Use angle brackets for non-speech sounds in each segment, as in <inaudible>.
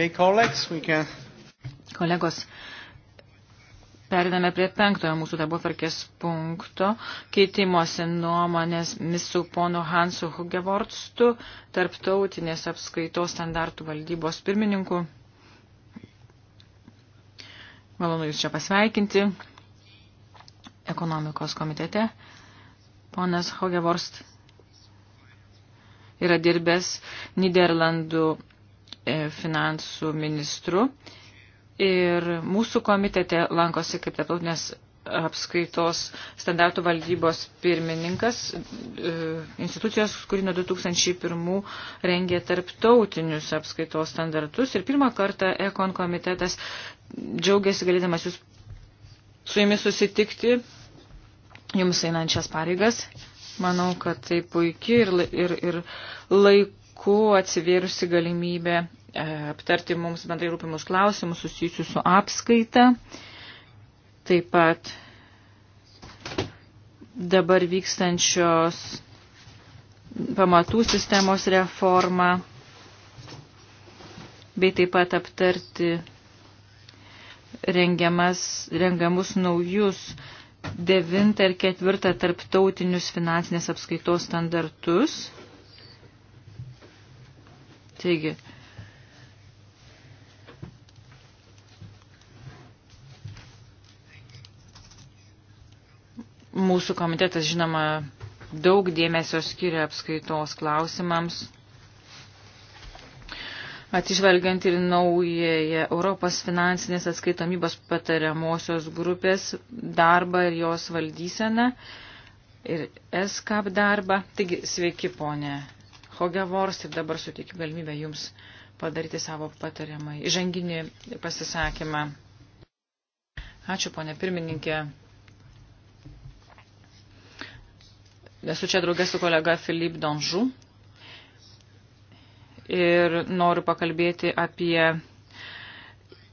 Okay, colleagues, we can... Kolegos, Periname prie penktojo mūsų darbotvarkės punkto keitimosi nuomonės misų pono Hansu Hugevortstu, tarptautinės apskaitos standartų valdybos pirmininku. Malonu Jūs čia pasveikinti ekonomikos komitete. Ponas Hogevorst yra dirbęs Niderlandų E, finansų ministru. Ir mūsų komitete lankosi kaip tarptautinės apskaitos standartų valdybos pirmininkas, e, institucijos, kuri nuo 2001 rengė tarptautinius apskaitos standartus. Ir pirmą kartą Ekon komitetas džiaugiasi galėdamas jūs su jumis susitikti, jums einant šias pareigas. Manau, kad tai puikiai ir, ir, ir laik, laiku atsivėrusi galimybė e, aptarti mums bendrai rūpimus klausimus susijusius su apskaita. Taip pat dabar vykstančios pamatų sistemos reforma, bei taip pat aptarti rengiamas, rengiamus naujus devintą ir ketvirtą tarptautinius finansinės apskaitos standartus Taigi, mūsų komitetas, žinoma, daug dėmesio skiria apskaitos klausimams, atsižvelgiant ir naująją Europos finansinės atskaitomybos patariamosios grupės darbą ir jos valdyseną ir SCAP darbą. Taigi, sveiki, ponė Hogevors ir dabar suteikiu galimybę Jums padaryti savo patariamą įžanginį pasisakymą. Ačiū, ponė pirmininkė. Esu čia draugės su kolega Filip Donžu ir noriu pakalbėti apie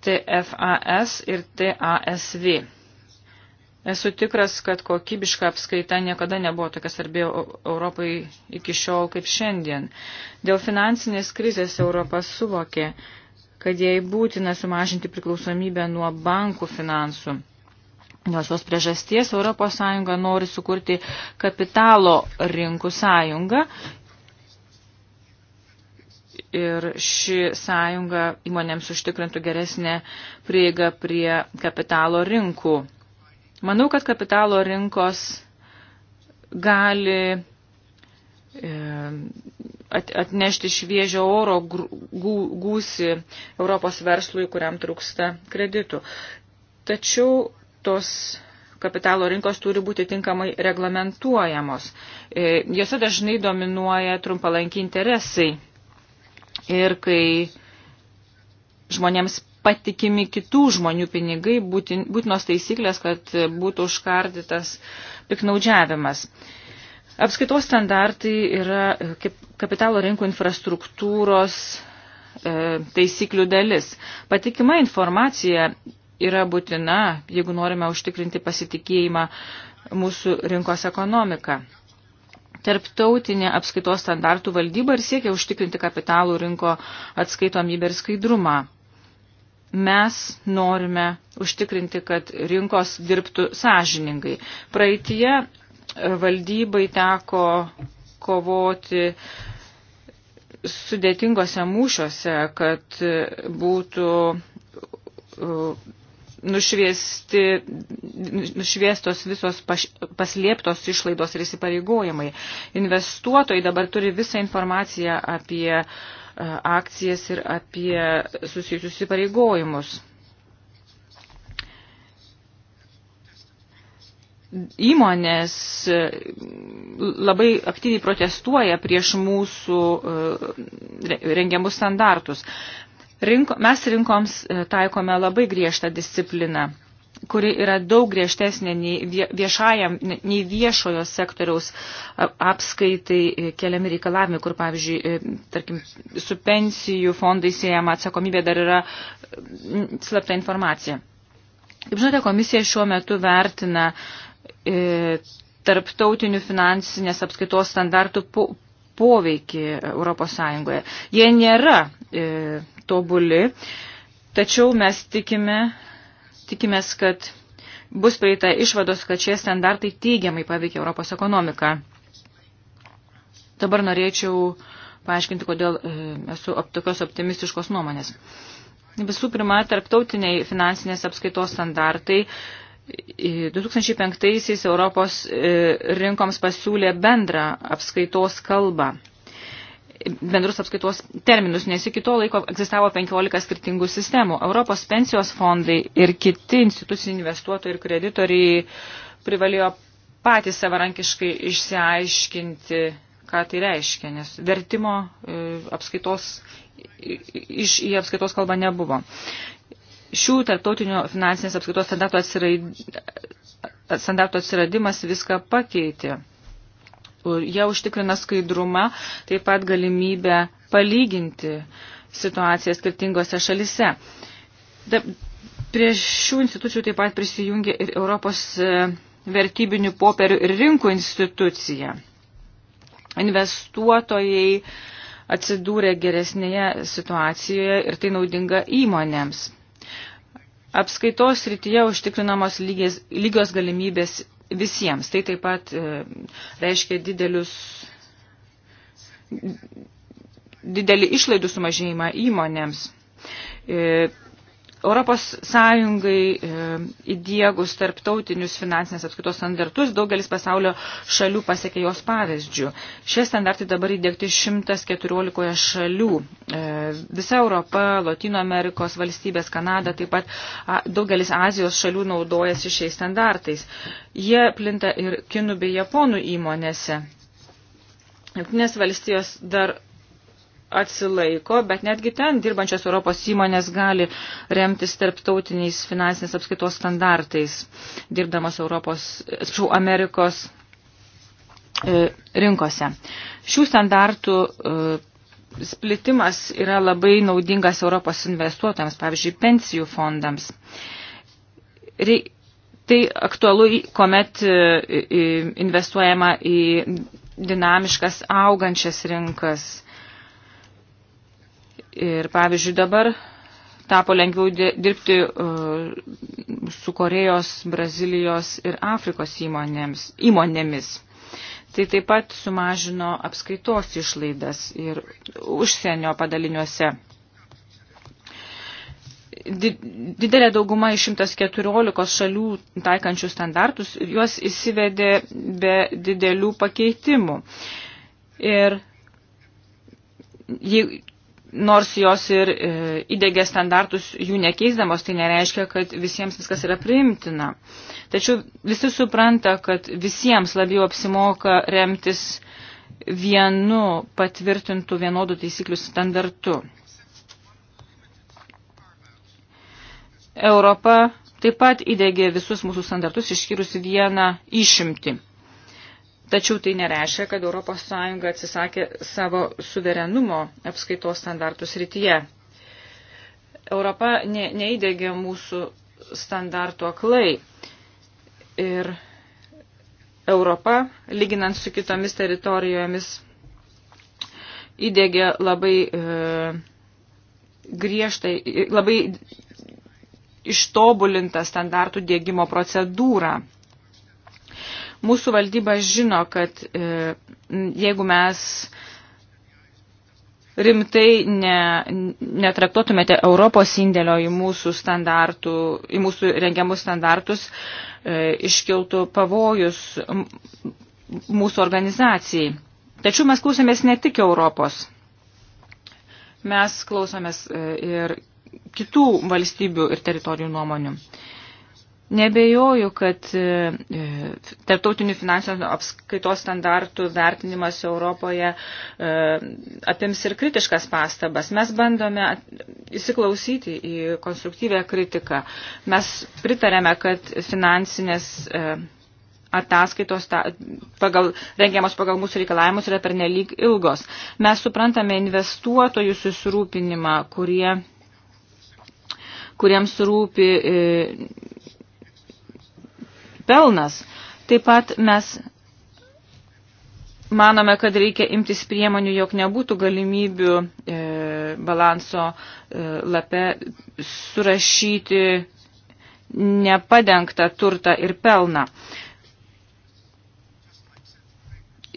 TFAS ir TASV. Esu tikras, kad kokybiška apskaita niekada nebuvo tokia svarbi Europai iki šiol kaip šiandien. Dėl finansinės krizės Europas suvokė, kad jai būtina sumažinti priklausomybę nuo bankų finansų. Dėl šios priežasties ES nori sukurti kapitalo rinkų sąjungą ir ši sąjunga įmonėms užtikrintų geresnę prieigą prie kapitalo rinkų. Manau, kad kapitalo rinkos gali e, atnešti šviežio oro gūsi Europos verslui, kuriam trūksta kreditų. Tačiau tos kapitalo rinkos turi būti tinkamai reglamentuojamos. E, jose dažnai dominuoja trumpalankiai interesai. Ir kai žmonėms patikimi kitų žmonių pinigai, būtinos taisyklės, kad būtų užkardytas piknaudžiavimas. Apskaitos standartai yra kapitalo rinkų infrastruktūros e, taisyklių dalis. Patikima informacija yra būtina, jeigu norime užtikrinti pasitikėjimą mūsų rinkos ekonomiką. Tarptautinė apskaitos standartų valdyba ir siekia užtikrinti kapitalų rinko atskaitomybę ir skaidrumą mes norime užtikrinti, kad rinkos dirbtų sąžiningai. Praeitie e, valdybai teko kovoti sudėtingose mūšiuose, kad e, būtų e, nušviesti, nušviestos visos paš, paslėptos išlaidos ir įsipareigojimai. Investuotojai dabar turi visą informaciją apie uh, akcijas ir apie susijusius įpareigojimus. Įmonės e, labai aktyviai protestuoja prieš mūsų e, rengiamus standartus. Rinko, mes rinkoms e, taikome labai griežtą discipliną kuri yra daug griežtesnė nei, viešajam, nei viešojo sektoriaus apskaitai e, keliami reikalavimai, kur, pavyzdžiui, e, tarkim, su pensijų fondai siejama atsakomybė dar yra slapta informacija. Kaip žinote, komisija šiuo metu vertina e, tarptautinių finansinės apskaitos standartų po, poveikį Europos Sąjungoje. Jie nėra e, tobuli, tačiau mes tikime, tikimės, kad bus prieita išvados, kad šie standartai teigiamai paveikia Europos ekonomiką. Dabar norėčiau paaiškinti, kodėl e, esu tokios optimistiškos nuomonės. Visų pirma, tarptautiniai finansinės apskaitos standartai 2005-aisiais e, Europos e, rinkoms pasiūlė bendrą apskaitos kalbą bendrus apskaitos terminus, nes iki to laiko egzistavo 15 skirtingų sistemų. Europos pensijos fondai ir kiti institucijų investuotojai ir kreditoriai privalėjo patys savarankiškai išsiaiškinti, ką tai reiškia, nes vertimo e, apskaitos, iš, į apskaitos kalbą nebuvo. Šių tarptautinių finansinės apskaitos standartų, atsirai, standartų atsiradimas viską pakeitė kur jie užtikrina skaidrumą, taip pat galimybę palyginti situaciją skirtingose šalise. Da, prie šių institucijų taip pat prisijungia ir Europos e, vertybinių popierių ir rinkų institucija. Investuotojai atsidūrė geresnėje situacijoje ir tai naudinga įmonėms. Apskaitos rytyje užtikrinamos lygios, lygios galimybės visiems. Tai taip pat e, reiškia didelius didelį išlaidų sumažėjimą įmonėms. E, Europos Sąjungai e, įdiegus tarptautinius finansinės apskaitos standartus, daugelis pasaulio šalių pasiekė jos pavyzdžių. Šie standartai dabar įdėkti 114 šalių. E, visa Europa, Latino Amerikos valstybės, Kanada, taip pat daugelis Azijos šalių naudojasi šiais standartais. Jie plinta ir kinų bei japonų įmonėse. Junktinės valstijos dar atsilaiko, bet netgi ten dirbančios Europos įmonės gali remtis tarptautiniais finansinės apskaitos standartais, dirbdamos Europos, atsiprašau, Amerikos e, rinkose. Šių standartų e, splitimas yra labai naudingas Europos investuotojams, pavyzdžiui, pensijų fondams. Reik, tai aktualu, kuomet e, investuojama į dinamiškas augančias rinkas Ir pavyzdžiui, dabar tapo lengviau dirbti uh, su Korejos, Brazilijos ir Afrikos įmonėms, įmonėmis. Tai taip pat sumažino apskaitos išlaidas ir užsienio padaliniuose. Didelė dauguma iš 114 šalių taikančių standartus, juos įsivedė be didelių pakeitimų. Ir jei, nors jos ir e, įdėgė standartus jų nekeisdamos, tai nereiškia, kad visiems viskas yra priimtina. Tačiau visi supranta, kad visiems labiau apsimoka remtis vienu patvirtintų vienodų taisyklių standartu. Europa taip pat įdėgė visus mūsų standartus išskyrus vieną išimtį. Tačiau tai nereiškia, kad ES atsisakė savo suverenumo apskaitos standartų srityje. Europa ne, neįdėgė mūsų standartų aklai. Ir Europa, lyginant su kitomis teritorijomis, įdėgė labai e, griežtai, labai ištobulintą standartų dėgymo procedūrą. Mūsų valdyba žino, kad e, jeigu mes rimtai ne, netraktuotumėte Europos indėlio į mūsų, į mūsų rengiamus standartus, e, iškiltų pavojus mūsų organizacijai. Tačiau mes klausėmės ne tik Europos. Mes klausomės e, ir kitų valstybių ir teritorijų nuomonių. E, Nebejoju, kad e, e, tarptautinių finansinio apskaitos standartų vertinimas Europoje e, apims ir kritiškas pastabas. Mes bandome įsiklausyti į konstruktyvę kritiką. Mes pritarėme, kad finansinės ataskaitos ta, pagal, rengiamos pagal mūsų reikalavimus yra pernelyg ilgos. Mes suprantame investuotojų susirūpinimą, kurie, kuriems rūpi pelnas. Taip pat mes manome, kad reikia imtis priemonių, jog nebūtų galimybių e, balanso e, lape surašyti nepadengtą turtą ir pelną.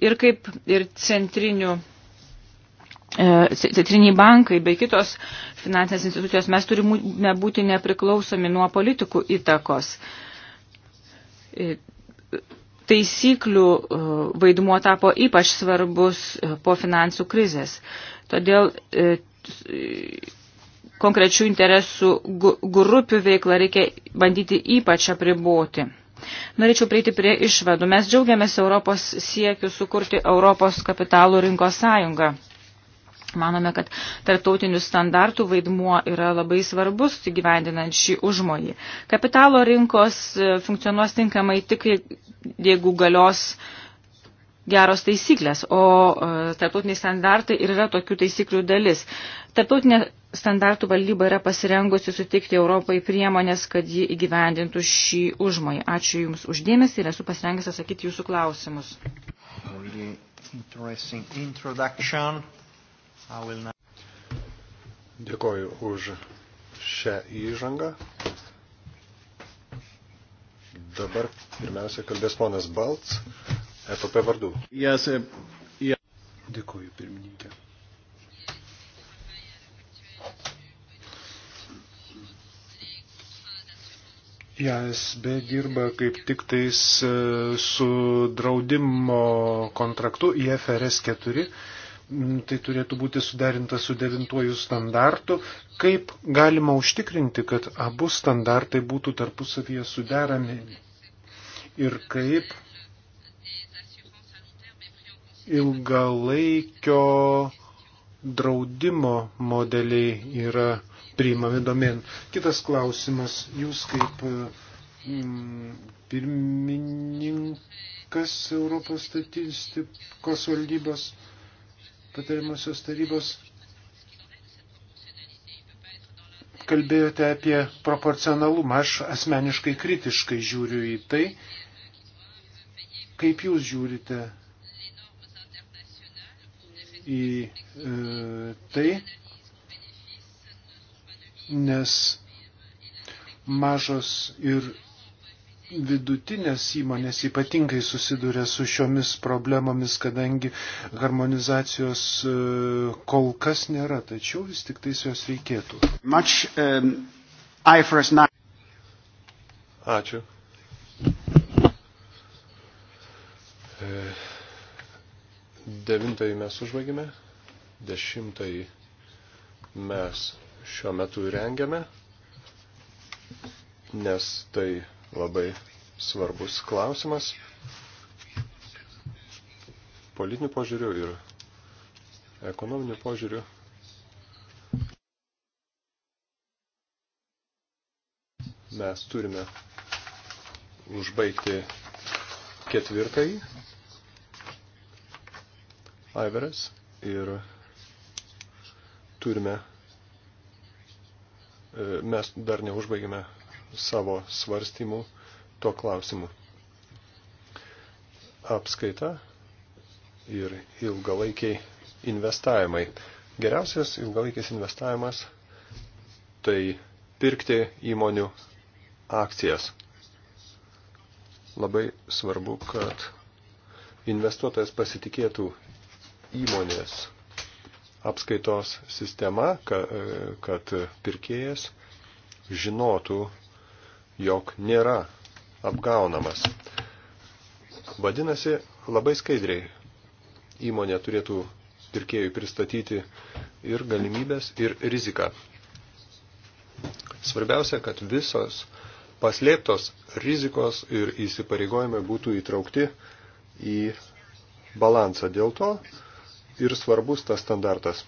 Ir kaip ir centrinių e, centriniai bankai bei kitos finansinės institucijos, mes turime būti nepriklausomi nuo politikų įtakos. E, taisyklių e, vaidmuo tapo ypač svarbus e, po finansų krizės. Todėl e, konkrečių interesų grupių veiklą reikia bandyti ypač apriboti. Norėčiau prieiti prie išvadų. Mes džiaugiamės Europos siekių sukurti Europos kapitalų rinkos sąjungą. Manome, kad tarptautinių standartų vaidmuo yra labai svarbus įgyvendinant šį užmojį. Kapitalo rinkos e, funkcionuos tinkamai tik, jeigu galios geros taisyklės, o e, tarptautiniai standartai ir yra tokių taisyklių dalis. Tarptautinė standartų valdyba yra pasirengusi sutikti Europai priemonės, kad ji įgyvendintų šį užmojį. Ačiū Jums uždėmesį ir esu pasirengęs atsakyti Jūsų klausimus. Really Dėkoju už šią įžangą. Dabar pirmiausia kalbės ponas Balts, EPP vardu. Yes, uh, yeah. Dėkoju, pirmininkė. JASB dirba kaip tik tais uh, su draudimo kontraktu IFRS 4 Mm, tai turėtų būti suderinta su devintuoju standartu. Kaip galima užtikrinti, kad abu standartai būtų tarpusavyje suderami? Ir kaip ilgalaikio draudimo modeliai yra priimami domen. Kitas klausimas, jūs kaip mm, pirmininkas Europos statistikos valdybos patariamosios tarybos kalbėjote apie proporcionalumą. Aš asmeniškai kritiškai žiūriu į tai, kaip jūs žiūrite į e, tai, nes mažos ir vidutinės įmonės ypatingai susiduria su šiomis problemomis, kadangi harmonizacijos e, kol kas nėra, tačiau vis tik tais jos reikėtų. Much, um, Ačiū. E, devintąjį mes užbaigėme, dešimtąjį mes šiuo metu rengiame, nes tai labai svarbus klausimas politinių požiūrių ir ekonominių požiūrių. Mes turime užbaigti ketvirtąjį Aiveras ir turime, e, mes dar neužbaigėme savo svarstymų tuo klausimu. Apskaita ir ilgalaikiai investavimai. Geriausias ilgalaikis investavimas tai pirkti įmonių akcijas. Labai svarbu, kad investuotojas pasitikėtų įmonės apskaitos sistema, kad pirkėjas žinotų jog nėra apgaunamas. Vadinasi, labai skaidriai įmonė turėtų pirkėjui pristatyti ir galimybės, ir riziką. Svarbiausia, kad visos paslėptos rizikos ir įsipareigojimai būtų įtraukti į balansą. Dėl to ir svarbus tas standartas.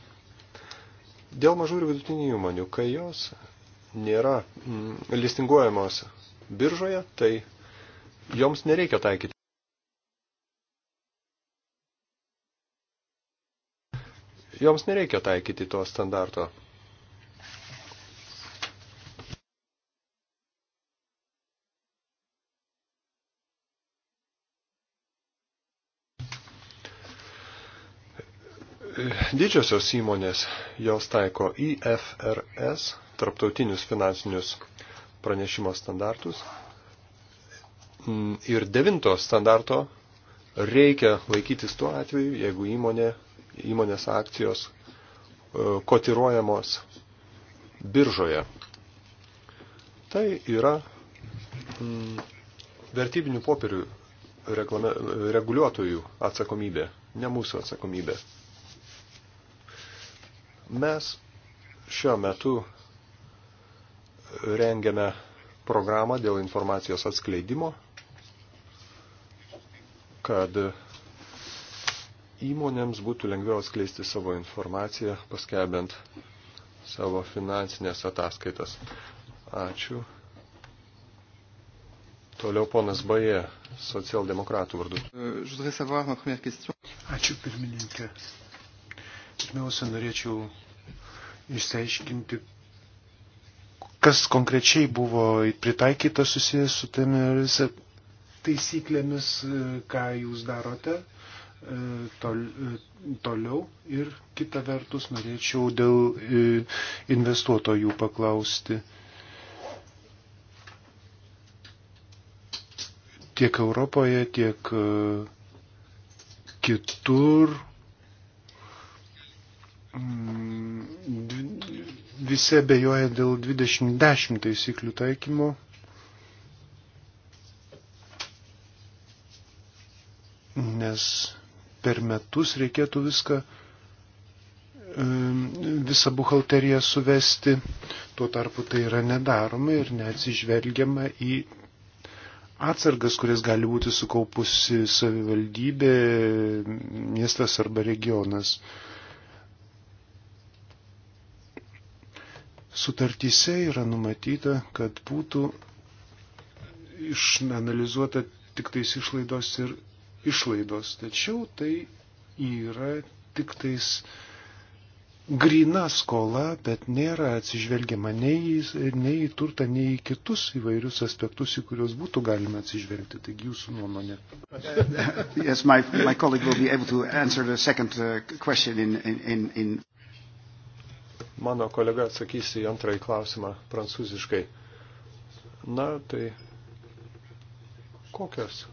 Dėl mažų ir vidutinių įmonių, kai jos nėra mm, listinguojamos biržoje, tai joms nereikia taikyti. Joms nereikia taikyti to standarto. Didžiosios įmonės jos taiko IFRS tarptautinius finansinius pranešimo standartus. Mm, ir devinto standarto reikia laikytis tuo atveju, jeigu įmonė, įmonės akcijos e, kotiruojamos biržoje. Tai yra mm, vertybinių popierių reklame, reguliuotojų atsakomybė, ne mūsų atsakomybė. Mes šiuo metu rengiame programą dėl informacijos atskleidimo, kad įmonėms būtų lengviau atskleisti savo informaciją, paskelbiant savo finansinės ataskaitas. Ačiū. Toliau ponas Baje, socialdemokratų vardu. Ačiū pirmininkė. Pirmiausia, norėčiau išsiaiškinti, kas konkrečiai buvo pritaikyta susijęs su tomis taisyklėmis, e, ką jūs darote e, tol, e, toliau. Ir kita vertus norėčiau dėl investuotojų paklausti. Tiek Europoje, tiek kitur. Mm visi abejoja dėl 2010 taisyklių taikymo. Nes per metus reikėtų viską, visą buhalteriją suvesti, tuo tarpu tai yra nedaroma ir neatsižvelgiama į atsargas, kurias gali būti sukaupusi savivaldybė, miestas arba regionas. Sutartyse yra numatyta, kad būtų išanalizuota tik tais išlaidos ir išlaidos, tačiau tai yra tik tais grina skola, bet nėra atsižvelgiama nei, nei į turtą, nei į kitus įvairius aspektus, į kuriuos būtų galima atsižvelgti. Taigi jūsų nuomonė. Yes, my, my colleague will be able to answer the second uh, question in, in, in... Mano kolega atsakys į antrąjį klausimą prancūziškai. Na, tai kokios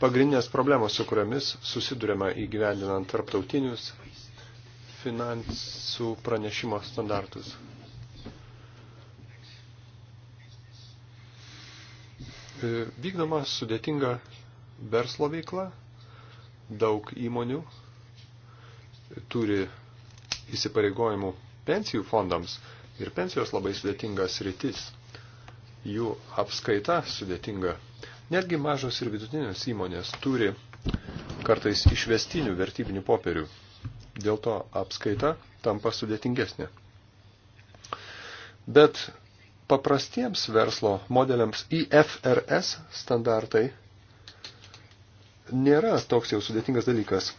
pagrindinės problemos, su kuriamis susidurėma įgyvendinant tarptautinius finansų pranešimo standartus? E, vykdoma sudėtinga verslo veikla, daug įmonių turi įsipareigojimų pensijų fondams ir pensijos labai sudėtingas rytis. Jų apskaita sudėtinga. Netgi mažos ir vidutinės įmonės turi kartais išvestinių vertybinių popierių. Dėl to apskaita tampa sudėtingesnė. Bet paprastiems verslo modeliams IFRS standartai nėra toks jau sudėtingas dalykas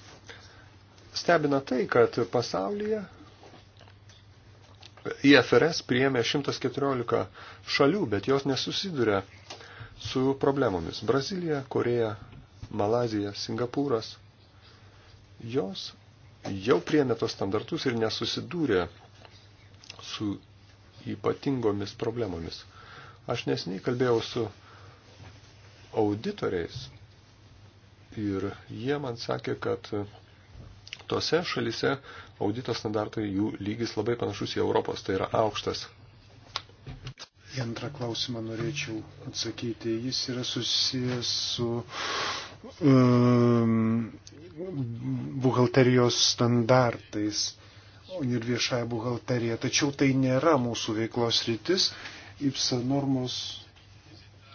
stebina tai, kad pasaulyje IFRS priėmė 114 šalių, bet jos nesusiduria su problemomis. Brazilija, Koreja, Malazija, Singapūras. Jos jau priėmė tos standartus ir nesusidūrė su ypatingomis problemomis. Aš nesiniai kalbėjau su auditoriais ir jie man sakė, kad tose šalise audito standartai jų lygis labai panašus į Europos, tai yra aukštas. Į antrą klausimą norėčiau atsakyti. Jis yra susijęs su um, buhalterijos standartais ir viešąją buhalteriją. Tačiau tai nėra mūsų veiklos rytis. IPSA normos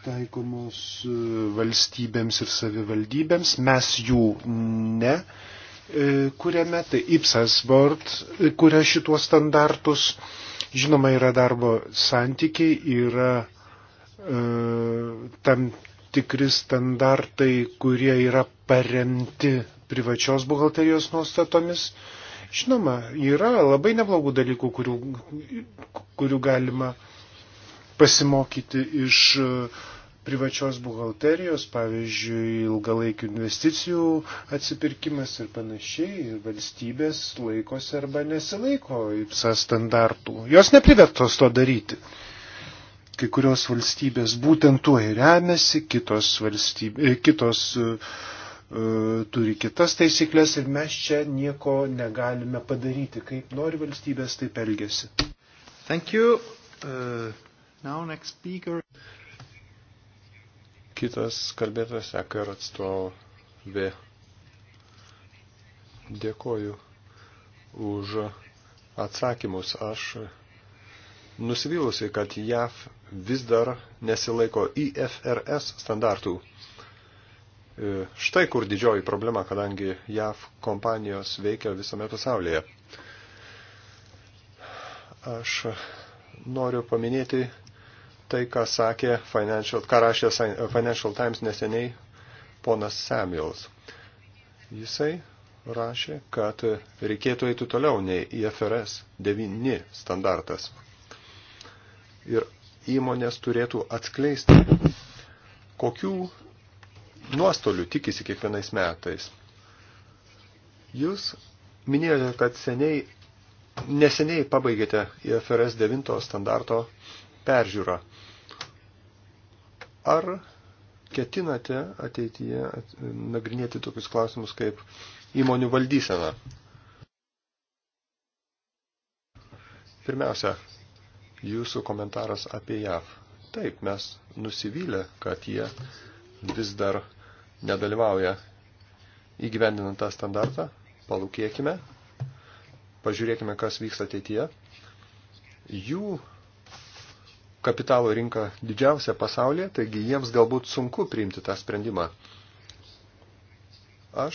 taikomos uh, valstybėms ir savivaldybėms. Mes jų ne E, kuriame, tai IPSAS Board e, kuria šituos standartus. Žinoma, yra darbo santykiai, yra e, tam tikri standartai, kurie yra paremti privačios buhalterijos nuostatomis. Žinoma, yra labai neblogų dalykų, kurių, kurių galima pasimokyti iš e, privačios buhalterijos, pavyzdžiui, ilgalaikių investicijų atsipirkimas ir panašiai, ir valstybės laikosi arba nesilaiko IPSA standartų. Jos neprivertos to daryti. Kai kurios valstybės būtent tuo ir remiasi, kitos, valstybė, e, kitos uh, turi kitas taisyklės ir mes čia nieko negalime padaryti. Kaip nori valstybės, taip elgesi. Thank you. Uh, now next speaker. Kitas kalbėtojas EKR atstovė. Dėkoju už atsakymus. Aš nusivylusi, kad JAV vis dar nesilaiko IFRS standartų. E, štai kur didžioji problema, kadangi JAV kompanijos veikia visame pasaulyje. Aš noriu paminėti tai, ką sakė Financial, ką rašė Financial Times neseniai ponas Samuels. Jisai rašė, kad reikėtų eiti toliau nei IFRS 9 standartas. Ir įmonės turėtų atskleisti, kokių nuostolių tikisi kiekvienais metais. Jūs minėjote, kad seniai, neseniai pabaigėte IFRS 9 standarto peržiūrą. Ar ketinate ateityje nagrinėti tokius klausimus kaip įmonių valdysena? Pirmiausia, jūsų komentaras apie JAV. Taip, mes nusivylę, kad jie vis dar nedalyvauja įgyvendinant tą standartą. Palūkėkime, pažiūrėkime, kas vyksta ateityje. Jų kapitalo rinka didžiausia pasaulyje, taigi jiems galbūt sunku priimti tą sprendimą. Aš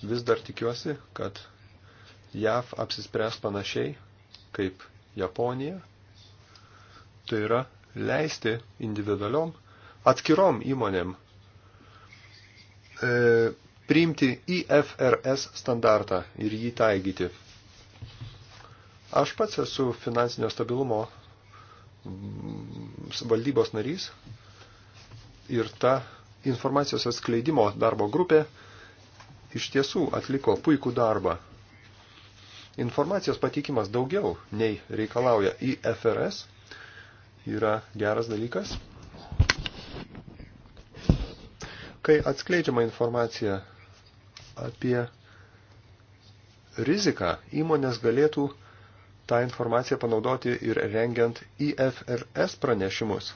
vis dar tikiuosi, kad JAV apsispręs panašiai kaip Japonija. Tai yra leisti individualiom atskirom įmonėm e, priimti IFRS standartą ir jį taigyti. Aš pats esu finansinio stabilumo Mm, valdybos narys ir ta informacijos atskleidimo darbo grupė iš tiesų atliko puikų darbą. Informacijos patikimas daugiau nei reikalauja IFRS yra geras dalykas. Kai atskleidžiama informacija apie riziką, įmonės galėtų tą informaciją panaudoti ir rengiant IFRS pranešimus.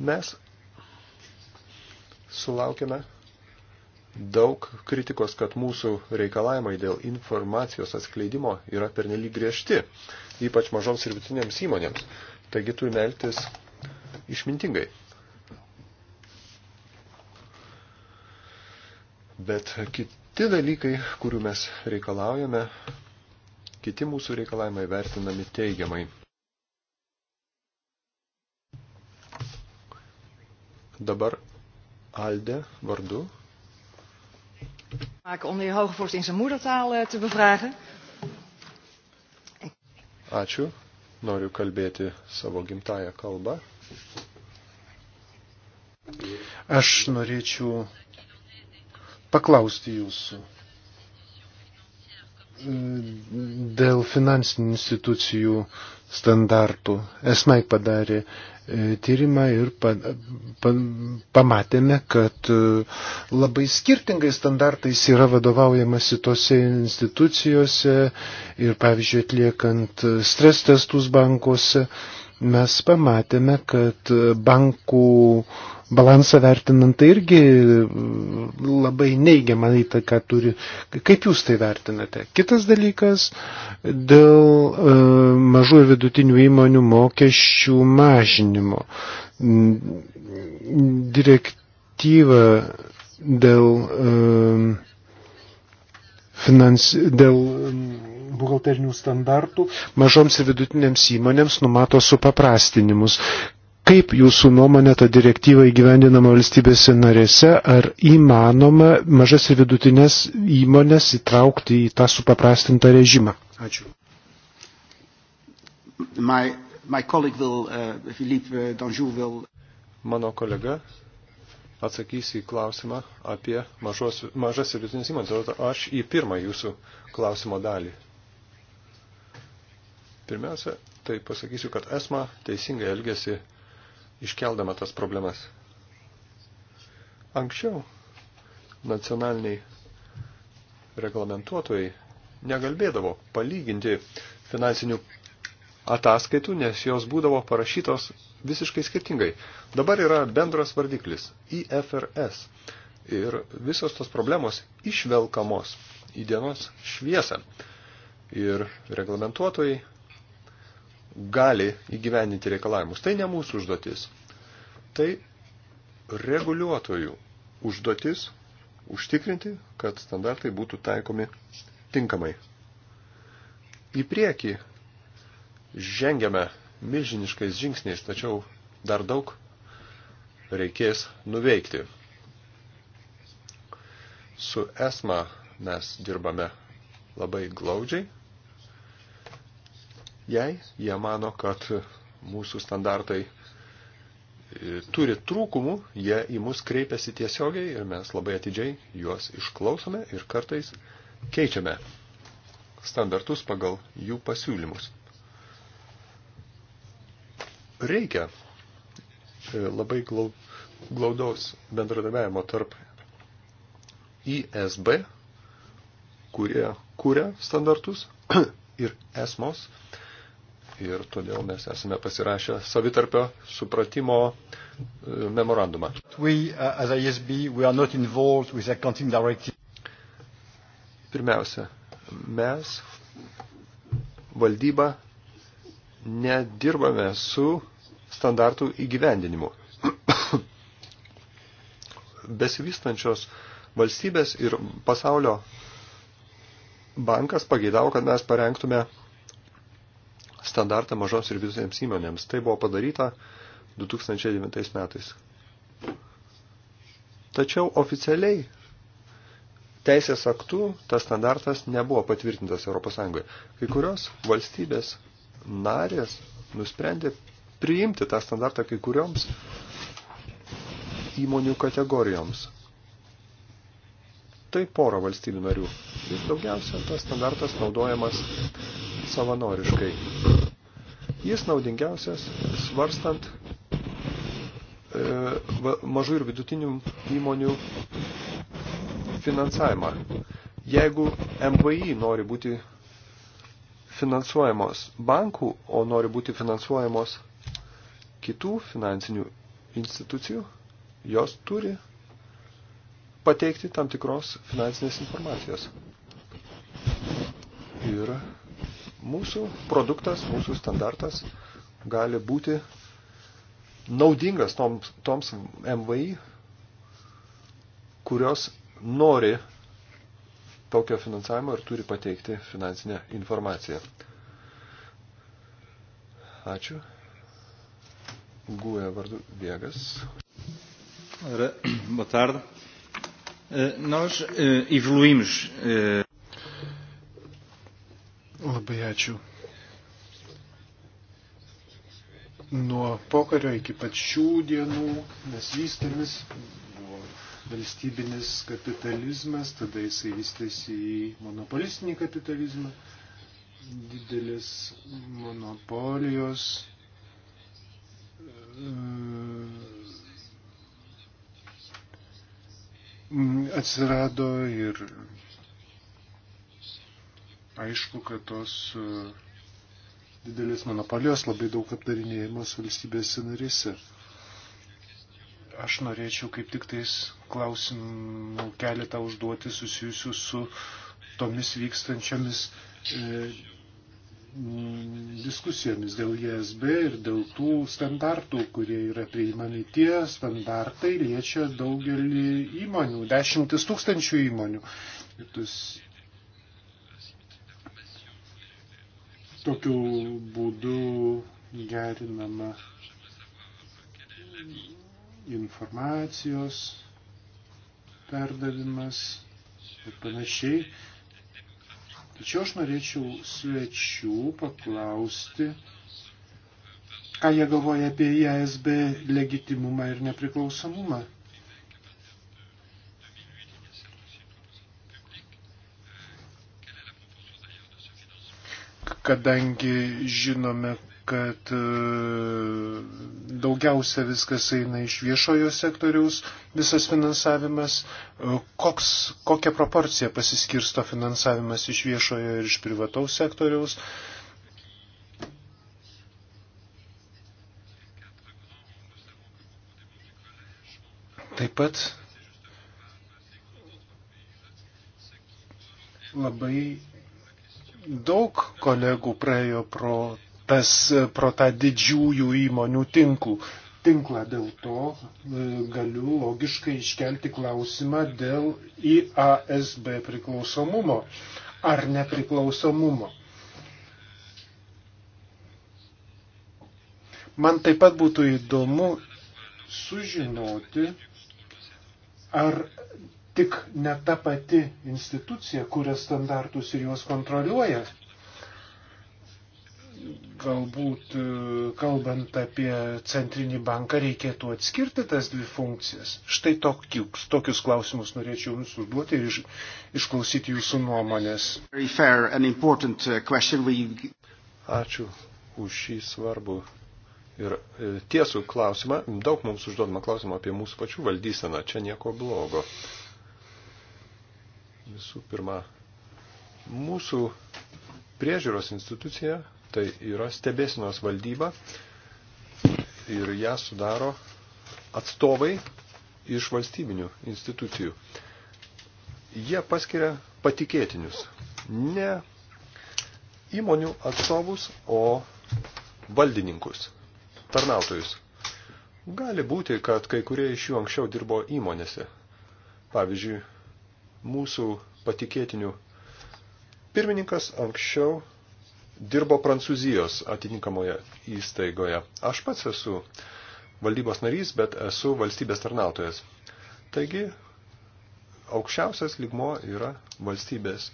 Mes sulaukime daug kritikos, kad mūsų reikalavimai dėl informacijos atskleidimo yra pernelyg griežti, ypač mažoms ir vidutinėms įmonėms. Taigi turime elgtis išmintingai. Bet kit, Kiti dalykai, kurių mes reikalaujame, kiti mūsų reikalavimai vertinami teigiamai. Dabar Alde vardu. Om de heer Hogevorst in zijn moedertaal eh, te bevragen. Ačiū. Noriu kalbėti savo gimtają kalbą. Aš norėčiau paklausti jūsų dėl finansinių institucijų standartų. Esmai padarė e, tyrimą ir pa, pa, pamatėme, kad e, labai skirtingai standartais yra vadovaujamasi tose institucijose ir, pavyzdžiui, atliekant stres testus bankuose, mes pamatėme, kad e, bankų balansą vertinant, tai irgi mm, labai neigiamą įtaką turi. Kaip jūs tai vertinate? Kitas dalykas dėl e, mažų ir vidutinių įmonių mokesčių mažinimo. Mm, direktyva dėl, e, finans, dėl buhalterinių standartų mažoms ir vidutinėms įmonėms numato supaprastinimus. Kaip jūsų nuomonė ta direktyva įgyvendinama valstybėse narėse, ar įmanoma mažas ir vidutinės įmonės įtraukti į tą supaprastintą režimą? Ačiū. My, my will, uh, Philippe, uh, will... Mano kolega atsakys į klausimą apie mažos, mažas ir vidutinės įmonės. Aš į pirmą jūsų klausimo dalį. Pirmiausia, tai pasakysiu, kad ESMA teisingai elgesi iškeldama tas problemas. Anksčiau nacionaliniai reglamentuotojai negalbėdavo palyginti finansinių ataskaitų, nes jos būdavo parašytos visiškai skirtingai. Dabar yra bendras vardiklis IFRS ir visos tos problemos išvelkamos į dienos šviesą. Ir reglamentuotojai gali įgyvendinti reikalavimus. Tai ne mūsų užduotis. Tai reguliuotojų užduotis užtikrinti, kad standartai būtų taikomi tinkamai. Į priekį žengiame milžiniškais žingsniais, tačiau dar daug reikės nuveikti. Su ESMA mes dirbame labai glaudžiai jei jie mano, kad mūsų standartai e, turi trūkumų, jie į mus kreipiasi tiesiogiai ir mes labai atidžiai juos išklausome ir kartais keičiame standartus pagal jų pasiūlymus. Reikia e, labai glaudaus bendradarbiavimo tarp ISB, kurie kūrė standartus, <coughs> ir esmos, ir todėl mes esame pasirašę savitarpio supratimo e, memorandumą. We, uh, ISB, Pirmiausia, mes valdyba nedirbame su standartų įgyvendinimu. <coughs> Besivystančios valstybės ir pasaulio bankas pageidavo, kad mes parengtume standartą mažoms ir vidutinėms įmonėms. Tai buvo padaryta 2009 metais. Tačiau oficialiai teisės aktų tas standartas nebuvo patvirtintas ES. Kai kurios valstybės narės nusprendė priimti tą standartą kai kurioms įmonių kategorijoms. Tai pora valstybių narių. Ir daugiausia tas standartas naudojamas savanoriškai. Jis naudingiausias svarstant e, mažų ir vidutinių įmonių finansavimą. Jeigu MVI nori būti finansuojamos bankų, o nori būti finansuojamos kitų finansinių institucijų, jos turi pateikti tam tikros finansinės informacijos. Ir Mūsų produktas, mūsų standartas gali būti naudingas toms, toms MVI, kurios nori tokio finansavimo ir turi pateikti finansinę informaciją. Ačiū. Guė vardu Viegas. Boa tarde. Eh, nós eh, evoluímos eh, Ačiū. Nuo pokario iki pačių dienų mes vystėmės, buvo valstybinis kapitalizmas, tada jisai vystėsi į monopolistinį kapitalizmą, didelis monopolijos. E, atsirado ir aišku, kad tos e, didelės monopolijos labai daug aptarinėjimas valstybėse narėse. Aš norėčiau kaip tik tais klausimų keletą užduoti susijusių su tomis vykstančiamis e, diskusijomis dėl JSB ir dėl tų standartų, kurie yra priimami tie standartai, liečia daugelį įmonių, dešimtis tūkstančių įmonių. Ir tos Tokiu būdu gerinama informacijos perdavimas ir panašiai. Tačiau aš norėčiau svečių paklausti, ką jie galvoja apie ISB legitimumą ir nepriklausomumą. kadangi žinome, kad e, daugiausia viskas eina iš viešojo sektoriaus, visas finansavimas, e, koks, kokia proporcija pasiskirsto finansavimas iš viešojo ir iš privataus sektoriaus. Taip pat labai Daug kolegų praėjo pro, tas, pro tą didžiųjų įmonių tinklų. tinklą. Dėl to e, galiu logiškai iškelti klausimą dėl IASB priklausomumo ar nepriklausomumo. Man taip pat būtų įdomu sužinoti, ar tik ne ta pati institucija, kuria standartus ir juos kontroliuoja. Galbūt e, kalbant apie centrinį banką reikėtų atskirti tas dvi funkcijas. Štai tokius, tokius klausimus norėčiau jums užduoti ir iš, išklausyti jūsų nuomonės. Uh, Ačiū už šį svarbų ir e, tiesų klausimą. Daug mums užduodama klausimą apie mūsų pačių valdyseną. Čia nieko blogo. Visų pirma, mūsų priežiūros institucija tai yra stebėsinos valdyba ir ją sudaro atstovai iš valstybinių institucijų. Jie paskiria patikėtinius, ne įmonių atstovus, o valdininkus, tarnautojus. Gali būti, kad kai kurie iš jų anksčiau dirbo įmonėse. Pavyzdžiui, mūsų patikėtinių pirmininkas anksčiau dirbo Prancūzijos atitinkamoje įstaigoje. Aš pats esu valdybos narys, bet esu valstybės tarnautojas. Taigi, aukščiausias lygmo yra valstybės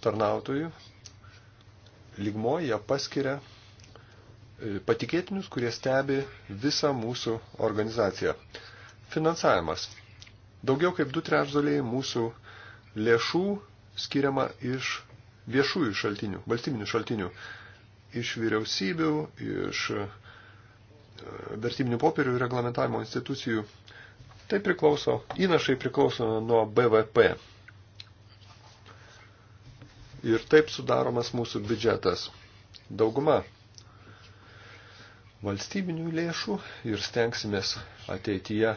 tarnautojų. Lygmo jie paskiria e, patikėtinius, kurie stebi visą mūsų organizaciją. Finansavimas. Daugiau kaip du trečdaliai mūsų lėšų skiriama iš viešųjų šaltinių, valstybinių šaltinių, iš vyriausybių, iš e, vertybinių popierių reglamentavimo institucijų. Tai priklauso, įnašai priklauso nuo BVP. Ir taip sudaromas mūsų biudžetas. Dauguma valstybinių lėšų ir stengsimės ateityje,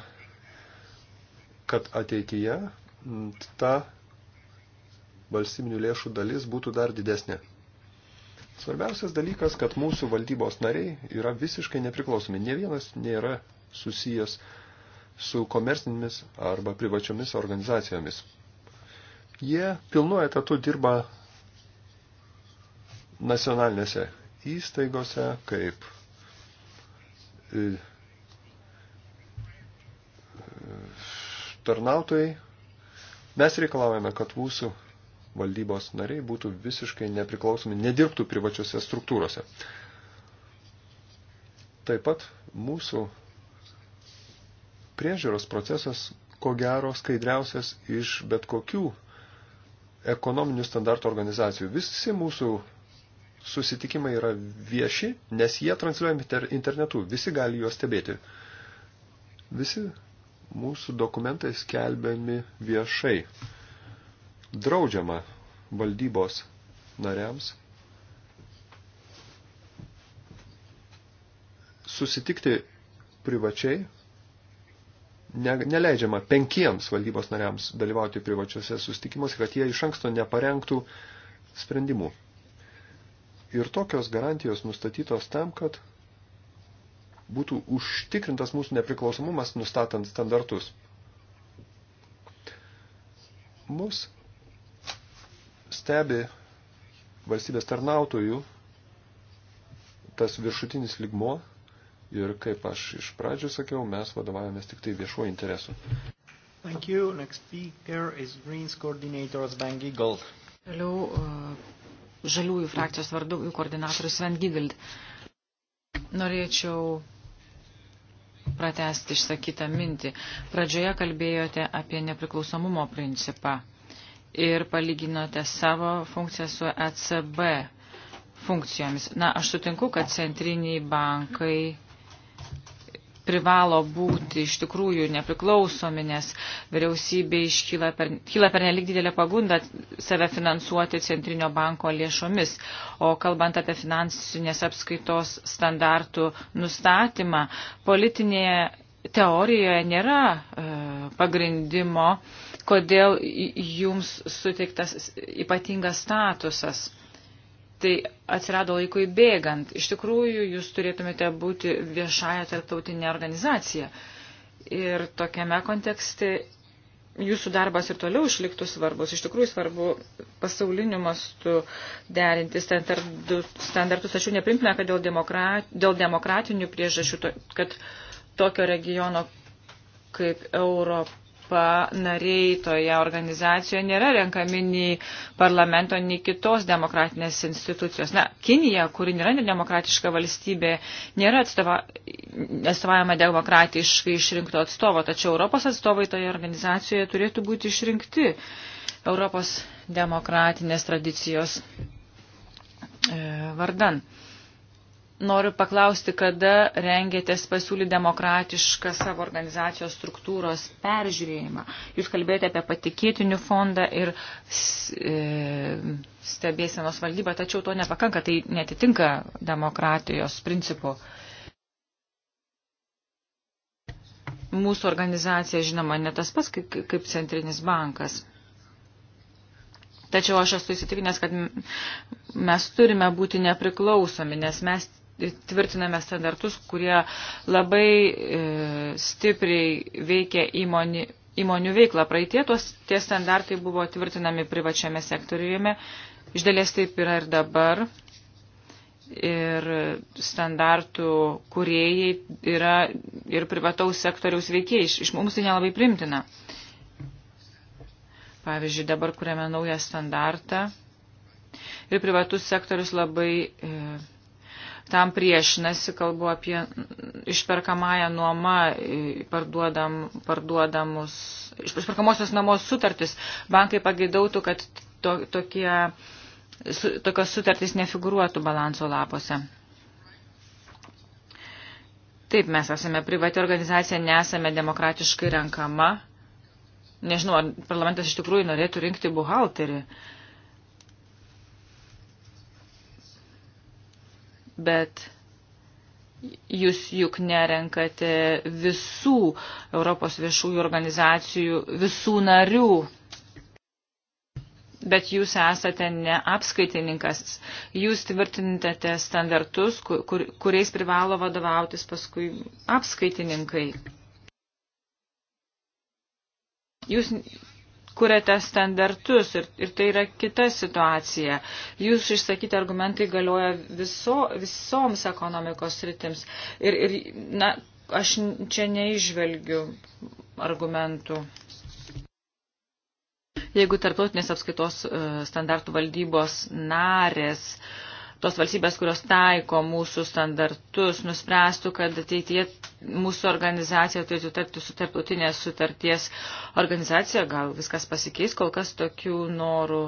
kad ateityje ta valstybinių lėšų dalis būtų dar didesnė. Svarbiausias dalykas, kad mūsų valdybos nariai yra visiškai nepriklausomi. Ne vienas nėra susijęs su komercinėmis arba privačiomis organizacijomis. Jie pilnu etatu dirba nacionalinėse įstaigose kaip e, e, tarnautojai. Mes reikalavome, kad mūsų valdybos nariai būtų visiškai nepriklausomi, nedirbtų privačiose struktūrose. Taip pat mūsų priežiūros procesas, ko gero, skaidriausias iš bet kokių ekonominių standartų organizacijų. Visi mūsų susitikimai yra vieši, nes jie transliuojami internetu. Visi gali juos stebėti. Visi mūsų dokumentai skelbiami viešai draudžiama valdybos nariams susitikti privačiai, ne, neleidžiama penkiems valdybos nariams dalyvauti privačiuose susitikimuose, kad jie iš anksto neparengtų sprendimų. Ir tokios garantijos nustatytos tam, kad būtų užtikrintas mūsų nepriklausomumas nustatant standartus. Mus stebi valstybės tarnautojų tas viršutinis ligmo ir, kaip aš iš pradžių sakiau, mes vadovavomės tik tai viešuo interesu. Thank you. Next speaker is Greens coordinator Sven Giegold. Toliau uh, žaliųjų frakcijos vardu koordinatorius Sven Giegold. Norėčiau pratesti išsakytą mintį. Pradžioje kalbėjote apie nepriklausomumo principą ir palyginote savo funkciją su ECB funkcijomis. Na, aš sutinku, kad centriniai bankai privalo būti iš tikrųjų nepriklausomi, nes vyriausybė iškyla per, kyla per nelik didelę pagundą save finansuoti centrinio banko lėšomis. O kalbant apie finansinės apskaitos standartų nustatymą, politinėje teorijoje nėra e, pagrindimo e, kodėl jums suteiktas ypatingas statusas. Tai atsirado laikui bėgant. Iš tikrųjų, jūs turėtumėte būti viešąją tarptautinę organizaciją. Ir tokiame kontekste jūsų darbas ir toliau išliktų svarbus. Iš tikrųjų svarbu pasauliniu mastu derinti standartus. Tačiau neprimtina, kad dėl, demokrat, dėl demokratinių priežasčių, to, kad tokio regiono kaip Europa nariai toje organizacijoje nėra renkami nei parlamento, nei kitos demokratinės institucijos. Na, Kinija, kuri nėra demokratiška valstybė, nėra atstova, atstovavama demokratiškai išrinkto atstovo, tačiau Europos atstovai toje organizacijoje turėtų būti išrinkti Europos demokratinės tradicijos e, vardan. Noriu paklausti, kada rengėtės pasiūlyti demokratišką savo organizacijos struktūros peržiūrėjimą. Jūs kalbėjote apie patikėtinių fondą ir e, stebėsenos valdybą, tačiau to nepakanka, tai netitinka demokratijos principų. Mūsų organizacija, žinoma, ne tas pats kaip centrinis bankas. Tačiau aš esu įsitikinęs, kad mes turime būti nepriklausomi, nes mes tvirtiname standartus, kurie labai e, stipriai veikia įmonį, įmonių veiklą. Praeitie tos tie standartai buvo tvirtinami privačiame sektoriuje. Iš dalies taip yra ir dabar. Ir standartų kuriejai yra ir privataus sektoriaus veikėjai. Iš, iš mums tai nelabai primtina. Pavyzdžiui, dabar kuriame naują standartą. Ir privatus sektorius labai. E, tam priešinasi, kalbu apie išperkamąją nuomą, parduodam, parduodamus, išperkamosios namos sutartis. Bankai pagaidautų, kad to, tokie, su, tokios sutartys nefiguruotų balanso lapuose. Taip, mes esame privati organizacija, nesame demokratiškai renkama. Nežinau, ar parlamentas iš tikrųjų norėtų rinkti buhalterį. Uh, bet jūs juk nerenkate visų Europos viešųjų organizacijų, visų narių. Bet jūs esate ne apskaitininkas, jūs tvirtinate standartus, kur, kur, kuriais privalo vadovautis paskui apskaitininkai. Jūs kuriate standartus ir, ir tai yra kita situacija. Jūs išsakyti argumentai galioja viso, visoms ekonomikos rytims. Ir, ir na, aš čia neižvelgiu argumentų. Jeigu tarptautinės apskaitos e, standartų valdybos narės uh, tos valstybės, kurios taiko mūsų standartus, nuspręstų, kad ateityje mūsų organizacija turėtų tapti su tarptautinės sutarties organizacija, gal viskas pasikeis, kol kas tokių norų.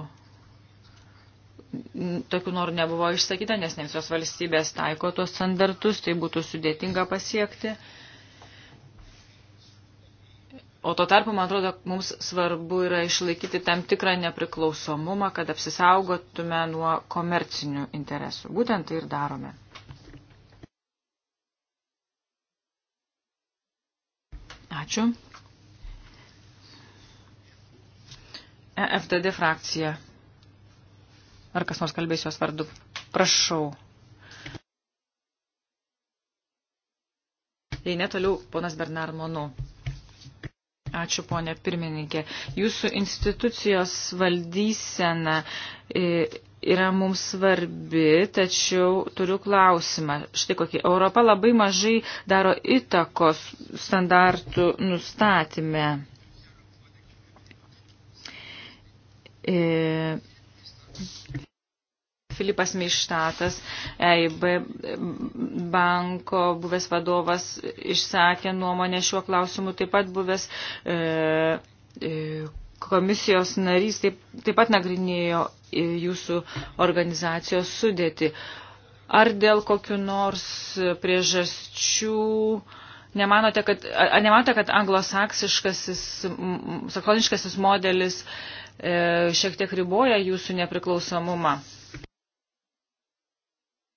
Tokių norų nebuvo išsakyta, nes ne visos valstybės taiko tuos standartus, tai būtų sudėtinga pasiekti. Uh, O tuo tarpu, man atrodo, mums svarbu yra išlaikyti tam tikrą nepriklausomumą, kad apsisaugotume nuo komercinių interesų. Būtent tai ir darome. Ačiū. EFTD frakcija. Ar kas nors kalbės jos vardu? Prašau. Jei netoliau, ponas Bernard Monu. Ačiū, ponė pirmininkė. Jūsų institucijos valdysena e, yra mums svarbi, tačiau turiu klausimą. Štai kokį. Europa labai mažai daro įtakos standartų nustatymę. E, Filipas Mištatas, EIB banko buvęs vadovas, išsakė nuomonę šiuo klausimu, taip pat buvęs e, e, komisijos narys, taip, taip pat nagrinėjo e, jūsų organizacijos sudėti. Ar dėl kokiu nors priežasčių nemanote, kad, ar nemanote, kad anglosaksiškasis, sakloniškasis modelis e, šiek tiek riboja jūsų nepriklausomumą?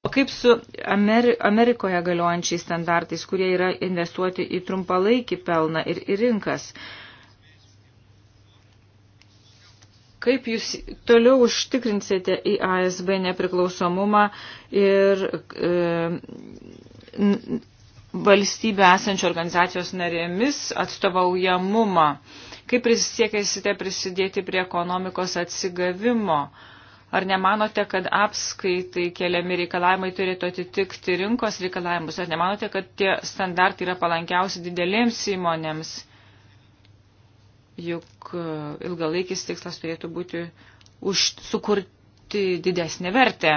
O kaip su Ameri Amerikoje galiojančiais standartais, kurie yra investuoti į trumpalaikį pelną ir į rinkas? Kaip jūs toliau užtikrinsite į ASB nepriklausomumą ir e, valstybę esančių organizacijos narėmis atstovaujamumą? Kaip prisiekėsite prisidėti prie ekonomikos atsigavimo? E, Ar nemanote, kad apskaitai keliami reikalavimai turėtų atitikti rinkos reikalavimus? Ar nemanote, kad tie standartai yra palankiausi didelėms įmonėms? Juk e, ilgalaikis tikslas turėtų būti už, sukurti didesnį vertę.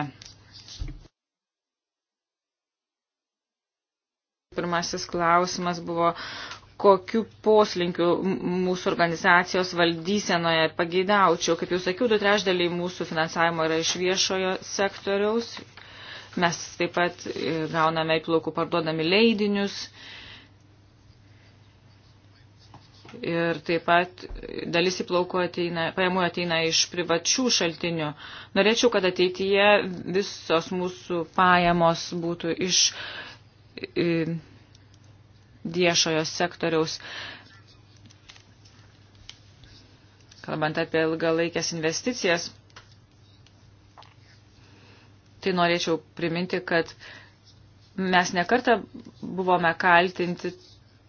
Pirmasis klausimas buvo, kokiu poslinkiu mūsų organizacijos valdysenoje pageidaučiau. Kaip jau sakiau, du trešdaliai mūsų finansavimo yra iš viešojo sektoriaus. Mes taip pat e, gauname įplaukų parduodami leidinius. Ir taip pat e, dalis įplaukų ateina, pajamų ateina iš privačių šaltinių. Norėčiau, kad ateityje visos mūsų pajamos būtų iš e, viešojo sektoriaus. Kalbant apie ilgalaikės investicijas, tai norėčiau priminti, kad mes nekartą buvome kaltinti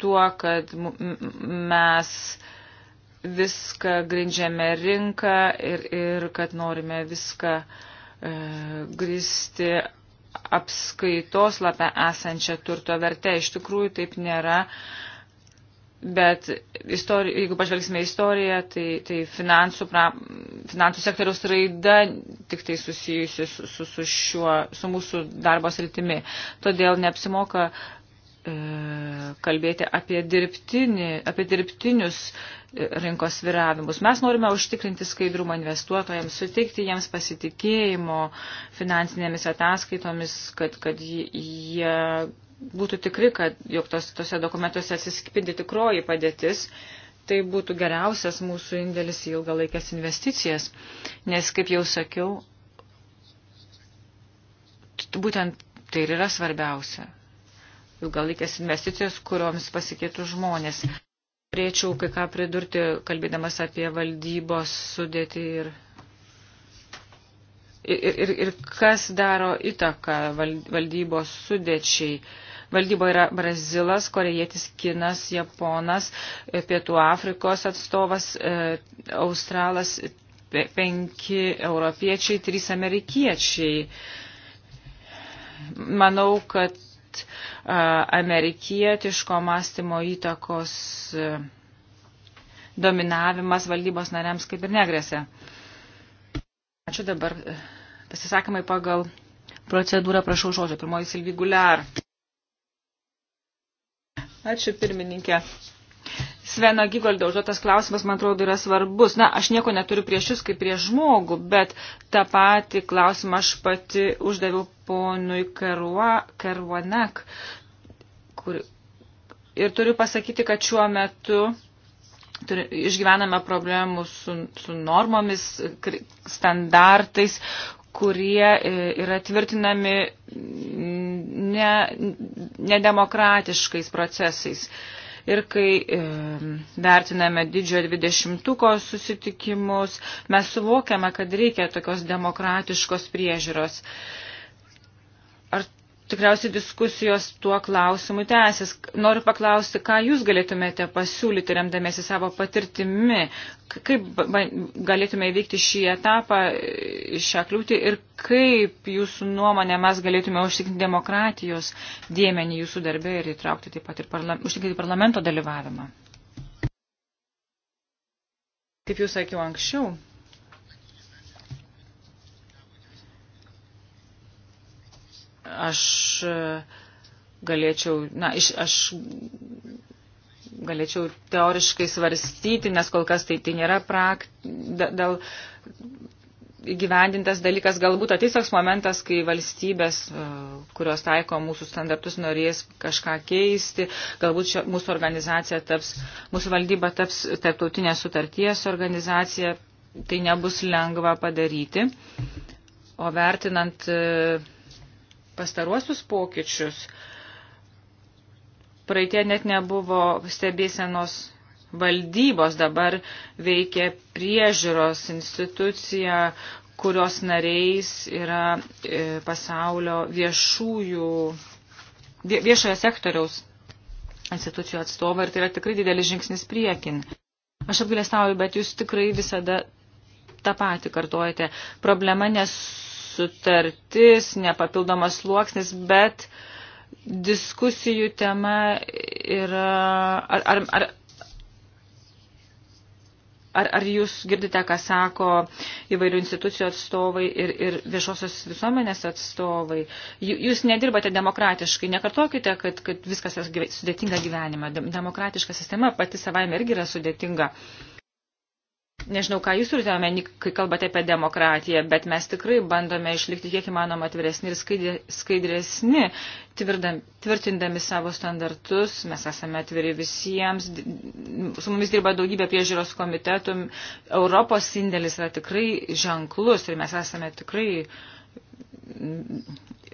tuo, kad mes viską grindžiame rinką ir, ir kad norime viską e, gristi apskaitos lapę esančią turto vertę. Iš tikrųjų taip nėra. Bet istori, jeigu pažvelgsime istoriją, tai, tai finansų, pra, finansų sektoriaus raida tik tai susijusi su, su, su, šiuo, su mūsų darbo sritimi. Todėl neapsimoka E, kalbėti apie, dirbtinį, apie dirbtinius e, rinkos sviravimus. Mes norime užtikrinti skaidrumą investuotojams, suteikti jiems pasitikėjimo finansinėmis ataskaitomis, kad, kad jie būtų tikri, kad jog tos, tose dokumentuose atsispindi tikroji padėtis. Tai būtų geriausias mūsų indėlis į ilgalaikės investicijas, nes, kaip jau sakiau, būtent tai ir yra svarbiausia ilgalaikės investicijos, kurioms pasikėtų žmonės. Priečiau kai ką pridurti, kalbėdamas apie valdybos sudėti ir, ir, ir, ir kas daro įtaką valdybos sudėčiai. Valdybo yra Brazilas, korejietis Kinas, Japonas, Pietų Afrikos atstovas, e, Australas, penki europiečiai, trys amerikiečiai manau, kad E, amerikietiško mąstymo įtakos e, dominavimas valdybos nariams kaip ir negrėsia. Ačiū dabar. E, pasisakymai pagal procedūrą prašau žodžio. Pirmoji Silvi Guliar. Ačiū pirmininkė. Sveno Gigoldo užduotas klausimas, man atrodo, yra svarbus. Na, aš nieko neturiu prieš jūs kaip prieš žmogų, bet tą patį klausimą aš pati uždaviau ponui Karua, Karuanak. Kur... Ir turiu pasakyti, kad šiuo metu turi, išgyvename problemų su, su normomis, standartais, kurie e, yra tvirtinami nedemokratiškais ne, ne procesais. Uh, ir kai e, vertiname didžiojo dvidešimtuko susitikimus, mes suvokiame, kad reikia tokios demokratiškos priežiūros. E, tikriausiai diskusijos tuo klausimu tęsis. Noriu paklausti, ką jūs galėtumėte pasiūlyti, remdamėsi savo patirtimi, kaip galėtume įveikti šį etapą, šią kliūtį ir kaip jūsų nuomonė mes galėtume užtikrinti demokratijos dėmenį jūsų darbę ir įtraukti taip pat ir parla užtikrinti parlamento dalyvavimą. Kaip jūs sakiau anksčiau, aš e, galėčiau, na, iš, aš galėčiau teoriškai svarstyti, nes kol kas tai, tai nėra prakt, dėl įgyvendintas dalykas. Galbūt ateis toks momentas, kai valstybės, e, kurios taiko mūsų standartus, norės kažką keisti. Galbūt šio, mūsų organizacija taps, mūsų valdyba taps tarptautinė sutarties organizacija. Tai nebus lengva padaryti. O vertinant e, pastaruosius pokyčius. Praeitie net nebuvo stebėsenos valdybos, dabar veikia priežiūros institucija, kurios nariais yra e, pasaulio viešųjų, viešojo sektoriaus institucijų atstovai ir tai yra tikrai didelis žingsnis priekin. Aš apgailestauju, bet jūs tikrai visada tą patį kartuojate. Problema nes sutartis, nepapildomas sluoksnis, bet diskusijų tema yra. Ar, ar, ar, Ar, ar jūs girdite, ką sako įvairių institucijų atstovai ir, ir viešosios visuomenės atstovai? Jūs nedirbate demokratiškai, nekartokite, kad, kad viskas yra sudėtinga gyvenime. Demokratiška sistema pati savaime irgi yra sudėtinga. Uh, Nežinau, ką jūs turite omeny, kai kalbate apie demokratiją, bet mes tikrai bandome išlikti kiek įmanoma atviresni ir skaidresni, tvirtindami savo standartus. Mes esame atviri visiems, su mumis dirba daugybė priežiūros komitetų. Europos indėlis yra tikrai ženklus ir mes esame tikrai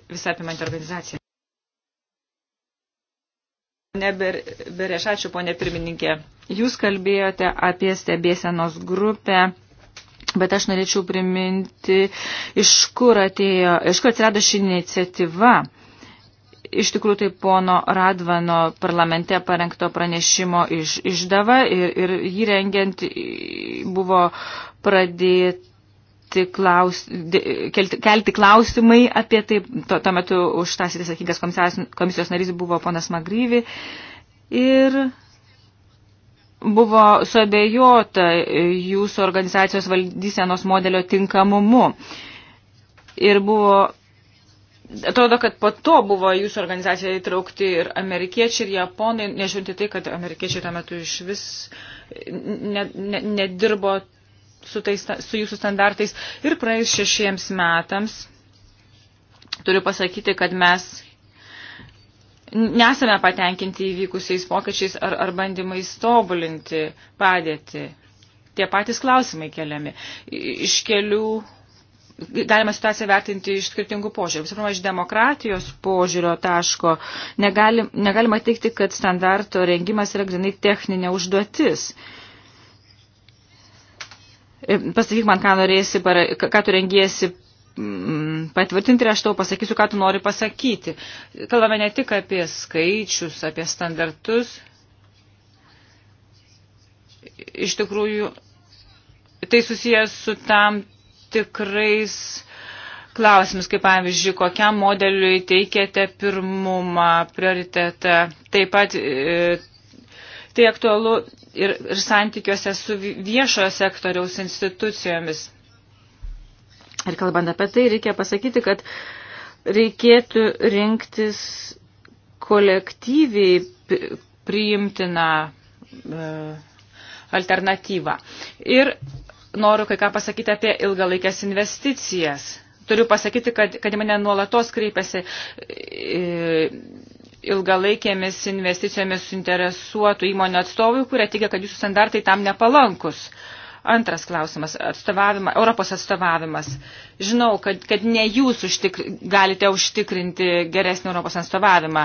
visą apimantį organizaciją. Pone Berešačiu, ponė pirmininkė, jūs kalbėjote apie stebėsenos grupę, bet aš norėčiau priminti, iš kur atėjo, iš kur atsirado ši iniciatyva. Iš tikrųjų, tai pono Radvano parlamente parengto pranešimo iš, išdava ir, ir jį rengiant buvo pradėta klaus, kelti, kelti klausimai apie tai. Tuo, tuo metu už tą sritį atsakingas komisijos, komisijos narys buvo ponas Magryvi. Ir buvo suabejota jūsų organizacijos valdysenos modelio tinkamumu. Ir buvo atrodo, kad po to buvo jūsų organizacija įtraukti ir amerikiečiai, ir japonai, nežiūrinti tai, kad amerikiečiai tuo metu iš vis nedirbo ne, ne su, tais, su jūsų standartais ir praėjus šešiems metams turiu pasakyti, kad mes nesame patenkinti įvykusiais pokyčiais ar, ar bandymais tobulinti padėti. Tie patys klausimai keliami. Iš kelių galima situaciją vertinti iš skirtingų požiūrių. Visų pirma, iš demokratijos požiūrio taško negalim, negalima teikti, kad standarto rengimas yra grinai techninė užduotis. Uh, pasakyk man, ką, norėsi, ką tu rengiesi mm, patvirtinti ir aš tau pasakysiu, ką tu nori pasakyti. Kalbame ne tik apie skaičius, apie standartus. Iš tikrųjų, tai susijęs su tam tikrais klausimus, kaip pavyzdžiui, kokiam modeliui teikėte pirmumą, prioritetą. Taip pat e, tai aktualu ir, ir santykiuose su viešojo sektoriaus institucijomis. Ir kalbant apie tai, reikia pasakyti, kad reikėtų rinktis kolektyviai priimtiną e, alternatyvą. Ir noriu kai ką pasakyti apie ilgalaikės investicijas. Turiu pasakyti, kad, kad mane nuolatos kreipiasi e, ilgalaikėmis investicijomis suinteresuotų įmonių atstovai, kurie teigia, kad jūsų standartai tam nepalankus. Antras klausimas – atstovavima, Europos atstovavimas. Žinau, kad, kad ne jūs užtik, galite užtikrinti geresnį Europos atstovavimą,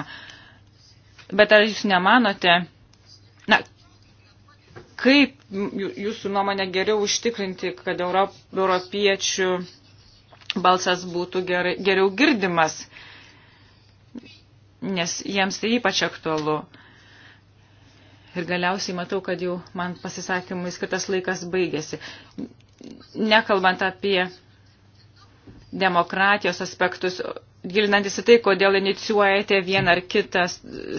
bet ar jūs nemanote, na, kaip jūsų nuomonė geriau užtikrinti, kad Europ, europiečių balsas būtų gerai, geriau girdimas – nes jiems tai ypač aktualu. Ir galiausiai matau, kad jau man pasisakymui skirtas laikas baigėsi. Nekalbant apie demokratijos aspektus, gilinantis į tai, kodėl inicijuojate vieną ar kitą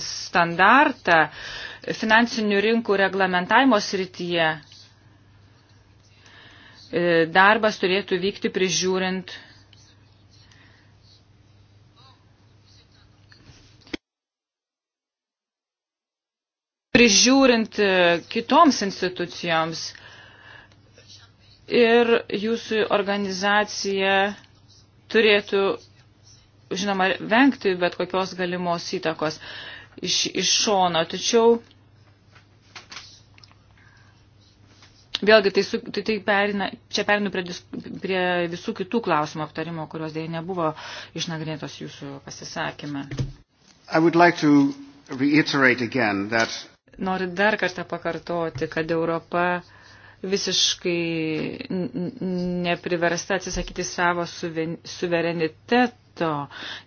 standartą finansinių rinkų reglamentavimo srityje, e, darbas turėtų vykti prižiūrint prižiūrint e, kitoms institucijoms. Ir jūsų organizacija turėtų, žinoma, vengti bet kokios galimos įtakos iš, iš šono. Tačiau Vėlgi, tai, su, tai, tai perina, čia perinu prie, dis, prie visų kitų klausimų aptarimo, kurios dėja nebuvo išnagrinėtos jūsų pasisakymą. Like that noriu dar kartą pakartoti, kad Europa visiškai nepriversta atsisakyti savo suvereniteto to,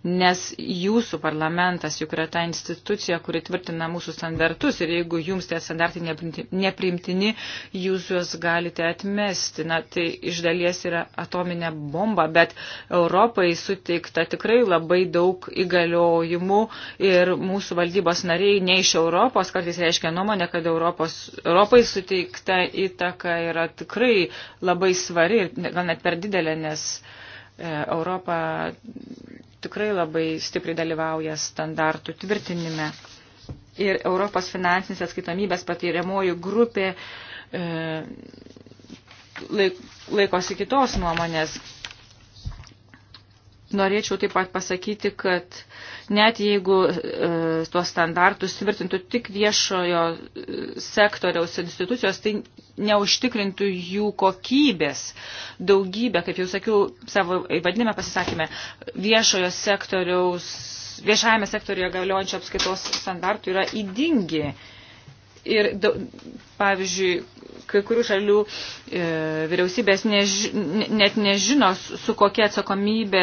nes jūsų parlamentas juk yra ta institucija, kuri tvirtina mūsų standartus ir jeigu jums tie standartai nepriimtini, jūs juos galite atmesti. Na, tai iš dalies yra atominė bomba, bet Europai suteikta tikrai labai daug įgaliojimų ir mūsų valdybos nariai ne iš Europos, kartais reiškia nuomonę, kad Europos, Europai suteikta įtaka yra tikrai labai svari ir gal net per didelė, nes uh, E, Europa tikrai labai stipriai dalyvauja standartų tvirtinime. Ir Europos finansinės atskaitomybės patyriamojų grupė e, laikosi kitos nuomonės Norėčiau taip pat pasakyti, kad net jeigu e, tuos standartus tvirtintų tik viešojo e, sektoriaus institucijos, tai neužtikrintų jų kokybės. Daugybė, kaip jau sakiau savo vadinime pasisakymę, viešojo sektoriaus, viešajame sektorijoje galiojančio apskaitos standartų yra įdingi. E, Ir, pavyzdžiui, kai kurių šalių e, vyriausybės než, net nežino, su kokia atsakomybė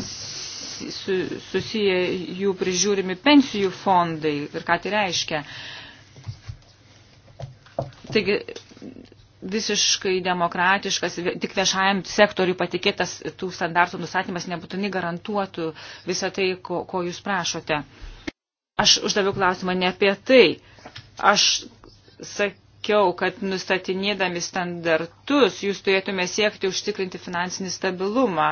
su, susiję jų prižiūrimi pensijų fondai ir ką tai reiškia. Taigi, visiškai demokratiškas, tik viešajam sektoriui patikėtas tų standartų nustatymas nebūtinai garantuotų visą tai, ko, ko jūs prašote. E, Aš uždaviau klausimą ne apie tai. Aš sakiau, kad nustatinėdami standartus jūs turėtume siekti užtikrinti finansinį stabilumą.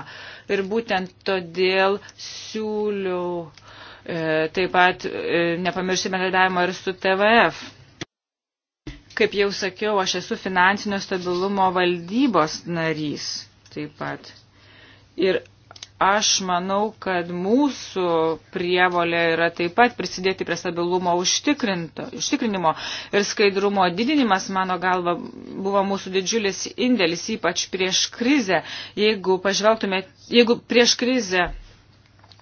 Ir būtent todėl siūliau e, taip pat e, nepamiršti bendradavimo ir su TVF. Kaip jau sakiau, aš esu finansinio stabilumo valdybos narys taip pat. Ir Aš manau, kad mūsų prievolė yra taip pat prisidėti prie stabilumo užtikrinimo ir skaidrumo didinimas, mano galva, buvo mūsų didžiulis indėlis, ypač prieš krizę. Jeigu, jeigu prieš krizę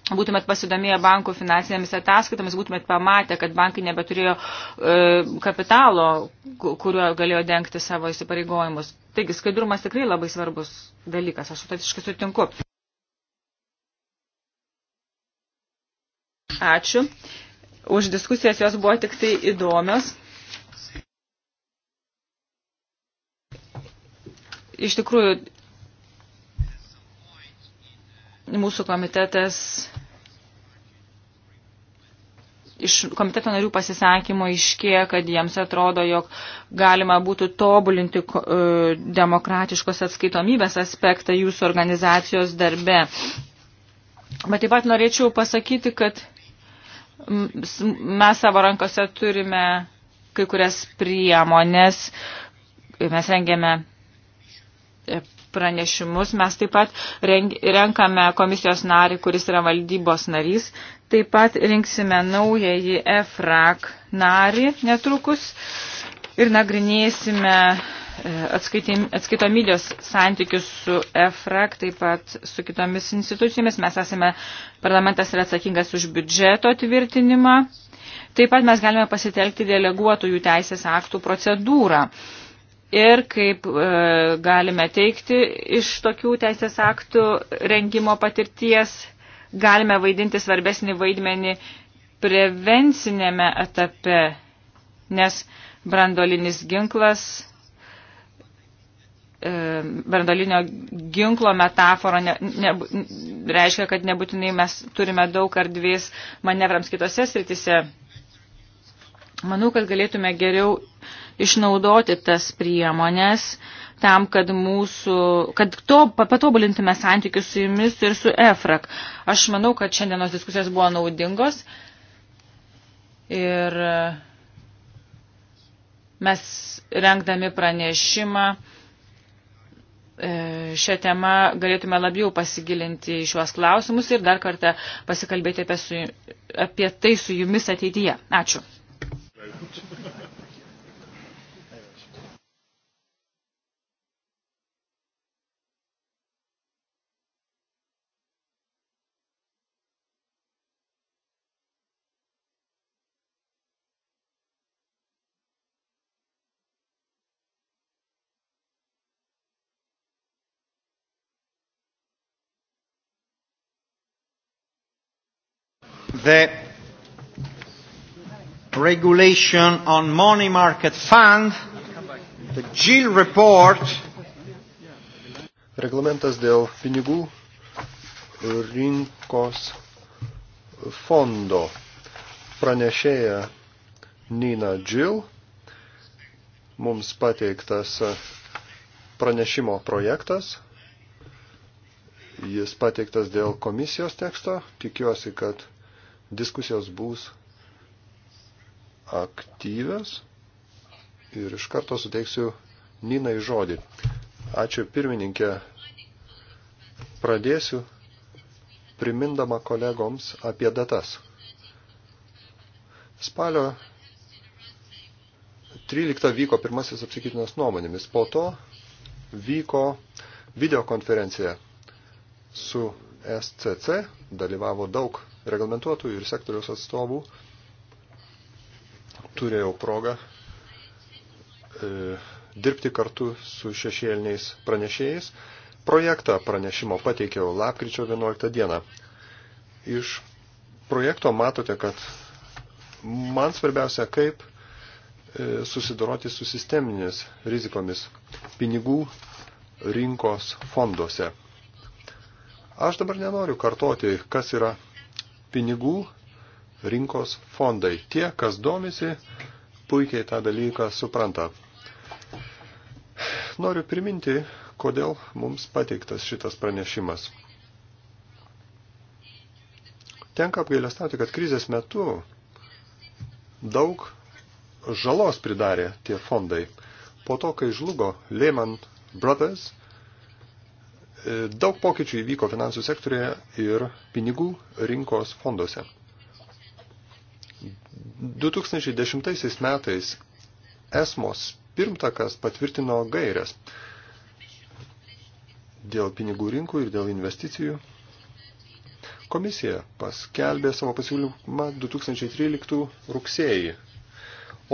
būtumėt pasidomėję bankų finansinėmis ataskaitomis, būtumėt pamatę, kad bankai nebeturėjo e, kapitalo, kuriuo galėjo dengti savo įsipareigojimus. Taigi skaidrumas tikrai labai svarbus dalykas, aš visiškai sutinku. Ačiū. Už diskusijas jos buvo tik tai įdomios. Iš tikrųjų, mūsų komitetas iš komiteto narių pasisakymo iškėja, kad jiems atrodo, jog galima būtų tobulinti e, demokratiškos atskaitomybės aspektą jūsų organizacijos darbe. Bet taip pat norėčiau pasakyti, kad Mes savo rankose turime kai kurias priemonės, mes rengėme e, pranešimus, mes taip pat renkame komisijos narį, kuris yra valdybos narys, taip pat rinksime naująjį EFRAK narį netrukus ir nagrinėsime e, atskaitomybės santykius su EFRAK, taip pat su kitomis institucijomis. Mes esame, parlamentas yra atsakingas už biudžeto tvirtinimą. Taip pat mes galime pasitelkti deleguotojų teisės aktų procedūrą. Ir kaip e, galime teikti iš tokių teisės aktų rengimo patirties, galime vaidinti svarbesnį vaidmenį prevencinėme etape, nes e, brandolinis ginklas, e, brandolinio ginklo metafora ne, ne, reiškia, kad nebūtinai mes turime daug erdvės manevrams kitose sritise. Manau, kad galėtume geriau išnaudoti tas priemonės tam, kad mūsų, kad to patobulintume santykius su jumis ir su EFRAK. Aš manau, kad šiandienos diskusijos buvo naudingos ir Mes rengdami pranešimą e, šią temą galėtume labiau pasigilinti į šiuos klausimus ir dar kartą pasikalbėti apie, su, apie tai su jumis ateityje. Ačiū. the regulation on money market fund, the GIL report. Reglamentas dėl pinigų rinkos fondo pranešėja Nina Džil. Mums pateiktas pranešimo projektas. Jis pateiktas dėl komisijos teksto. Tikiuosi, kad Diskusijos bus aktyvios ir iš karto suteiksiu Ninai žodį. Ačiū pirmininkė. Pradėsiu primindama kolegoms apie datas. Spalio 13 vyko pirmasis apsikytinas nuomonėmis. Po to vyko videokonferencija su SCC, dalyvavo daug reglamentuotojų ir sektoriaus atstovų turėjau progą e, dirbti kartu su šešėliniais pranešėjais. Projektą pranešimo pateikiau lapkričio 11 dieną. Iš projekto matote, kad man svarbiausia, kaip e, susidoroti su sisteminės rizikomis pinigų rinkos fonduose. Aš dabar nenoriu kartoti, kas yra pinigų rinkos fondai. Tie, kas domisi, puikiai tą dalyką supranta. Noriu priminti, kodėl mums pateiktas šitas pranešimas. Tenka apgailestauti, kad krizės metu daug žalos pridarė tie fondai. Po to, kai žlugo Lehman Brothers, Daug pokyčių įvyko finansų sektorėje ir pinigų rinkos fonduose. 2010 metais ESMOS pirmtakas patvirtino gairias dėl pinigų rinkų ir dėl investicijų. Komisija paskelbė savo pasiūlymą 2013 rugsėjį,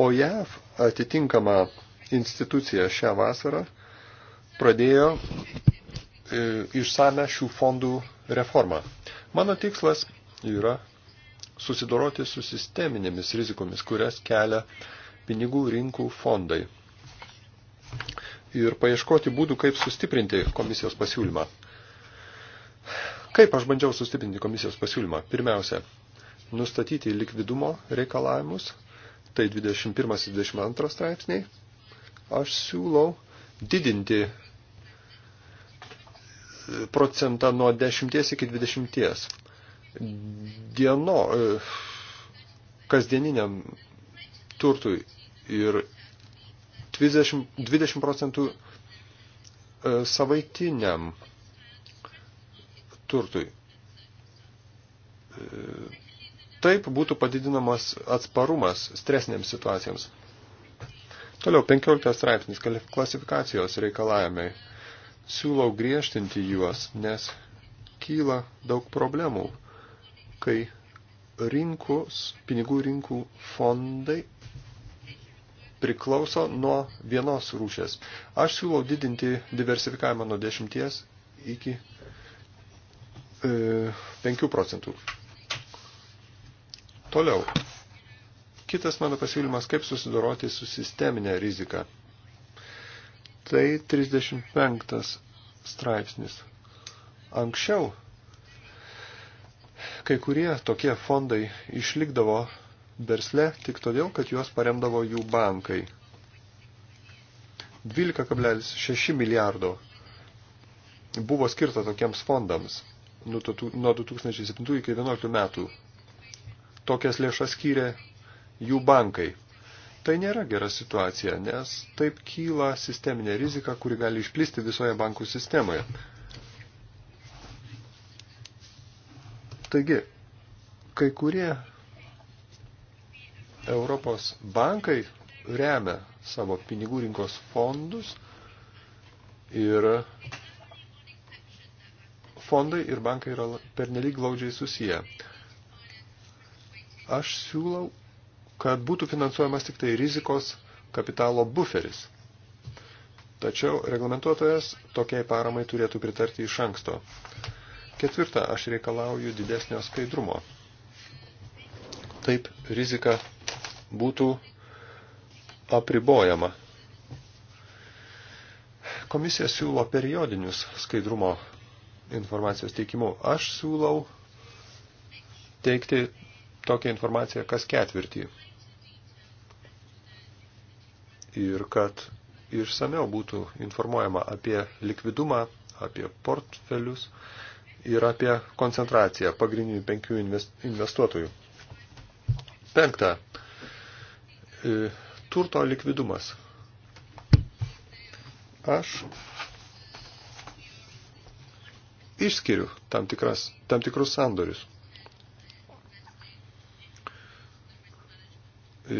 o JAV atitinkama institucija šią vasarą pradėjo E, išsame šių fondų reformą. Mano tikslas yra susidoroti su sisteminėmis rizikomis, kurias kelia pinigų rinkų fondai. Ir paieškoti būdų, kaip sustiprinti komisijos pasiūlymą. Kaip aš bandžiau sustiprinti komisijos pasiūlymą? Pirmiausia, nustatyti likvidumo reikalavimus, tai 21-22 straipsniai. Aš siūlau didinti procentą nuo 10 iki 20 dieno e, kasdieniniam turtui ir 20, 20 procentų e, savaitiniam turtui. E, taip būtų padidinamas atsparumas stresiniams situacijams. Toliau 15 straipsnis klasifikacijos reikalavimai siūlau griežtinti juos, nes kyla daug problemų, kai rinkos, pinigų rinkų fondai priklauso nuo vienos rūšės. Aš siūlau didinti diversifikavimą nuo 10 iki e, 5 procentų. Toliau. Kitas mano pasiūlymas, kaip susidoroti su sisteminė rizika tai 35 straipsnis. Anksčiau kai kurie tokie fondai išlikdavo versle tik todėl, kad juos paremdavo jų bankai. 12,6 milijardo buvo skirta tokiems fondams nuo 2007 iki 2011 metų. Tokias lėšas skyrė jų bankai. Tai nėra gera situacija, nes taip kyla sisteminė rizika, kuri gali išplisti visoje bankų sistemoje. Taigi, kai kurie Europos bankai remia savo pinigų rinkos fondus ir fondai ir bankai yra pernelyg glaudžiai susiję. Aš siūlau kad būtų finansuojamas tik tai rizikos kapitalo buferis. Tačiau reglamentuotojas tokiai paramai turėtų pritarti iš anksto. Ketvirta, aš reikalauju didesnio skaidrumo. Taip rizika būtų apribojama. Komisija siūlo periodinius skaidrumo informacijos teikimu. Aš siūlau teikti tokią informaciją kas ketvirtį ir kad išsameu būtų informuojama apie likvidumą, apie portfelius ir apie koncentraciją pagrindinių penkių investuotojų. Penkta. E, turto likvidumas. Aš išskiriu tam, tikras, tam tikrus sandorius. E,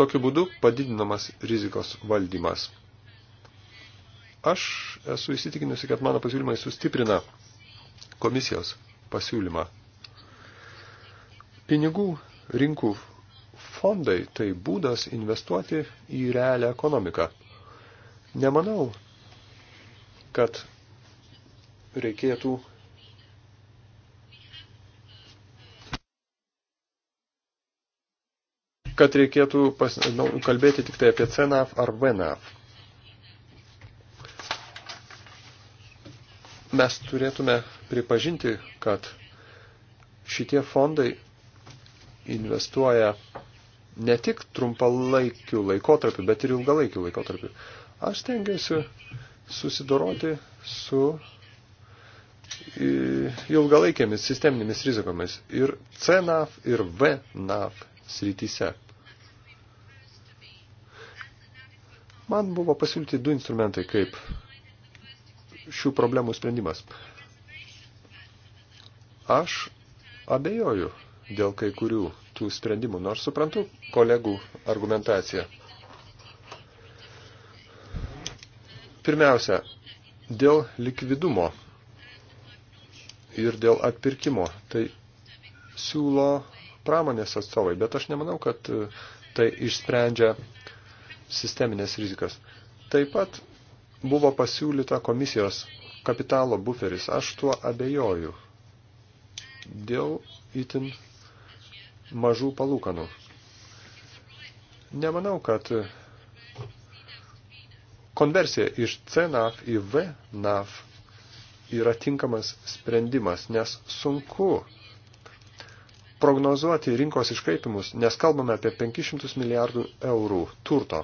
Tokiu būdu padidinamas rizikos valdymas. Aš esu įsitikinusi, kad mano pasiūlymai sustiprina komisijos pasiūlymą. Pinigų rinkų fondai tai būdas investuoti į realią ekonomiką. Nemanau, kad reikėtų kad reikėtų pas, nu, kalbėti tik tai apie CNAF ar VNAF. Mes turėtume pripažinti, kad šitie fondai investuoja ne tik trumpalaikių laikotarpių, bet ir ilgalaikių laikotarpių. Aš stengiuosi susidoroti su ilgalaikėmis sisteminėmis rizikomis ir CNAF ir VNAF srityse. Man buvo pasiūlyti du instrumentai kaip šių problemų sprendimas. Aš abejoju dėl kai kurių tų sprendimų, nors suprantu kolegų argumentaciją. Pirmiausia, dėl likvidumo ir dėl atpirkimo. Tai siūlo pramonės atstovai, bet aš nemanau, kad tai išsprendžia sisteminės rizikas. Taip pat buvo pasiūlyta komisijos kapitalo buferis. Aš tuo abejoju dėl itin mažų palūkanų. Nemanau, kad konversija iš CNAF į VNAF yra tinkamas sprendimas, nes sunku prognozuoti rinkos iškreipimus, nes kalbame apie 500 milijardų eurų turto.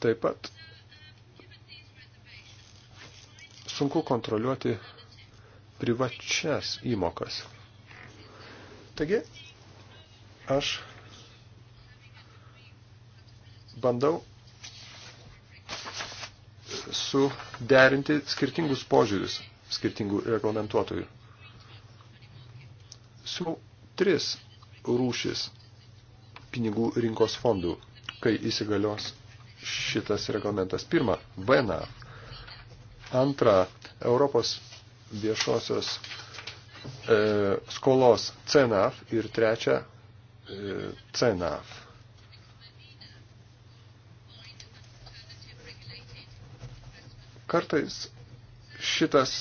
Taip pat sunku kontroliuoti privačias įmokas. Taigi, aš bandau suderinti skirtingus požiūrius skirtingų reglamentuotojų. Siūlau tris rūšis pinigų rinkos fondų, kai įsigalios šitas reglamentas. Pirma, VENA. Antra, Europos viešosios e, skolos CENAF ir trečia, e, CENAF. Kartais šitas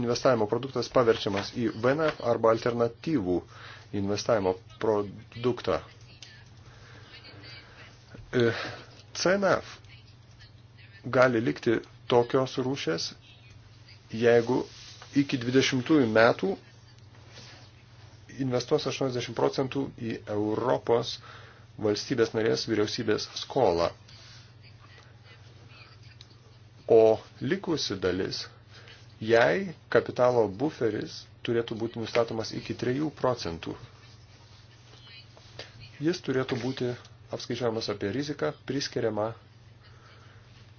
investavimo produktas paverčiamas į VNF arba alternatyvų investavimo produktą. E, CNF gali likti tokios rūšės, jeigu iki 20 metų investuos 80 procentų į Europos valstybės narės vyriausybės skolą. O likusi dalis jei kapitalo buferis turėtų būti nustatomas iki 3 procentų. Jis turėtų būti apskaičiuojamas apie riziką priskiriama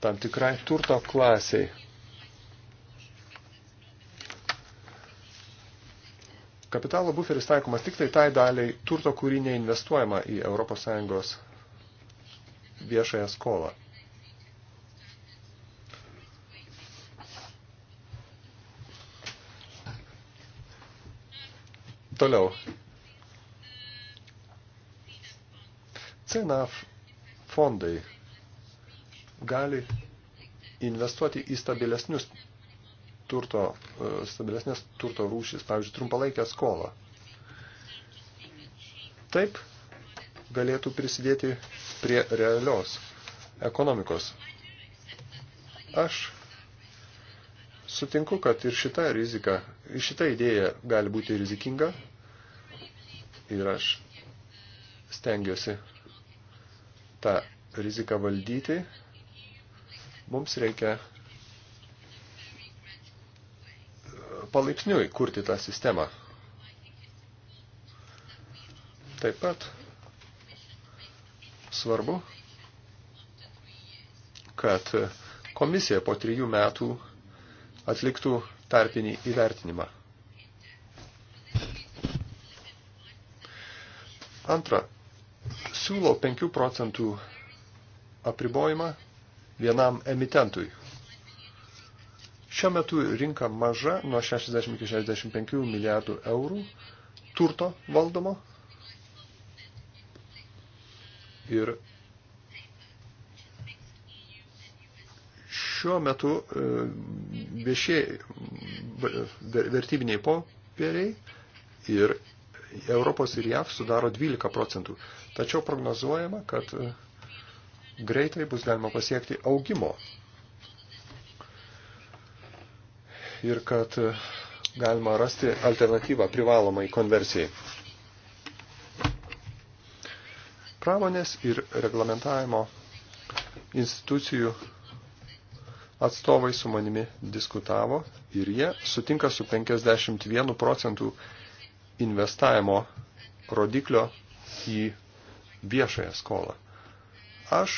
tam tikrai turto klasiai. Kapitalo buferis taikomas tik tai tai daliai turto, kurį neinvestuojama į ES viešąją skolą. Toliau. CNAF fondai gali investuoti į stabilesnius turto, e, stabilesnės turto rūšis, pavyzdžiui, trumpalaikę skolą. Taip galėtų prisidėti prie realios ekonomikos. Aš Sutinku, kad ir šita rizika, ir šita idėja gali būti rizikinga ir aš stengiuosi tą riziką valdyti. Mums reikia palaipsniui kurti tą sistemą. Taip pat svarbu, kad komisija po trijų metų atliktų tarpinį įvertinimą. Antra, siūlau 5 procentų apribojimą vienam emitentui. Šiuo metu rinka maža nuo 60 iki 65 milijardų eurų turto valdomo ir šiuo metu e, viešieji vertybiniai popieriai ir Europos ir JAV sudaro 12 procentų. Tačiau prognozuojama, kad e, greitai bus galima pasiekti augimo ir kad e, galima rasti alternatyvą privalomai konversijai. Pramonės ir reglamentavimo institucijų atstovai su manimi diskutavo ir jie sutinka su 51 procentų investavimo rodiklio į viešąją skolą. Aš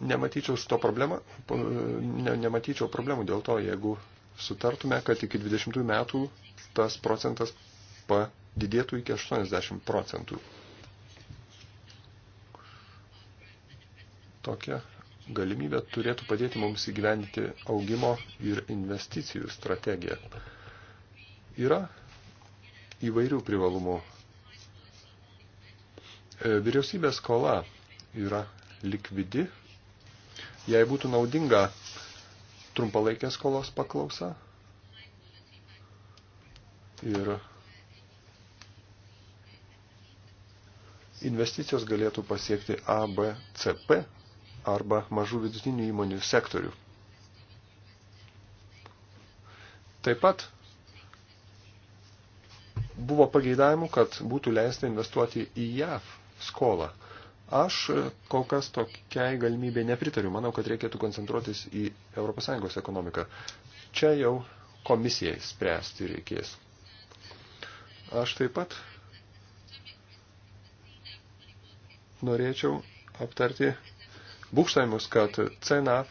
nematyčiau su to problemą, ne, nematyčiau problemų dėl to, jeigu sutartume, kad iki 20 metų tas procentas padidėtų iki 80 procentų. Tokia galimybė turėtų padėti mums įgyvendyti augimo ir investicijų strategiją. Yra įvairių privalumų. E, vyriausybės skola yra likvidi. Jei būtų naudinga trumpalaikė skolos paklausa ir investicijos galėtų pasiekti ABCP arba mažų vidutinių įmonių sektorių. Taip pat buvo pageidavimų, kad būtų leista investuoti į JAV skolą. Aš kol kas tokiai galimybė nepritariu. Manau, kad reikėtų koncentruotis į ES ekonomiką. Čia jau komisijai spręsti reikės. Aš taip pat norėčiau aptarti būkštaimus, kad cena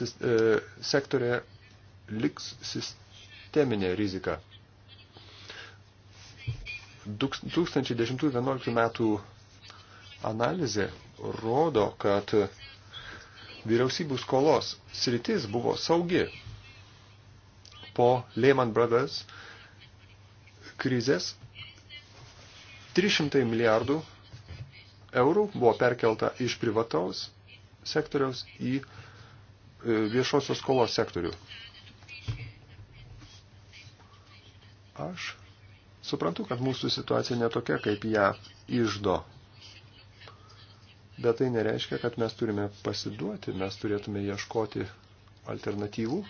e, sektorė liks sisteminė rizika. 2010-2011 metų analizė rodo, kad vyriausybių skolos sritis buvo saugi. Po Lehman Brothers krizės 300 milijardų eurų buvo perkelta iš privataus sektoriaus į e, viešosios skolos sektorių. Aš suprantu, kad mūsų situacija netokia, kaip ją išdo. Bet tai nereiškia, kad mes turime pasiduoti, mes turėtume ieškoti alternatyvų.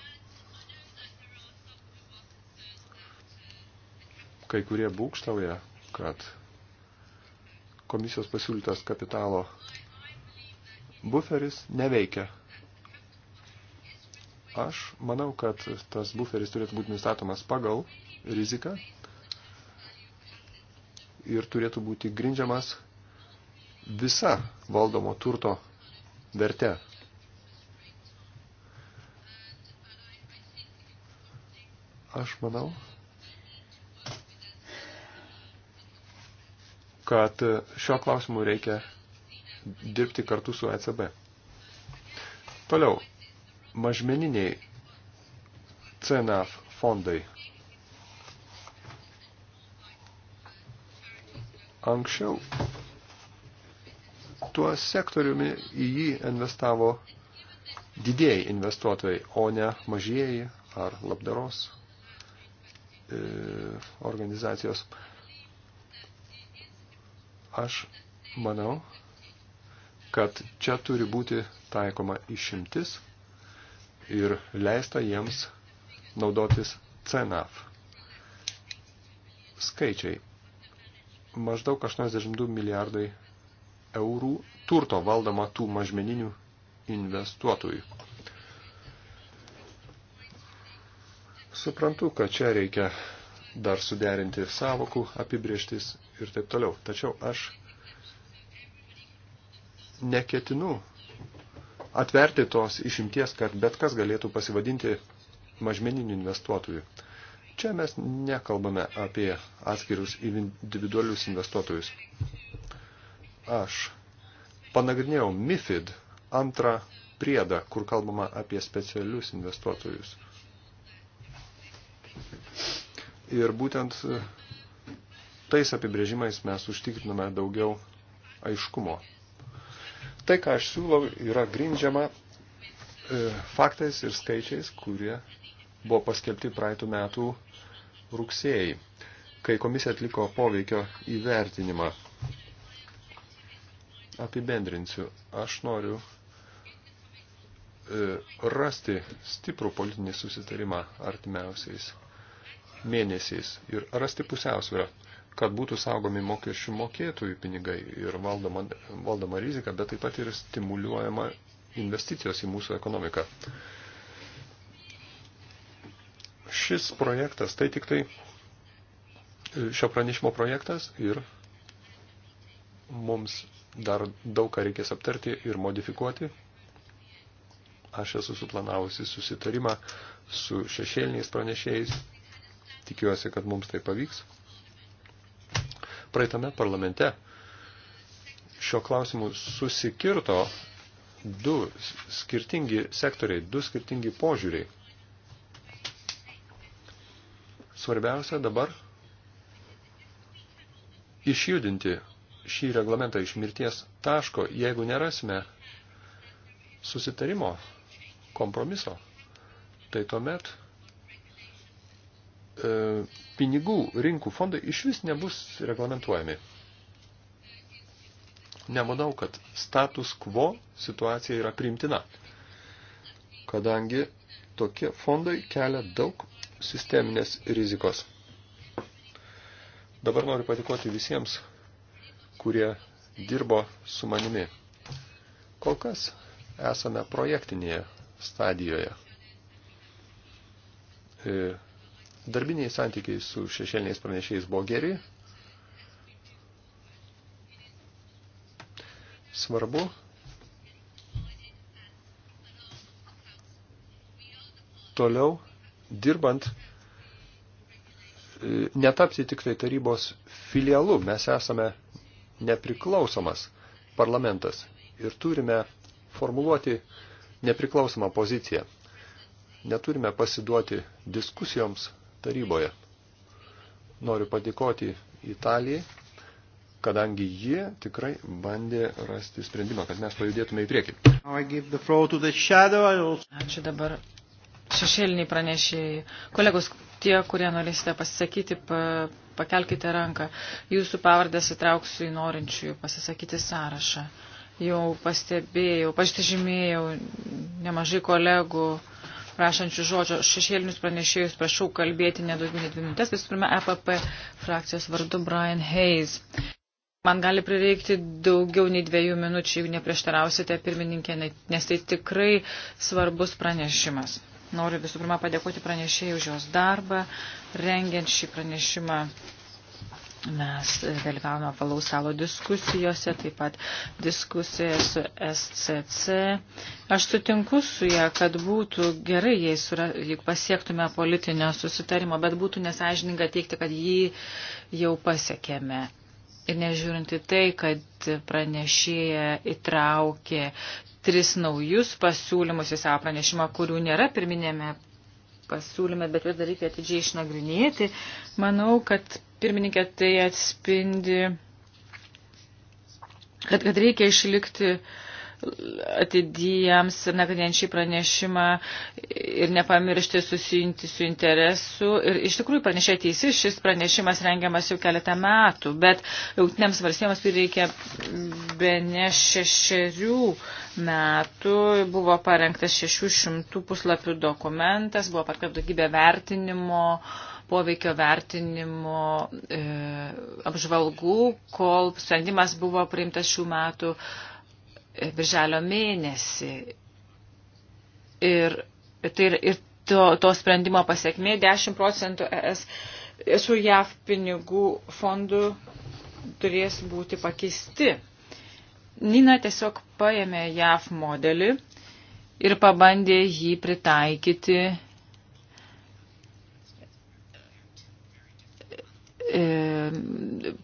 Kai kurie būkštauja, kad komisijos pasiūlytas kapitalo buferis neveikia. Aš manau, kad tas buferis turėtų būti nustatomas pagal riziką ir turėtų būti grindžiamas visa valdomo turto verte. Aš manau, kad šio klausimu reikia dirbti kartu su ECB. Toliau, mažmeniniai CNAF fondai. Anksčiau tuo sektoriumi į jį investavo didėjai investuotojai, o ne mažieji ar labdaros e, organizacijos. E, Aš manau, kad čia turi būti taikoma išimtis ir leista jiems naudotis CNAF. Skaičiai. Maždaug 82 milijardai eurų turto valdoma tų mažmeninių investuotojų. Suprantu, kad čia reikia dar suderinti savokų apibrieštis ir taip toliau. Tačiau aš neketinu atverti tos išimties, kad bet kas galėtų pasivadinti mažmeniniu investuotoju. Čia mes nekalbame apie atskirius individualius investuotojus. Aš panagrinėjau MIFID antrą priedą, kur kalbama apie specialius investuotojus. Ir būtent tais apibrėžimais mes užtikriname daugiau aiškumo. Tai, ką aš siūlau, yra grindžiama e, faktais ir skaičiais, kurie buvo paskelbti praeitų metų rugsėjai, kai komisija atliko poveikio įvertinimą. Apibendrinsiu, aš noriu e, rasti stiprų politinį susitarimą artimiausiais mėnesiais ir rasti pusiausvyrą kad būtų saugomi mokesčių mokėtojų pinigai ir valdoma, valdoma rizika, bet taip pat ir stimuliuojama investicijos į mūsų ekonomiką. Šis projektas, tai tik tai šio pranešimo projektas ir mums dar daug ką reikės aptarti ir modifikuoti. Aš esu suplanavusi susitarimą su šešėliniais pranešėjais. Tikiuosi, kad mums tai pavyks. Praeitame parlamente šio klausimu susikirto du skirtingi sektoriai, du skirtingi požiūriai. Svarbiausia dabar išjudinti šį reglamentą iš mirties taško, jeigu nerasime susitarimo, kompromiso, tai tuomet E, pinigų rinkų fondai iš vis nebus reglamentuojami. Nemanau, kad status quo situacija yra priimtina, kadangi tokie fondai kelia daug sisteminės rizikos. Dabar noriu patikoti visiems, kurie dirbo su manimi. Kol kas esame projektinėje stadijoje. E, Darbiniai santykiai su šešėliniais pranešėjais buvo geri. Svarbu, toliau dirbant e, netapti tik tai tarybos filialu. Mes esame nepriklausomas parlamentas ir turime formuluoti nepriklausomą poziciją. Neturime pasiduoti diskusijoms taryboje. Noriu padėkoti Italijai, kadangi jie tikrai bandė rasti sprendimą, kad mes pajudėtume į priekį. Ačiū dabar šešėliniai pranešėjai. Kolegos, tie, kurie norėsite pasisakyti, pa, pakelkite ranką. Jūsų pavardę sitrauksiu į norinčiųjų pasisakyti sąrašą. Jau pastebėjau, pažtižymėjau nemažai kolegų prašančių žodžio. Šešėlinius pranešėjus prašau kalbėti nedaugiau nei dvi minutės. Visų pirma, EPP frakcijos vardu Brian Hayes. Man gali prireikti daugiau nei dviejų minučių, jeigu neprieštarausite pirmininkė, nes tai tikrai svarbus pranešimas. Noriu visų pirma padėkoti pranešėjai už jos darbą, rengiant šį pranešimą Mes dalyvavome valaus stalo diskusijose, taip pat diskusijoje su SCC. Aš sutinku su ją, kad būtų gerai, jei, sura, jei pasiektume politinio susitarimo, bet būtų nesažininga teikti, kad jį jau pasiekėme. Ir nežiūrinti tai, kad pranešėja įtraukė tris naujus pasiūlymus į savo pranešimą, kurių nėra pirminėme pasiūlyme, bet juos dar reikia atidžiai išnagrinėti. Manau, kad pirmininkė tai atspindi, kad, kad reikia išlikti uh, atidijams nagrinėjant šį pranešimą ir nepamiršti susijinti su interesu. Ir iš tikrųjų pranešė teisi, šis pranešimas rengiamas jau keletą metų, bet jungtinėms valstybėms prireikė be ne šešerių metų. Buvo parengtas 600 puslapių dokumentas, buvo parengta daugybė vertinimo poveikio vertinimo e, apžvalgų, kol sprendimas buvo priimtas šių metų birželio mėnesį. Ir, tai, ir to, to sprendimo pasiekmė 10 procentų ES su JAV pinigų fondų turės būti pakeisti. Nina tiesiog paėmė JAV modelį ir pabandė jį pritaikyti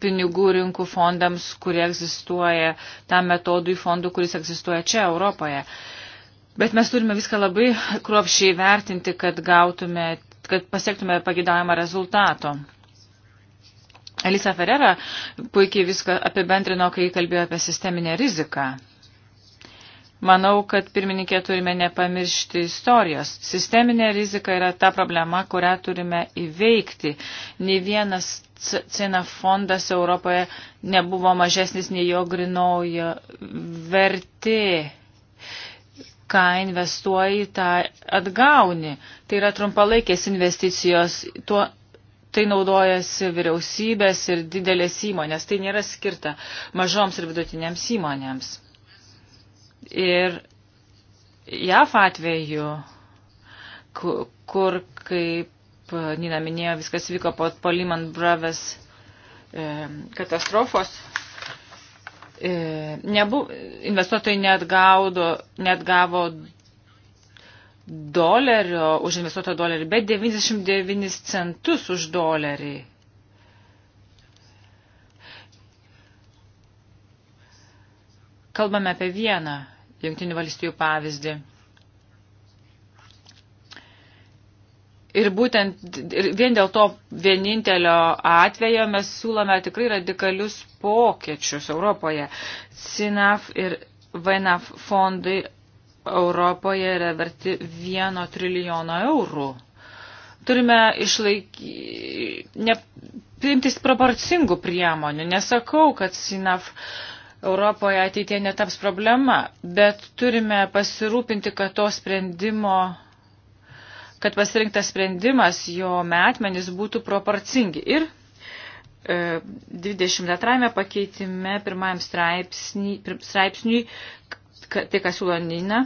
pinigų rinkų fondams, kurie egzistuoja, tam metodui fondų, kuris egzistuoja čia Europoje. Bet mes turime viską labai kruopšiai vertinti, kad gautume, kad pasiektume pagidavimą rezultato. Elisa Ferrera puikiai viską apibendrino, kai kalbėjo apie sisteminę riziką. Manau, kad pirmininkė turime nepamiršti istorijos. Sisteminė rizika yra ta problema, kurią turime įveikti. Nė vienas cena fondas Europoje nebuvo mažesnis nei jo grinauja vertė. Ką investuoji, tą atgauni. Tai yra trumpalaikės investicijos. Tuo tai naudojasi vyriausybės ir didelės įmonės. Tai nėra skirta mažoms ir vidutinėms įmonėms. Ir JAF atveju, kur, kaip Nina minėjo, viskas vyko po, po Lehman Brothers e, katastrofos, e, nebu, investuotojai neatgaudo, neatgavo dolerio už investuotą dolerį, bet 99 centus už dolerį. Kalbame apie vieną Junktinių valstijų pavyzdį. Ir būtent ir vien dėl to vienintelio atvejo mes siūlome tikrai radikalius pokyčius Europoje. SINAF ir VNAF fondai Europoje yra verti vieno trilijono eurų. Turime išlaikyti, priimtis proporcingų priemonių. Nesakau, kad SINAF uh, Europoje ateitie netaps problema, bet turime pasirūpinti, kad to sprendimo kad pasirinktas sprendimas, jo metmenys būtų proporcingi. Ir 22 e, pakeitime pirmajam straipsniui, straipsniui tai ką siūlo Nina,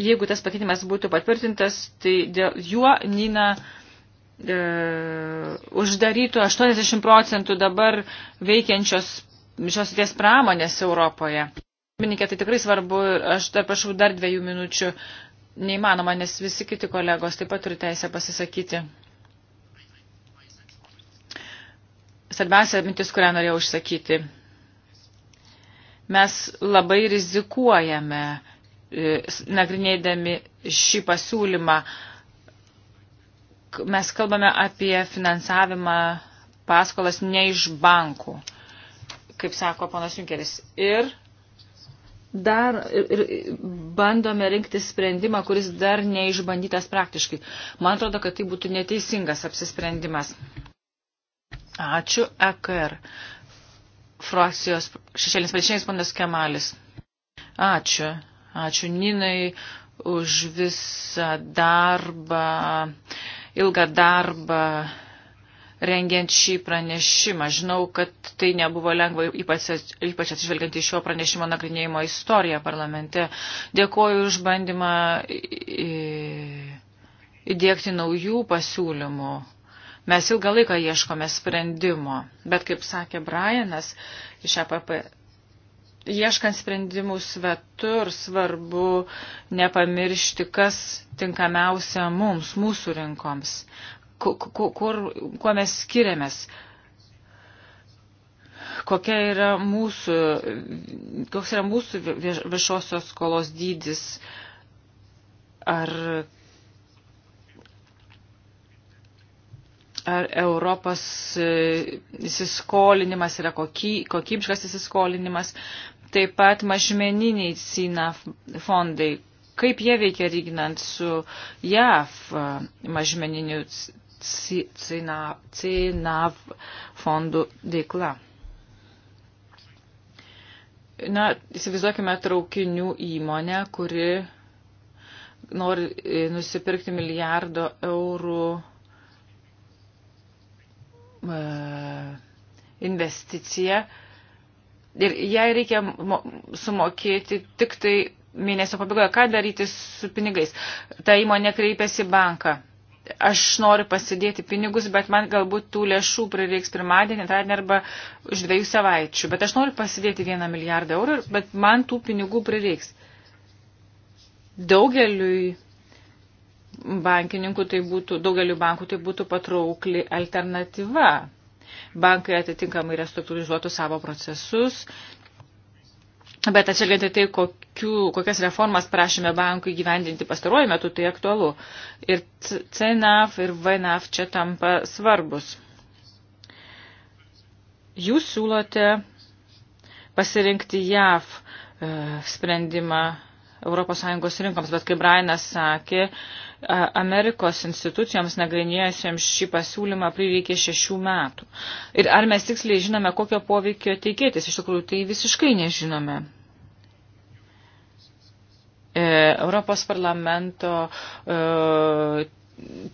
jeigu tas pakeitimas būtų patvirtintas, tai dėl juo Nina e, uždarytų 80 procentų dabar veikiančios šios ties pramonės Europoje. Mininkė, tai tikrai svarbu, aš dar prašau dar dviejų minučių, neįmanoma, nes visi kiti kolegos taip pat turi teisę pasisakyti. Svarbiausia mintis, kurią norėjau užsakyti. Mes labai rizikuojame, e, nagrinėdami šį pasiūlymą. Mes kalbame apie finansavimą paskolas ne iš bankų kaip sako ponas Junkeris. Ir dar ir, ir bandome rinkti sprendimą, kuris dar neišbandytas praktiškai. Man atrodo, kad tai būtų neteisingas apsisprendimas. Ačiū, EKR. Frakcijos šešėlis pačiais ponas Kemalis. Ačiū. Ačiū Ninai už visą darbą, ilgą darbą rengiant šį pranešimą. Žinau, kad tai nebuvo lengva, ypač, ypač atsižvelgiant į šio pranešimo nagrinėjimo istoriją parlamente. Dėkuoju už bandymą įdėkti naujų pasiūlymų. Mes ilgą laiką ieškome sprendimo, bet kaip sakė Brianas iš APP, ieškant sprendimų svetur svarbu nepamiršti, kas tinkamiausia mums, mūsų rinkoms kur, kur, kuo mes skiriamės, kokia yra mūsų, koks yra mūsų viešosios skolos dydis, ar, ar Europos e, įsiskolinimas yra koky, kokybiškas įsiskolinimas, taip pat mažmeniniai CINA fondai, kaip jie veikia lyginant su JAF e, mažmeniniu CNAV fondų veikla. Na, įsivaizduokime traukinių įmonę, kuri nori e, nusipirkti milijardo eurų e, investiciją ir jai reikia sumokėti tik tai mėnesio pabaigoje. Ką daryti su pinigais? Ta įmonė kreipiasi į banką aš noriu pasidėti pinigus, bet man galbūt tų lėšų prireiks pirmadienį, antradienį arba už dviejų savaičių. Bet aš noriu pasidėti vieną milijardą eurų, bet man tų pinigų prireiks. Daugeliui bankininkų tai būtų, daugeliu bankų tai būtų patraukli alternatyva. Bankai atitinkamai restruktūrizuotų savo procesus, Bet atsižvelgiant į tai, kokiu, kokias reformas prašėme bankui gyvendinti pastaruoju metu, tai aktualu. Ir CNAF ir VNAF čia tampa svarbus. Jūs siūlote pasirinkti JAV e, sprendimą ES rinkoms, bet kaip Brainas sakė, Amerikos institucijoms nagrinėjusiems šį pasiūlymą prireikė šešių metų. Ir ar mes tiksliai žinome, kokio poveikio teikėtis, iš tikrųjų tai visiškai nežinome. E, Europos parlamento e,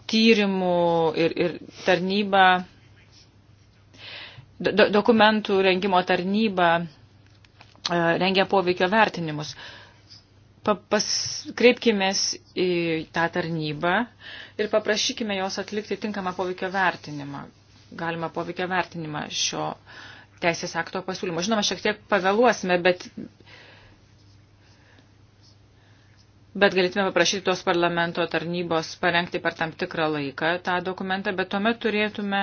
tyrimų ir, ir tarnyba, do, dokumentų rengimo tarnyba e, rengia poveikio vertinimus. Pas, kreipkimės į tą tarnybą ir paprašykime jos atlikti tinkamą poveikio vertinimą, galima poveikio vertinimą šio teisės akto pasiūlymo. Žinoma, šiek tiek pavėluosime, bet bet galėtume paprašyti tos parlamento tarnybos parengti per tam tikrą laiką tą dokumentą, bet tuomet turėtume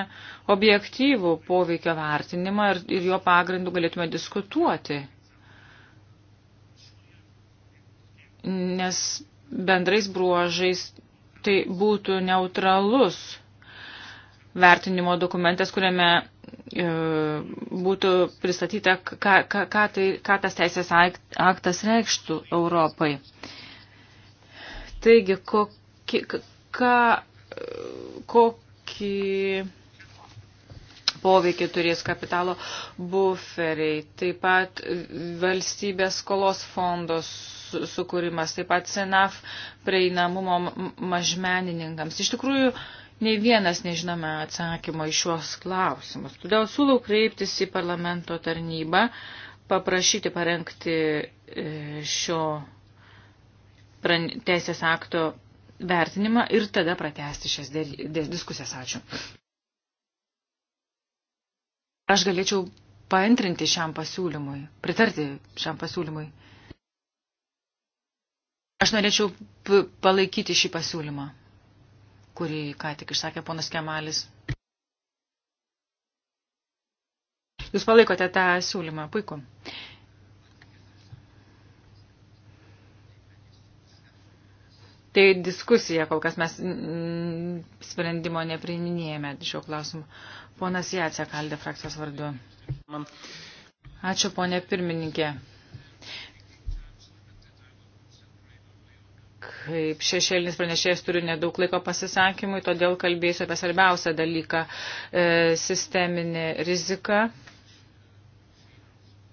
objektyvų poveikio vertinimą ir, ir jo pagrindų galėtume diskutuoti. Nes bendrais bruožais tai būtų neutralus vertinimo dokumentas, kuriame e, būtų pristatyta, ką, ką, ką, tai, ką tas teisės aktas reikštų Europai. E, Taigi, kokį, ką, kokį poveikį turės kapitalo buferiai, taip pat valstybės skolos fondos sukūrimas, taip pat SENAF prieinamumo mažmenininkams. Iš tikrųjų, nei vienas nežinome atsakymo į šiuos klausimus. Todėl siūlau kreiptis į parlamento tarnybą, paprašyti parengti e, šio teisės akto vertinimą ir tada pratesti šias diskusijas. Ačiū. Aš galėčiau paantrinti šiam pasiūlymui, pritarti šiam pasiūlymui. Aš norėčiau palaikyti šį pasiūlymą, kurį ką tik išsakė ponas Kemalis. Jūs palaikote tą siūlymą, puiku. Uh, Tai diskusija, kol kas mes sprendimo nepriminėjame šio klausimu. Ponas Jacija Kaldė frakcijos vardu. Ačiū, ponė pirmininkė. kaip šešėlinis pranešėjas turiu nedaug laiko pasisakymui, todėl kalbėsiu apie svarbiausią dalyką e, - sisteminę riziką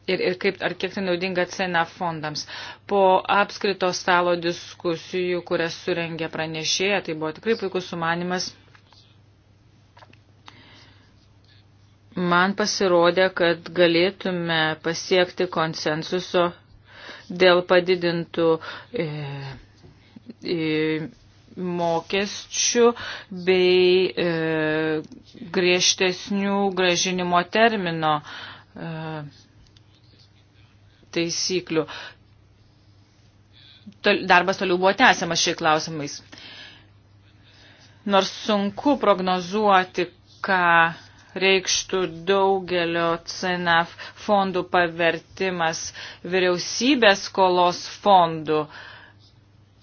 ir, ir kaip, ar kiek tai naudinga cena fondams. Po apskrito stalo diskusijų, kurias surengė pranešėja, tai buvo tikrai puikus sumanimas. Man pasirodė, kad galėtume pasiekti konsensuso dėl padidintų e, e, mokesčių bei e, griežtesnių gražinimo termino. E, taisyklių. Darbas toliau buvo tęsiamas šiai klausimais. Nors sunku prognozuoti, ką reikštų daugelio CNF fondų pavertimas vyriausybės skolos fondų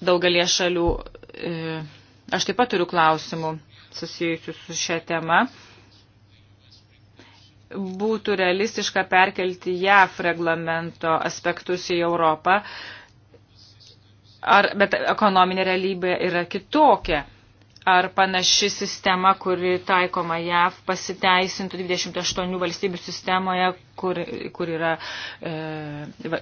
daugelie šalių. E, aš taip pat turiu klausimų susijusių su šia tema būtų realistiška perkelti JAF reglamento aspektus į Europą, ar, bet ekonominė realybė yra kitokia. Ar panaši sistema, kuri taikoma JAV, pasiteisintų 28 valstybių sistemoje, kur, kur yra e,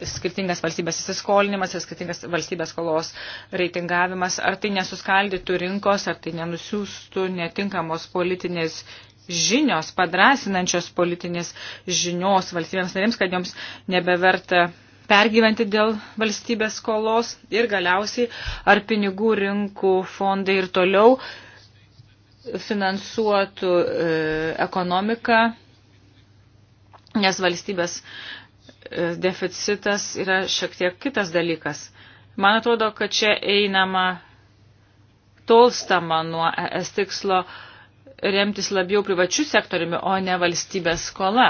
skirtingas valstybės įsiskolinimas ir skirtingas valstybės skolos reitingavimas, ar tai nesuskaldytų rinkos, ar tai nenusiųstų netinkamos politinės žinios, padrasinančios politinės žinios valstybėms narėms, kad joms nebeverta pergyventi dėl valstybės skolos ir galiausiai ar pinigų rinkų fondai ir toliau finansuotų e, ekonomiką, nes valstybės e, deficitas yra šiek tiek kitas dalykas. Man atrodo, kad čia einama tolstama nuo es tikslo e, remtis labiau privačių sektoriumi, o ne valstybės skola.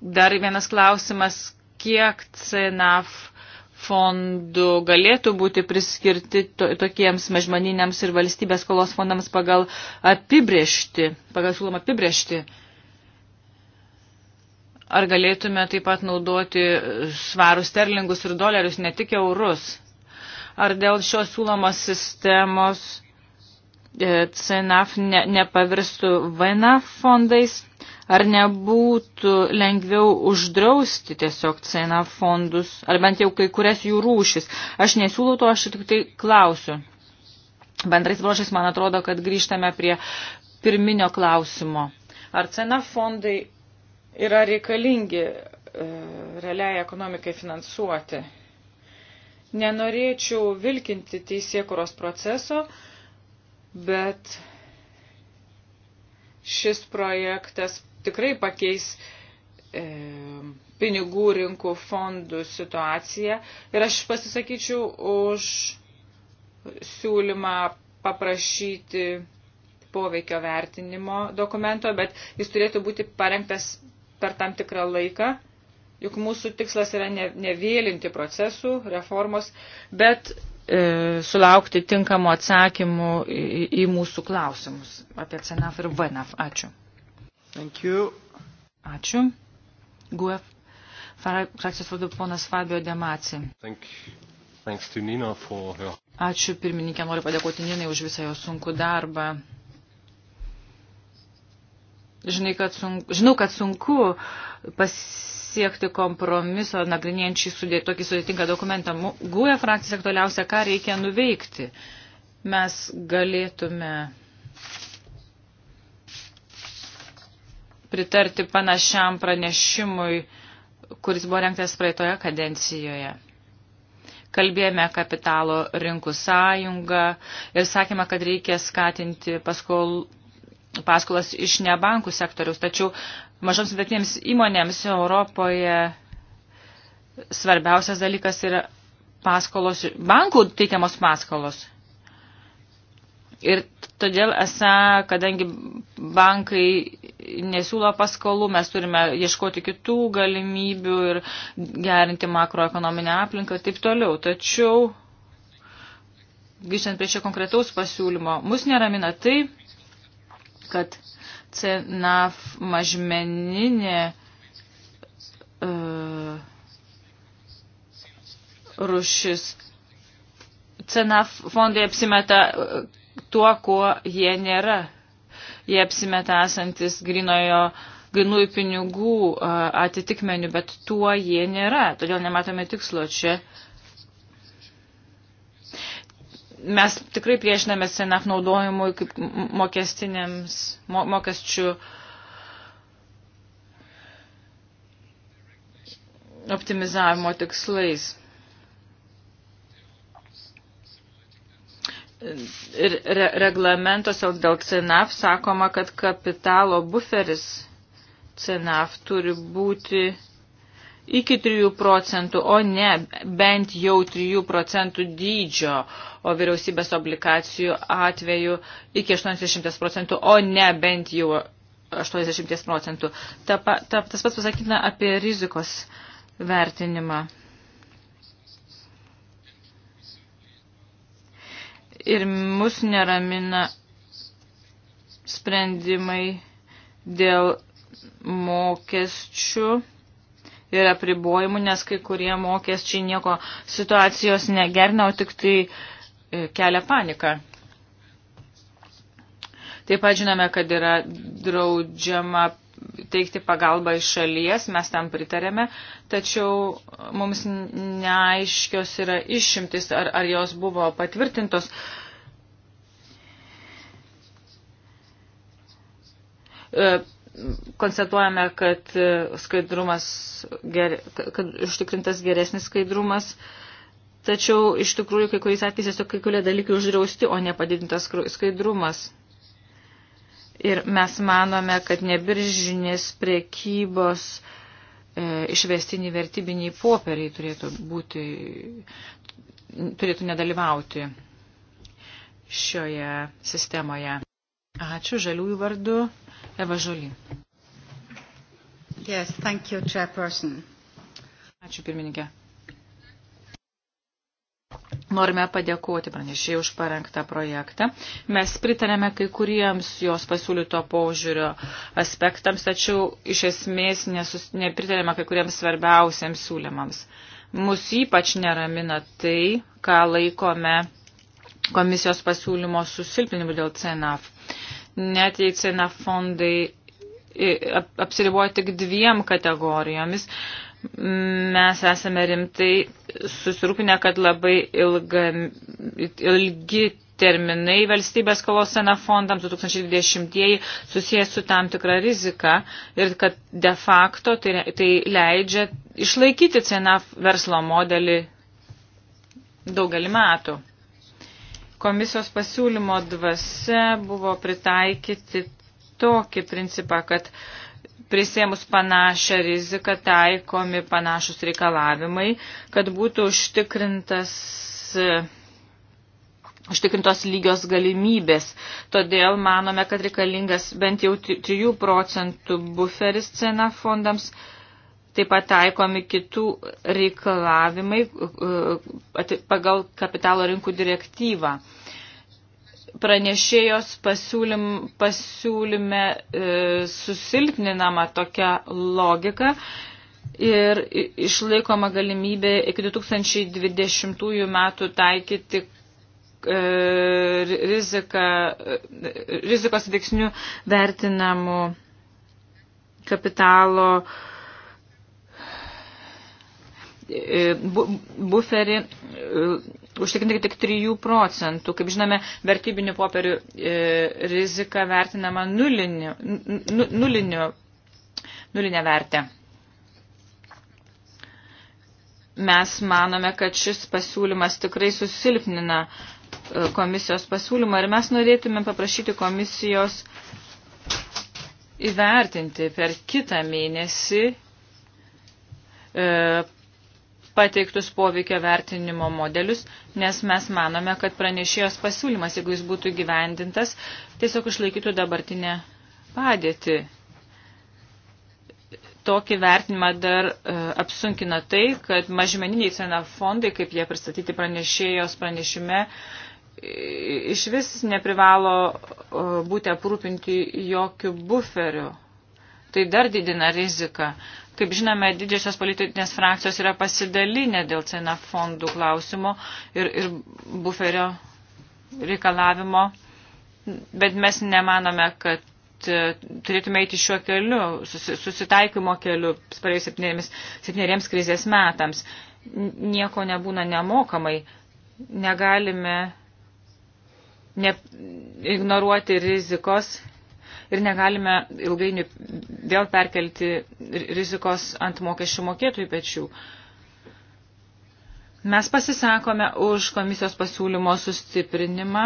Dar vienas klausimas, kiek CNAF fondų galėtų būti priskirti to, tokiems mažmaniniams ir valstybės skolos fondams pagal apibriešti, pagal siūlomą apibriešti. Ar galėtume taip pat naudoti svarus sterlingus ir dolerius, ne tik eurus? Ar dėl šios siūlomos sistemos E, CNAF ne, nepavirstų VNAF fondais? Ar nebūtų lengviau uždrausti tiesiog CNAF fondus, ar bent jau kai kurias jų rūšis? Aš nesiūlau to, aš tik tai klausiu. Bendrais brošais man atrodo, kad grįžtame prie pirminio klausimo. Ar CNAF fondai yra reikalingi e, realiai ekonomikai finansuoti? Nenorėčiau vilkinti teisėkuros proceso, e, bet šis projektas tikrai pakeis e, pinigų rinkų fondų situaciją ir aš pasisakyčiau už siūlymą paprašyti poveikio vertinimo dokumento, bet jis turėtų būti parengtas per tam tikrą laiką, juk mūsų tikslas yra ne, nevėlinti procesų, reformos, bet E, sulaukti tinkamų atsakymų į, į mūsų klausimus apie CNAF ir VNAF. Ačiū. Thank you. Ačiū. GUF frakcijos vadovas ponas Fabio Demaci. Thank Thanks to Nina for her. Ačiū pirmininkė, noriu padėkoti Ninai už visą jo sunkų darbą Žinai, kad sunku, žinau, kad sunku pasiekti kompromiso, nagrinėjant šį sudė, tokį sudėtingą dokumentą. Guoja frakcija aktualiausia, ką reikia nuveikti. Mes galėtume pritarti panašiam pranešimui, kuris buvo renktas praeitoje kadencijoje. Kalbėjome kapitalo rinkų sąjungą ir sakėme, kad reikia skatinti paskol, paskolas iš nebankų sektoriaus. Tačiau mažoms vidutinėms įmonėms Europoje svarbiausias dalykas yra paskolos, bankų teikiamos paskolos. Ir todėl esą, kadangi bankai nesiūlo paskolų, mes turime ieškoti kitų galimybių ir gerinti makroekonominę aplinką ir taip toliau. Tačiau, grįžtant prie šio konkretaus pasiūlymo, mus neramina tai, kad CNAF mažmeninė uh, e, rušis. CNAF fondai apsimeta e, tuo, kuo jie nėra. Jie apsimeta esantis grinojo grinųjų pinigų e, atitikmenių, bet tuo jie nėra. Todėl nematome tikslo čia. Uh, mes tikrai priešinamės CNF naudojimui kaip mokestinėms, mo, mokesčių optimizavimo tikslais. Ir re, reglamentuose dėl CNF sakoma, kad kapitalo buferis CNF turi būti iki 3 procentų, o ne bent jau 3 procentų dydžio, o vyriausybės obligacijų atveju iki 80 procentų, o ne bent jau 80 procentų. Ta, ta, tas pats pasakytina apie rizikos vertinimą. Ir mus neramina sprendimai dėl mokesčių ir apribojimų, nes kai kurie mokesčiai nieko situacijos negerina, o tik tai e, kelia paniką. Taip pat žinome, kad yra draudžiama teikti pagalbą iš šalies, mes tam pritarėme, tačiau mums neaiškios yra išimtis, ar, ar jos buvo patvirtintos. E, konstatuojame, kad e, skaidrumas, ger, kad užtikrintas geresnis skaidrumas, tačiau iš tikrųjų kai kuriais atvejais tiesiog kai kurie dalykai uždrausti, o ne padidintas skaidrumas. Ir mes manome, kad nebiržinės priekybos e, išvestiniai vertybiniai popieriai turėtų būti, turėtų nedalyvauti šioje sistemoje. Ačiū žaliųjų vardu. Eva Žolį. Yes, thank you, Chairperson. Ačiū pirmininkė. Norime padėkoti pranešėjai už parengtą projektą. Mes pritarėme kai kuriems jos pasiūlyto požiūrio aspektams, tačiau iš esmės nesus, nepritarėme kai kuriems svarbiausiems siūlymams. Mus ypač neramina tai, ką laikome komisijos pasiūlymo susilpinimu dėl CNAF. Uh, net jei cena fondai apsiribuoja tik dviem kategorijomis, mes esame rimtai susirūpinę, kad labai ilga, ilgi terminai valstybės skolos sena fondams 2020 susijęs su tam tikra rizika ir kad de facto tai, tai leidžia išlaikyti cena verslo modelį daugelį metų. Komisijos pasiūlymo dvasia buvo pritaikyti tokį principą, kad prisėmus panašią riziką taikomi panašus reikalavimai, kad būtų užtikrintas užtikrintos lygios galimybės. Todėl manome, kad reikalingas bent jau 3 procentų buferis cena fondams Taip pat taikomi kitų reikalavimai e, pagal kapitalo rinkų direktyvą. Pranešėjos pasiūlym, pasiūlyme e, susilpninama tokia logika ir išlaikoma galimybė iki 2020 metų taikyti e, rizika, e, rizikos veiksnių vertinamų kapitalo uh, E, buferį e, užtikrinti tik 3 procentų. Kaip žinome, vertybinių popierių e, rizika vertinama nuliniu, nu, nuliniu, nulinę vertę. Mes manome, kad šis pasiūlymas tikrai susilpnina komisijos pasiūlymą ir mes norėtume paprašyti komisijos įvertinti per kitą mėnesį pateiktus poveikio vertinimo modelius, nes mes manome, kad pranešėjos pasiūlymas, jeigu jis būtų gyvendintas, tiesiog išlaikytų dabartinę padėtį. Tokį vertinimą dar e, apsunkina tai, kad mažmeniniai sena fondai, kaip jie pristatyti pranešėjos pranešime, iš vis neprivalo e, būti aprūpinti jokių buferių. Tai dar didina riziką. Kaip žinome, didžiosios politinės frakcijos yra pasidalinę dėl cena fondų klausimo ir, ir buferio reikalavimo, bet mes nemanome, kad e, turėtume eiti šiuo keliu, susitaikymo keliu, praėjus septyneriems, septyneriems krizės metams. Nieko nebūna nemokamai, negalime ne, ignoruoti rizikos ir negalime ilgainiui vėl perkelti rizikos ant mokesčių mokėtojų pečių. Mes pasisakome už komisijos pasiūlymo sustiprinimą,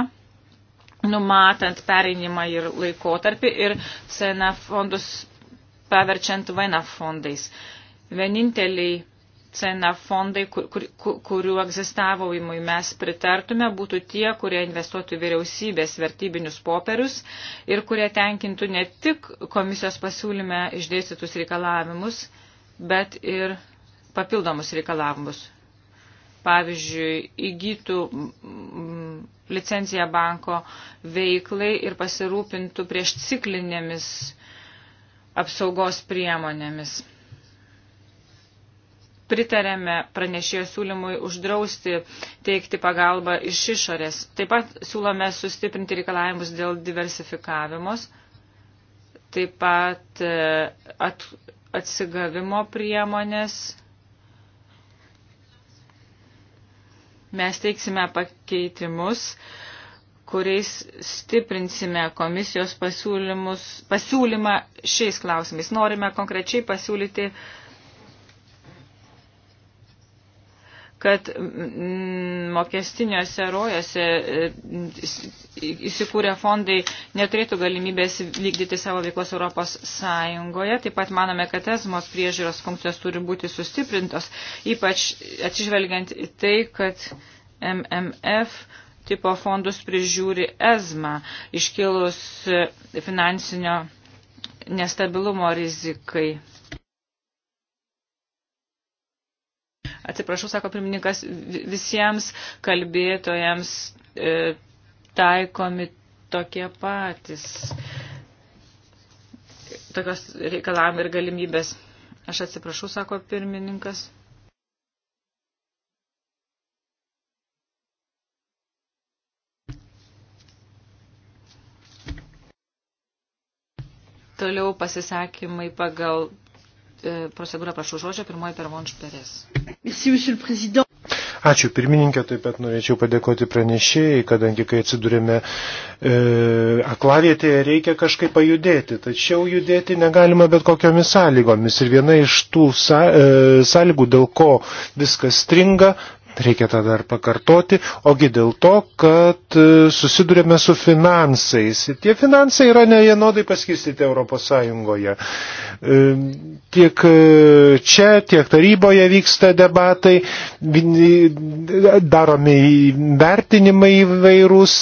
numatant pereinimą ir laikotarpį ir CNF fondus paverčiant VNF fondais. Vieninteliai CNA fondai, kur, kur, kurių egzistavimui mes pritartume, būtų tie, kurie investuotų vyriausybės vertybinius popierius ir kurie tenkintų ne tik komisijos pasiūlyme išdėstytus reikalavimus, bet ir papildomus reikalavimus. Pavyzdžiui, įgytų licenciją banko veiklai ir pasirūpintų prieš ciklinėmis apsaugos priemonėmis pritarėme pranešėjo siūlymui uždrausti teikti pagalbą iš išorės. Taip pat siūlome sustiprinti reikalavimus dėl diversifikavimus, taip pat e, at, atsigavimo priemonės. Mes teiksime pakeitimus, kuriais stiprinsime komisijos pasiūlymą šiais klausimais. Norime konkrečiai pasiūlyti uh, kad mm, mokestiniuose rojose e, įsikūrę fondai neturėtų galimybės vykdyti savo veiklos Europos Sąjungoje. Taip pat manome, kad esmos priežiūros funkcijos turi būti sustiprintos, ypač atsižvelgiant į tai, kad MMF tipo fondus prižiūri ESMA iškilus e, finansinio nestabilumo rizikai. Atsiprašau, sako pirmininkas, visiems kalbėtojams e, taikomi tokie patys tokios reikalavimai ir galimybės. Aš atsiprašau, sako pirmininkas. Toliau pasisakymai pagal E, procedūrą prašau žodžio, pirmoji per Monš Perės. Ačiū pirmininkė, taip pat norėčiau padėkoti pranešėjai, kadangi kai atsidurėme e, aklavietėje reikia kažkaip pajudėti, tačiau judėti negalima bet kokiomis sąlygomis. Ir viena iš tų sa, e, sąlygų, dėl ko viskas stringa, Reikia tą dar pakartoti, ogi dėl to, kad e, susidurėme su finansais. Tie finansai yra nevienodai paskirstyti Europos Sąjungoje. E, tiek e, čia, tiek taryboje vyksta debatai, daromi vertinimai įvairūs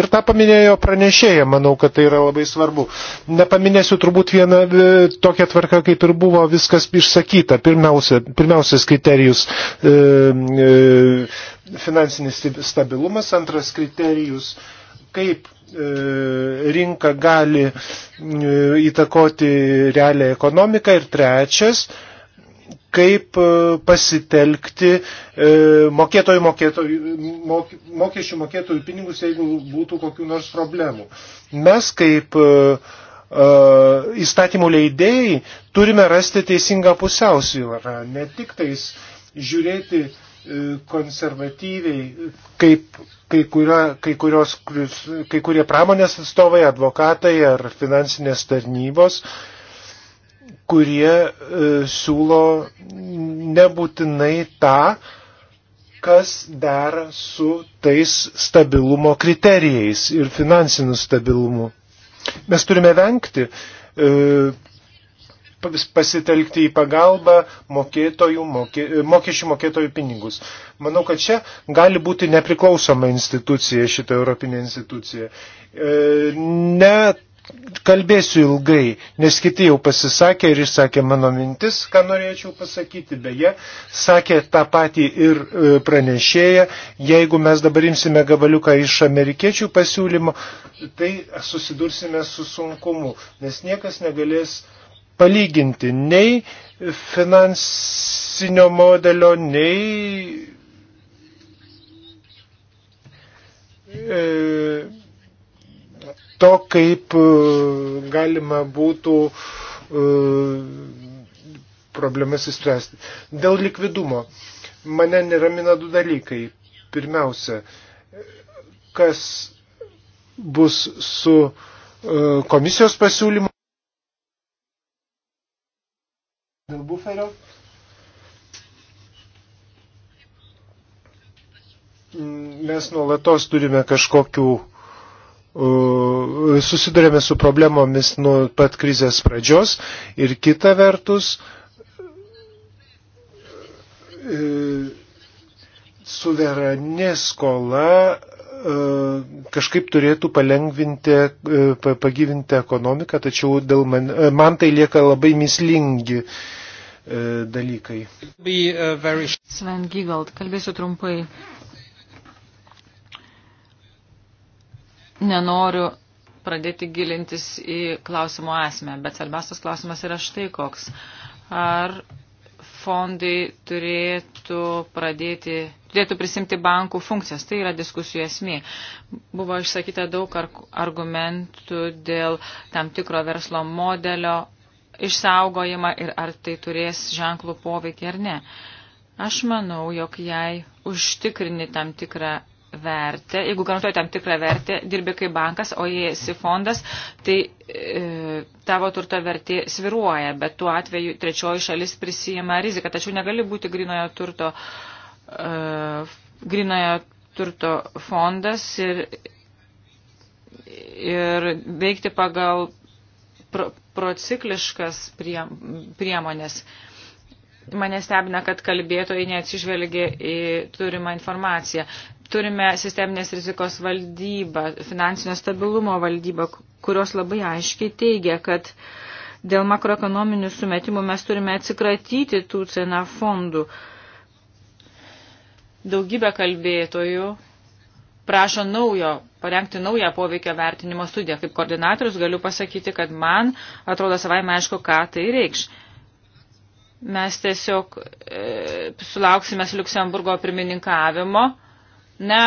ir tą paminėjo pranešėja, manau, kad tai yra labai svarbu. Nepaminėsiu turbūt vieną tokią tvarką, kaip ir buvo viskas išsakyta. Pirmiausia, pirmiausias kriterijus. E, E, finansinis stabilumas, antras kriterijus, kaip e, rinka gali e, įtakoti realią ekonomiką ir trečias, kaip pasitelkti mokėtojų, mokėtojų, mok, mokesčių mokėtojų pinigus, jeigu būtų kokių nors problemų. Mes kaip įstatymų leidėjai turime rasti teisingą pusiausvyrą, ne tik tais žiūrėti E, konservatyviai, kaip kai, kurio, kai, kurios, kai kurie pramonės atstovai, advokatai ar finansinės tarnybos, kurie e, siūlo nebūtinai tą, kas dera su tais stabilumo kriterijais ir finansiniu stabilumu. Mes turime vengti e, pasitelkti į pagalbą mokėtojų, mokė, e, mokesčių mokėtojų pinigus. Manau, kad čia gali būti nepriklausoma institucija, šita europinė institucija. E, ne kalbėsiu ilgai, nes kiti jau pasisakė ir išsakė mano mintis, ką norėčiau pasakyti. Beje, sakė tą patį ir e, pranešėja, jeigu mes dabar imsime gabaliuką iš amerikiečių pasiūlymo, tai susidursime su sunkumu, nes niekas negalės uh, palyginti nei finansinio modelio, nei e, to, kaip e, galima būtų e, problemas įspręsti. Dėl likvidumo. Mane neramina du dalykai. Pirmiausia, kas bus su komisijos pasiūlymu. buferio. Mes nuolatos turime kažkokių uh, susidurėme su problemomis nuo pat krizės pradžios ir kita vertus uh, suverenė skola uh, kažkaip turėtų palengvinti, pagyvinti ekonomiką, tačiau man, man tai lieka labai mislingi E, dalykai. E, Sven Gigald, kalbėsiu trumpai. Nenoriu pradėti gilintis į klausimo esmę, bet svarbiausias klausimas yra štai koks. Ar fondai turėtų pradėti, turėtų prisimti bankų funkcijas. Tai yra diskusijų esmė. Buvo išsakyta daug argumentų dėl tam tikro verslo modelio išsaugojimą ir ar tai turės ženklų poveikį ar ne. Aš manau, jog jei užtikrini tam tikrą vertę, jeigu garantuoji tam tikrą vertę, dirbi kaip bankas, o jei esi fondas, tai e, tavo turto vertė sviruoja, bet tuo atveju trečioji šalis prisijama riziką, tačiau negali būti grinojo turto, e, grinojo turto fondas ir, ir veikti pagal pro, procikliškas prie, priemonės. Mane stebina, kad kalbėtojai neatsižvelgia į turimą informaciją. Turime sisteminės rizikos valdybą, finansinio stabilumo valdybą, kurios labai aiškiai teigia, kad dėl makroekonominių sumetimų mes turime atsikratyti tų cena fondų. Daugybė kalbėtojų prašo naujo, parengti naują poveikio vertinimo studiją. Kaip koordinatorius galiu pasakyti, kad man atrodo savai aišku, ką tai reikš. Mes tiesiog e, sulauksime Luksemburgo pirmininkavimo Na,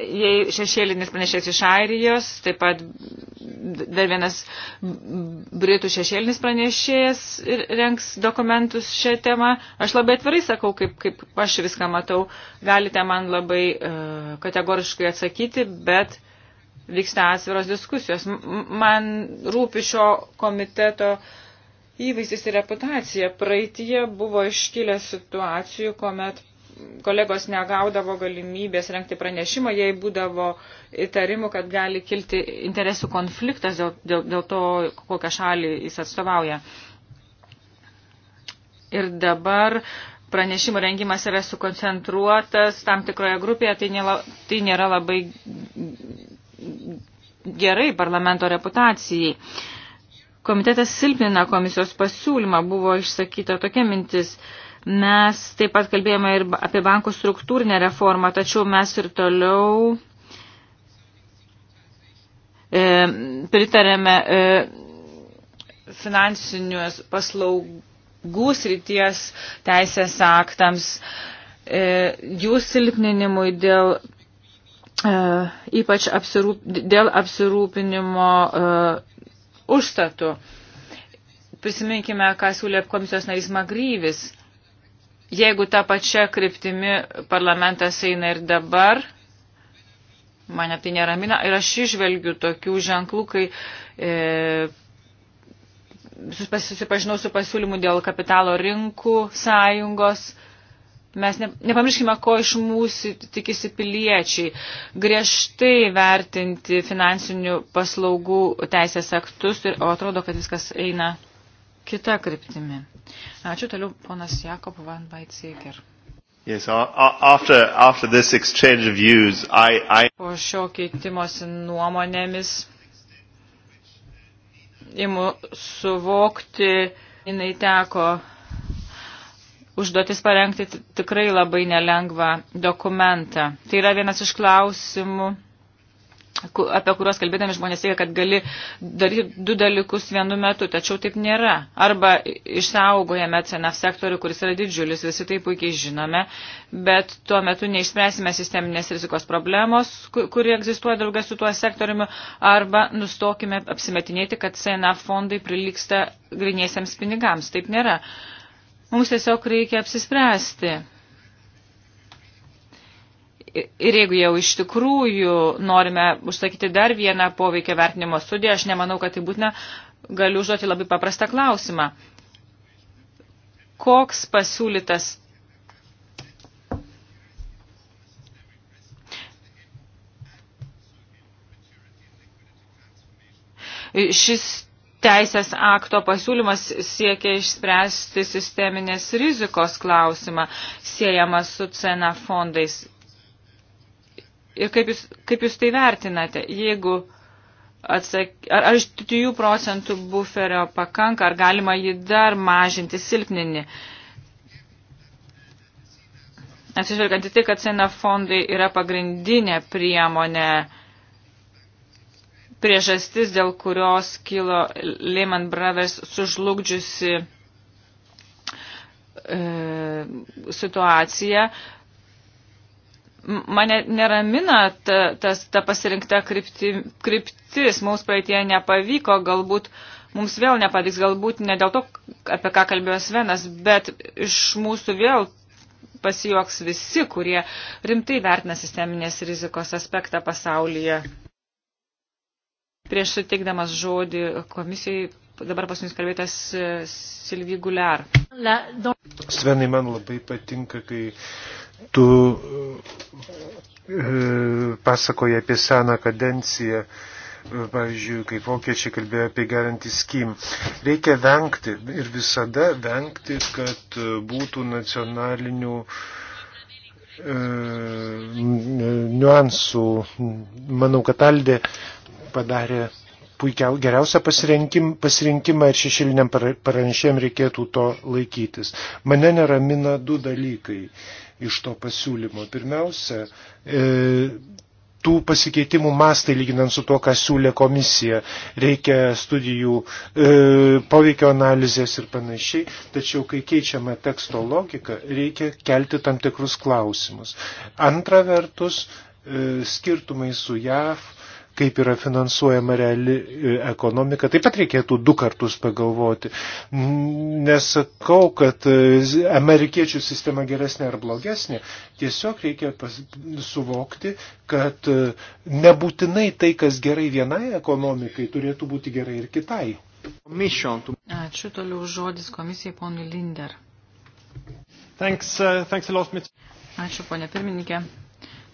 jei šešėlinis pranešėjas iš Airijos, taip pat dar vienas britų šešėlinis pranešėjas renks dokumentus šią temą. Aš labai atvirai sakau, kaip, kaip aš viską matau. Galite man labai uh, kategoriškai atsakyti, bet vyksta atviros diskusijos. Man rūpi šio komiteto įvaizdis ir reputacija. Praeitie buvo iškilę situacijų, kuomet kolegos negaudavo galimybės renkti pranešimą, jei būdavo įtarimų, kad gali kilti interesų konfliktas dėl, dėl, dėl to, kokią šalį jis atstovauja. Ir dabar pranešimų rengimas yra sukoncentruotas tam tikroje grupėje, tai, nėla, tai nėra labai gerai parlamento reputacijai. Komitetas silpnina komisijos pasiūlymą, buvo išsakyta tokia mintis. Uh, Mes taip pat kalbėjome ir apie bankų struktūrinę reformą, tačiau mes ir toliau e, pritarėme e, finansinius paslaugų srities teisės aktams, e, jų silpninimui dėl e, ypač apsirūp, dėl apsirūpinimo e, užstatų. Prisiminkime, ką siūlė komisijos narys Magryvis Jeigu tą pačią kryptimi parlamentas eina ir dabar, mane tai neramina ir aš išvelgiu tokių ženklų, kai e, susipažinau su pasiūlymu dėl kapitalo rinkų sąjungos. Mes ne, nepamirškime, ko iš mūsų tikisi piliečiai. Griežtai vertinti finansinių paslaugų teisės aktus, ir, o atrodo, kad viskas eina kita kryptimi. Ačiū toliau, ponas Jakob van Weizsäcker. Yes, after, after this exchange of views, I, I... Po šio keitimosi nuomonėmis imu suvokti, jinai teko užduotis parengti tikrai labai nelengvą dokumentą. Tai yra vienas iš klausimų apie kuriuos kalbėdami žmonės teigia, kad gali daryti du dalykus vienu metu, tačiau taip nėra. Arba išsaugojame CNF sektorių, kuris yra didžiulis, visi tai puikiai žinome, bet tuo metu neišspręsime sisteminės rizikos problemos, kuri egzistuoja draugės su tuo sektoriumi, arba nustokime apsimetinėti, kad CNF fondai priliksta griniesiams pinigams. Taip nėra. Mums tiesiog reikia apsispręsti Ir jeigu jau iš tikrųjų norime užsakyti dar vieną poveikio vertinimo studiją, aš nemanau, kad tai būtina, galiu užduoti labai paprastą klausimą. Koks pasiūlytas šis teisės akto pasiūlymas siekia išspręsti sisteminės rizikos klausimą siejamą su cena fondais. Ir kaip jūs, kaip jūs tai vertinate, jeigu atsak, ar, ar iš 3 procentų buferio pakanka, ar galima jį dar mažinti silpninį? Atsižvelgiant į tai, kad sena fondai yra pagrindinė priemonė, priežastis, dėl kurios kilo Lehman Brothers sužlugdžiusi e, situacija, e, mane neramina ta, tas, ta pasirinkta krypti, kryptis, mums praeitie nepavyko, galbūt mums vėl nepavyks, galbūt ne dėl to, apie ką kalbėjo Svenas, bet iš mūsų vėl pasijuoks visi, kurie rimtai vertina sisteminės rizikos aspektą pasaulyje. Prieš suteikdamas žodį komisijai, dabar pas mus kalbėtas e, Silvi Guliar. Svenai, man labai patinka, kai tu e, pasakoja apie seną kadenciją, pavyzdžiui, kaip vokiečiai kalbėjo apie gerantį skim. Reikia vengti ir visada vengti, kad būtų nacionalinių e, niuansų. Manau, kad Aldė padarė puikiau, geriausią pasirinkim, pasirinkimą ir šešiliniam paranšėm reikėtų to laikytis. Mane neramina du dalykai. E, iš to pasiūlymo. Pirmiausia, e, tų pasikeitimų mastai lyginant su to, ką siūlė komisija. Reikia studijų e, poveikio analizės ir panašiai, tačiau kai keičiama teksto logika, reikia kelti tam tikrus klausimus. Antra vertus, e, skirtumai su JAV kaip yra finansuojama reali e, ekonomika, taip pat reikėtų du kartus pagalvoti. Nesakau, kad e, amerikiečių sistema geresnė ar blogesnė, tiesiog reikia pas, suvokti, kad e, nebūtinai tai, kas gerai vienai ekonomikai, turėtų būti gerai ir kitai. Ačiū toliau žodis komisijai ponui Linder. Thanks, uh, thanks a lot, Ačiū, ponė pirmininkė.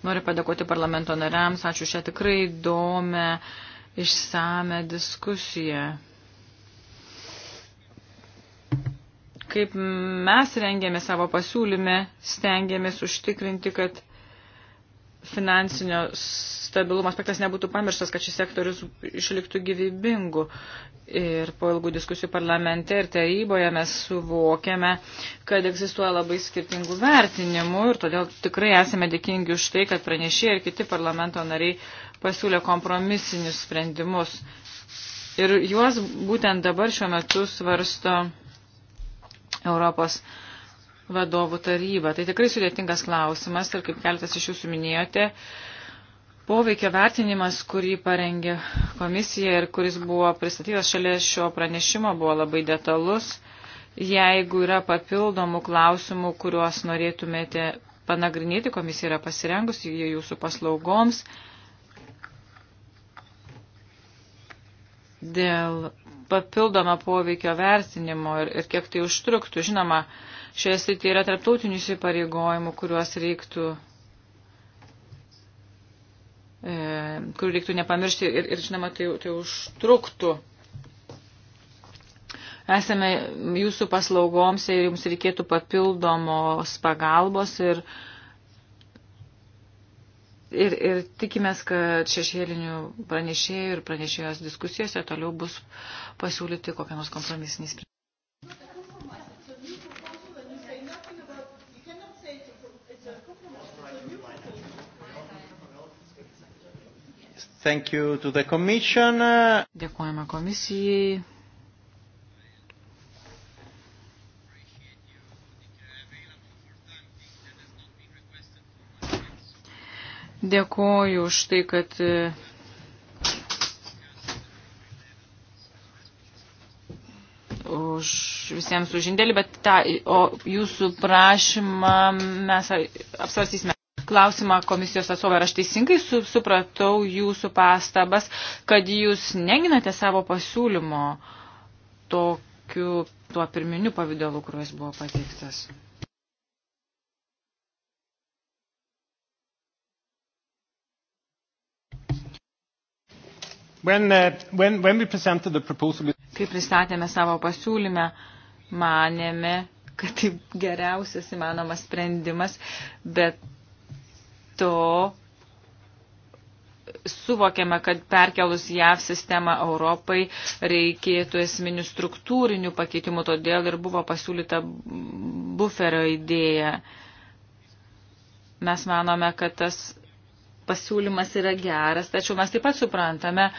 Noriu padėkoti parlamento nariams. Ačiū šią tikrai įdomią, išsame diskusiją. Kaip mes rengėme savo pasiūlymę, stengiamės užtikrinti, kad finansinio stabilumo aspektas nebūtų pamirštas, kad šis sektorius išliktų gyvybingu. Ir po ilgų diskusijų parlamente ir taryboje mes suvokėme, kad egzistuoja labai skirtingų vertinimų ir todėl tikrai esame dėkingi už tai, kad pranešėjai ir kiti parlamento nariai pasiūlė kompromisinius sprendimus. Ir juos būtent dabar šiuo metu svarsto Europos parlamentas vadovų taryba. Tai tikrai sudėtingas klausimas ir, kaip keltas iš jūsų minėjote, poveikio vertinimas, kurį parengė komisija ir kuris buvo pristatytas šalia šio pranešimo, buvo labai detalus. Jeigu yra papildomų klausimų, kuriuos norėtumėte panagrinėti, komisija yra pasirengusi jūsų paslaugoms. Dėl papildomą poveikio vertinimo ir, ir kiek tai užtruktų. Žinoma, Šioje srityje yra tarptautinių įsipareigojimų, kuriuos reiktų e, kurių reiktų nepamiršti ir, ir žinoma, tai, tai užtruktų. Esame jūsų paslaugoms ir jums reikėtų papildomos pagalbos ir, ir, ir tikimės, kad šešėlinių pranešėjų ir pranešėjos diskusijose toliau bus pasiūlyti kokiamus kompromisiniais. Thank you to the commission. Dėkojame komisijai. Dėkoju už tai, kad už visiems užindėlį, bet tą, o jūsų prašymą mes apsvarstysime klausimą komisijos atstovai, ar aš teisingai su, supratau jūsų pastabas, kad jūs neginate savo pasiūlymo tokiu, tuo pirminiu pavydalu, kuris buvo pateiktas. When, uh, when, when proposal... Kai pristatėme savo pasiūlymę, manėme, kad tai geriausias įmanomas sprendimas, bet to suvokiame, kad perkelus JAV sistemą Europai reikėtų esminių struktūrinių pakeitimų, todėl ir buvo pasiūlyta buferio idėja. Mes manome, kad tas pasiūlymas yra geras, tačiau mes taip pat suprantame,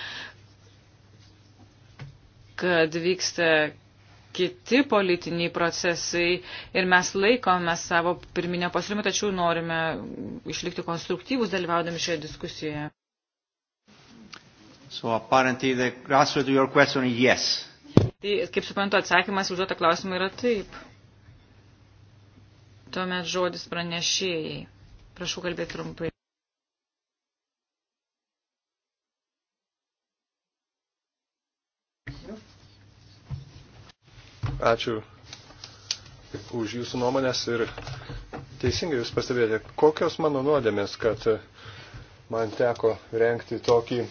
kad vyksta kiti politiniai procesai ir mes laikome savo pirminio pasiūlymą, tačiau norime išlikti konstruktyvus dalyvaudami šioje diskusijoje. So apparently the answer to your question is yes. Tai, kaip suprantu, atsakymas užduotą klausimą yra taip. Tuomet žodis pranešėjai. Prašau kalbėti trumpai. Ačiū už jūsų nuomonės ir teisingai jūs pastebėjote, kokios mano nuodėmės, kad man teko renkti tokį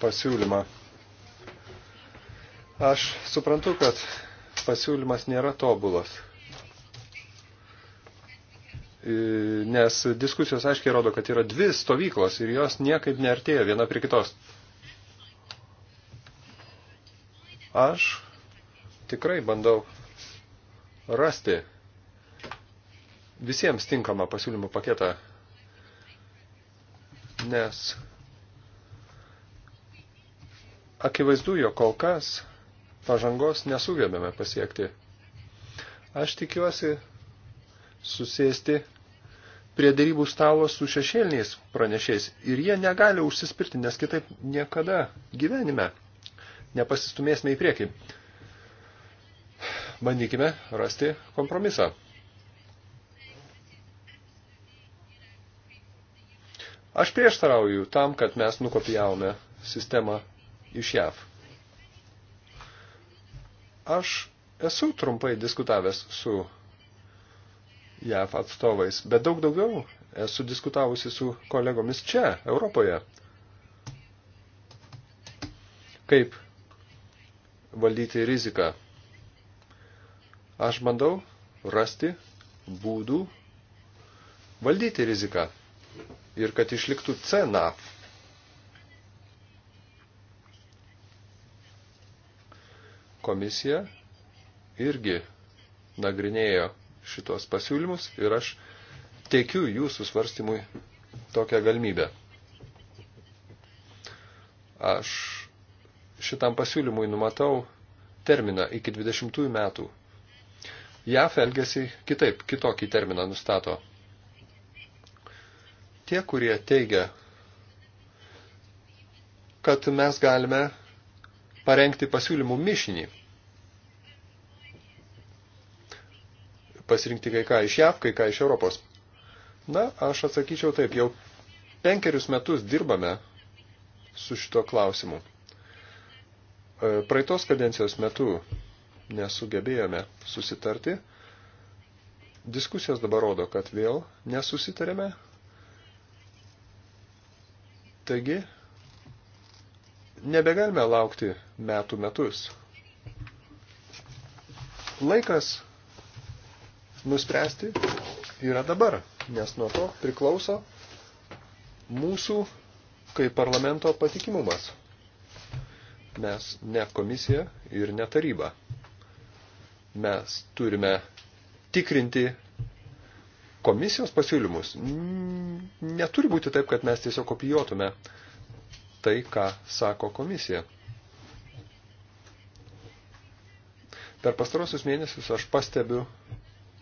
pasiūlymą. Aš suprantu, kad pasiūlymas nėra tobulas. Nes diskusijos aiškiai rodo, kad yra dvi stovyklos ir jos niekaip neartėja viena prie kitos. Aš tikrai bandau rasti visiems tinkamą pasiūlymų paketą, nes akivaizdu, jo kol kas pažangos nesugebėme pasiekti. Aš tikiuosi susėsti prie dėrybų stalo su šešėliniais pranešiais ir jie negali užsispirti, nes kitaip niekada gyvenime nepasistumėsime į priekį bandykime rasti kompromisą. Aš prieštarauju tam, kad mes nukopijavome sistemą iš JAV. Aš esu trumpai diskutavęs su JAV atstovais, bet daug daugiau esu diskutavusi su kolegomis čia, Europoje. Kaip valdyti riziką Aš bandau rasti būdų valdyti riziką ir kad išliktų cena. Komisija irgi nagrinėjo šitos pasiūlymus ir aš teikiu jūsų svarstymui tokią galimybę. Aš šitam pasiūlymui numatau terminą iki 20 metų JAF elgesi kitaip, kitokį terminą nustato. Tie, kurie teigia, kad mes galime parengti pasiūlymų mišinį. Pasirinkti kai ką iš JAV, kai ką iš Europos. Na, aš atsakyčiau taip, jau penkerius metus dirbame su šito klausimu. E, praeitos kadencijos metu nesugebėjome susitarti. Diskusijos dabar rodo, kad vėl nesusitarėme. Taigi, nebegalime laukti metų metus. Laikas nuspręsti yra dabar, nes nuo to priklauso mūsų kaip parlamento patikimumas. Mes ne komisija ir ne taryba. Mes turime tikrinti komisijos pasiūlymus. Neturi būti taip, kad mes tiesiog kopijuotume tai, ką sako komisija. Per pastarosius mėnesius aš pastebiu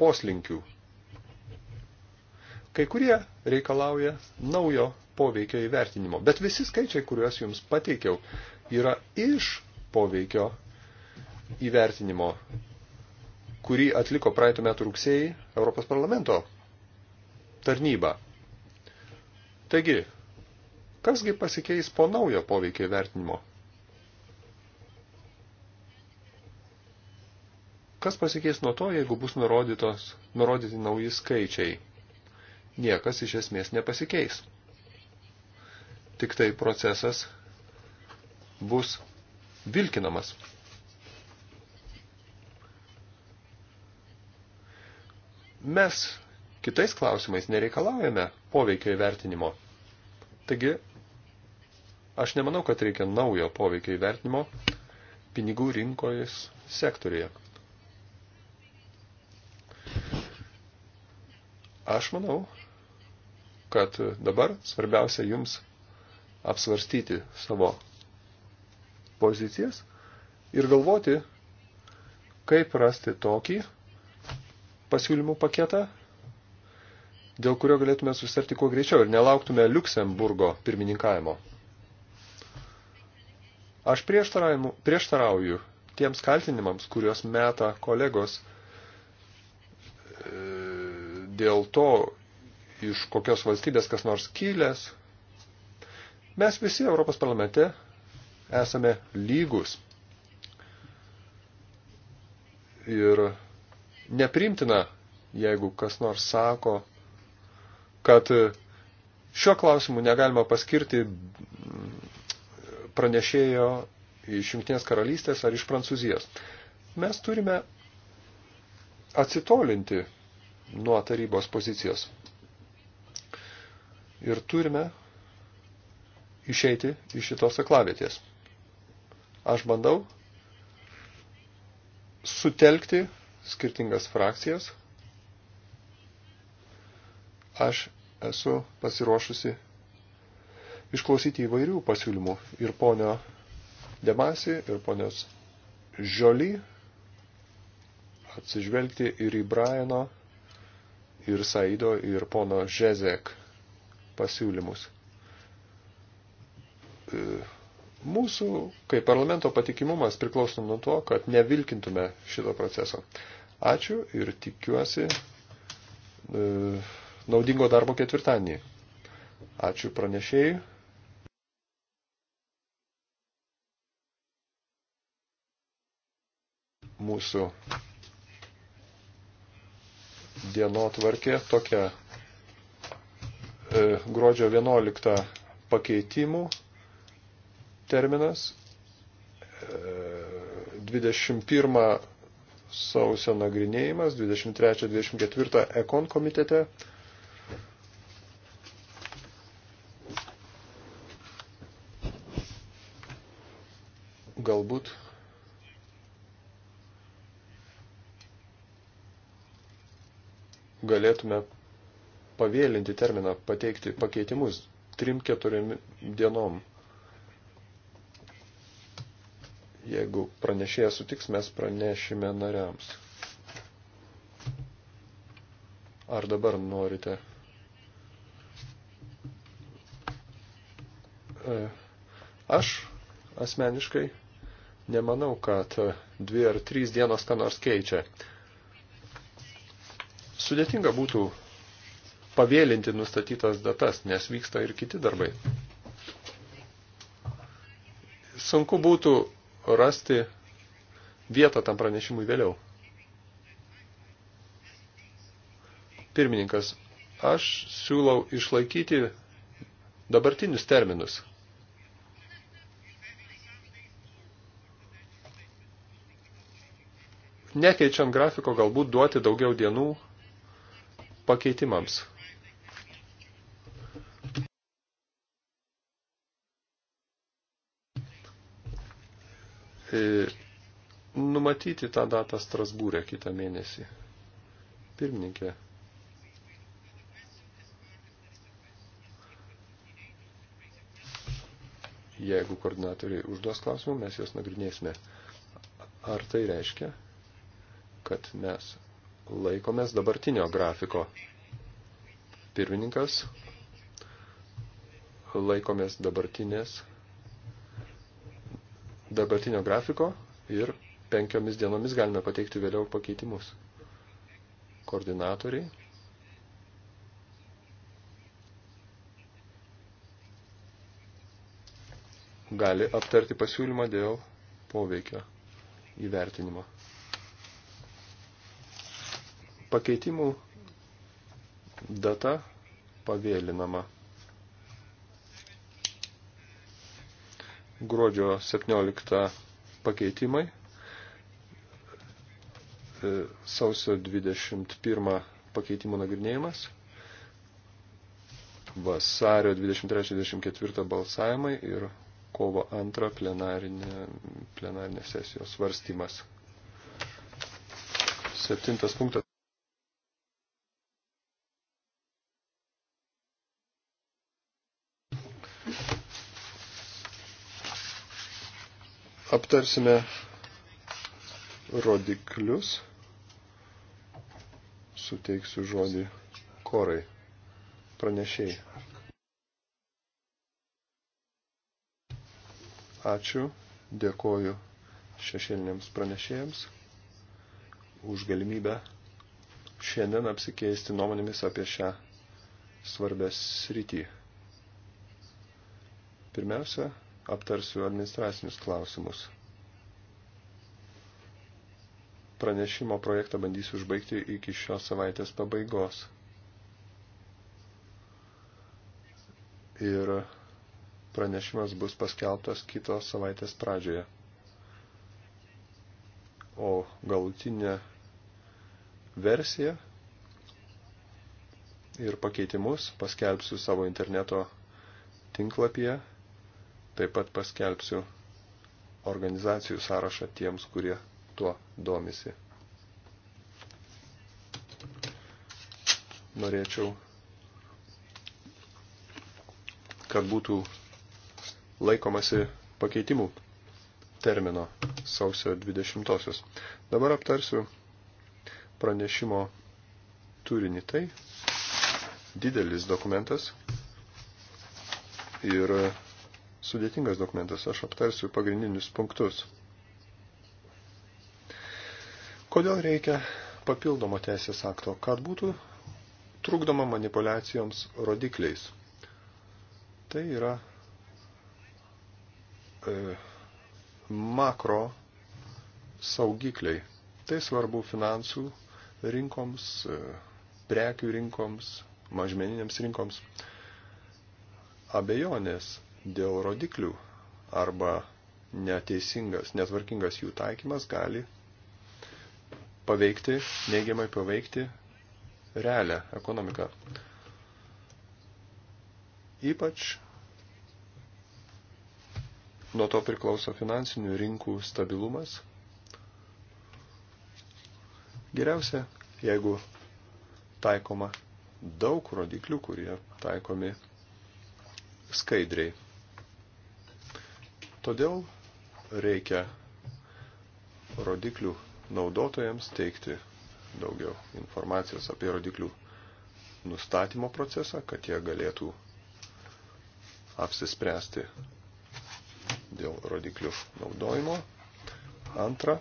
poslinkių. Kai kurie reikalauja naujo poveikio įvertinimo, bet visi skaičiai, kuriuos jums pateikiau, yra iš poveikio įvertinimo kurį atliko praeitų metų rugsėjai Europos parlamento tarnyba. Taigi, kasgi pasikeis po naujo poveikio vertinimo? Kas pasikeis nuo to, jeigu bus nurodytos, nurodyti nauji skaičiai? Niekas iš esmės nepasikeis. Tik tai procesas bus vilkinamas. Mes kitais klausimais nereikalaujame poveikio įvertinimo. Taigi, aš nemanau, kad reikia naujo poveikio įvertinimo pinigų rinkojais sektorija. Aš manau, kad dabar svarbiausia jums apsvarstyti savo pozicijas ir galvoti, kaip rasti tokį pasiūlymų paketą, dėl kurio galėtume susitarti kuo greičiau ir nelauktume Luksemburgo pirmininkavimo. Aš prieštarauju tiems kaltinimams, kuriuos meta kolegos e, dėl to, iš kokios valstybės kas nors kilęs. Mes visi Europos parlamente esame lygus. Ir neprimtina, jeigu kas nors sako, kad šiuo klausimu negalima paskirti pranešėjo iš Junktinės karalystės ar iš Prancūzijos. Mes turime atsitolinti nuo tarybos pozicijos. Ir turime išeiti iš šitos aklavietės. Aš bandau sutelkti skirtingas frakcijas. Aš esu pasiruošusi išklausyti įvairių pasiūlymų ir ponio Demasi, ir ponios Žioly, atsižvelgti ir į Briano, ir Saido, ir pono Žezek pasiūlymus. E Mūsų, kaip parlamento patikimumas, priklauso nuo to, kad nevilkintume šito proceso. Ačiū ir tikiuosi e, naudingo darbo ketvirtadienį. Ačiū pranešėjai. Mūsų dienotvarkė tokia e, gruodžio 11 pakeitimų terminas. 21 e, sausio nagrinėjimas, 23-24 ekon komitete. Galbūt galėtume pavėlinti terminą pateikti pakeitimus 3-4 dienom. Jeigu pranešėjas sutiks, mes pranešime nariams. Ar dabar norite? E, aš asmeniškai nemanau, kad dvi ar trys dienos ką nors keičia. Sudėtinga būtų pavėlinti nustatytas datas, nes vyksta ir kiti darbai. Sunku būtų rasti vietą tam pranešimui vėliau. Pirmininkas, aš siūlau išlaikyti dabartinius terminus. Nekeičiant grafiko galbūt duoti daugiau dienų pakeitimams. E, numatyti tą datą Strasbūrę kitą mėnesį. Pirmininkė. Jeigu koordinatoriai užduos klausimų, mes juos nagrinėsime. Ar tai reiškia, kad mes laikomės dabartinio grafiko? Pirmininkas, laikomės dabartinės dabartinio grafiko ir penkiomis dienomis galime pateikti vėliau pakeitimus. Koordinatoriai. gali aptarti pasiūlymą dėl poveikio įvertinimo. Pakeitimų data pavėlinama. gruodžio 17 pakeitimai, e, sausio 21 pakeitimų nagrinėjimas, vasario 23-24 balsavimai ir kovo 2 plenarinė, plenarinė sesijos svarstymas. Septintas punktas. aptarsime rodiklius. Suteiksiu žodį korai pranešėjai. Ačiū, dėkoju šešėliniams pranešėjams už galimybę šiandien apsikeisti nuomonėmis apie šią svarbę sritį. Pirmiausia, aptarsiu administracinius klausimus. Pranešimo projektą bandysiu užbaigti iki šios savaitės pabaigos. Ir pranešimas bus paskelbtas kitos savaitės pradžioje. O galutinė versija ir pakeitimus paskelbsiu savo interneto tinklapyje Taip pat paskelbsiu organizacijų sąrašą tiems, kurie tuo domisi. Norėčiau, kad būtų laikomasi pakeitimų termino sausio 20. -osios. Dabar aptarsiu pranešimo turinį. Tai didelis dokumentas ir sudėtingas dokumentas. Aš aptarsiu pagrindinius punktus. Kodėl reikia papildomo teisės akto, kad būtų trukdoma manipulacijoms rodikliais. Tai yra e, makro saugikliai. Tai svarbu finansų rinkoms, e, prekių rinkoms, mažmeninėms rinkoms. Abejonės dėl rodiklių arba neteisingas, netvarkingas jų taikymas gali paveikti, neigiamai paveikti realią ekonomiką. Ypač nuo to priklauso finansinių rinkų stabilumas. Geriausia, jeigu taikoma daug rodiklių, kurie taikomi skaidriai. Todėl reikia rodiklių naudotojams teikti daugiau informacijos apie rodiklių nustatymo procesą, kad jie galėtų apsispręsti dėl rodiklių naudojimo. Antra,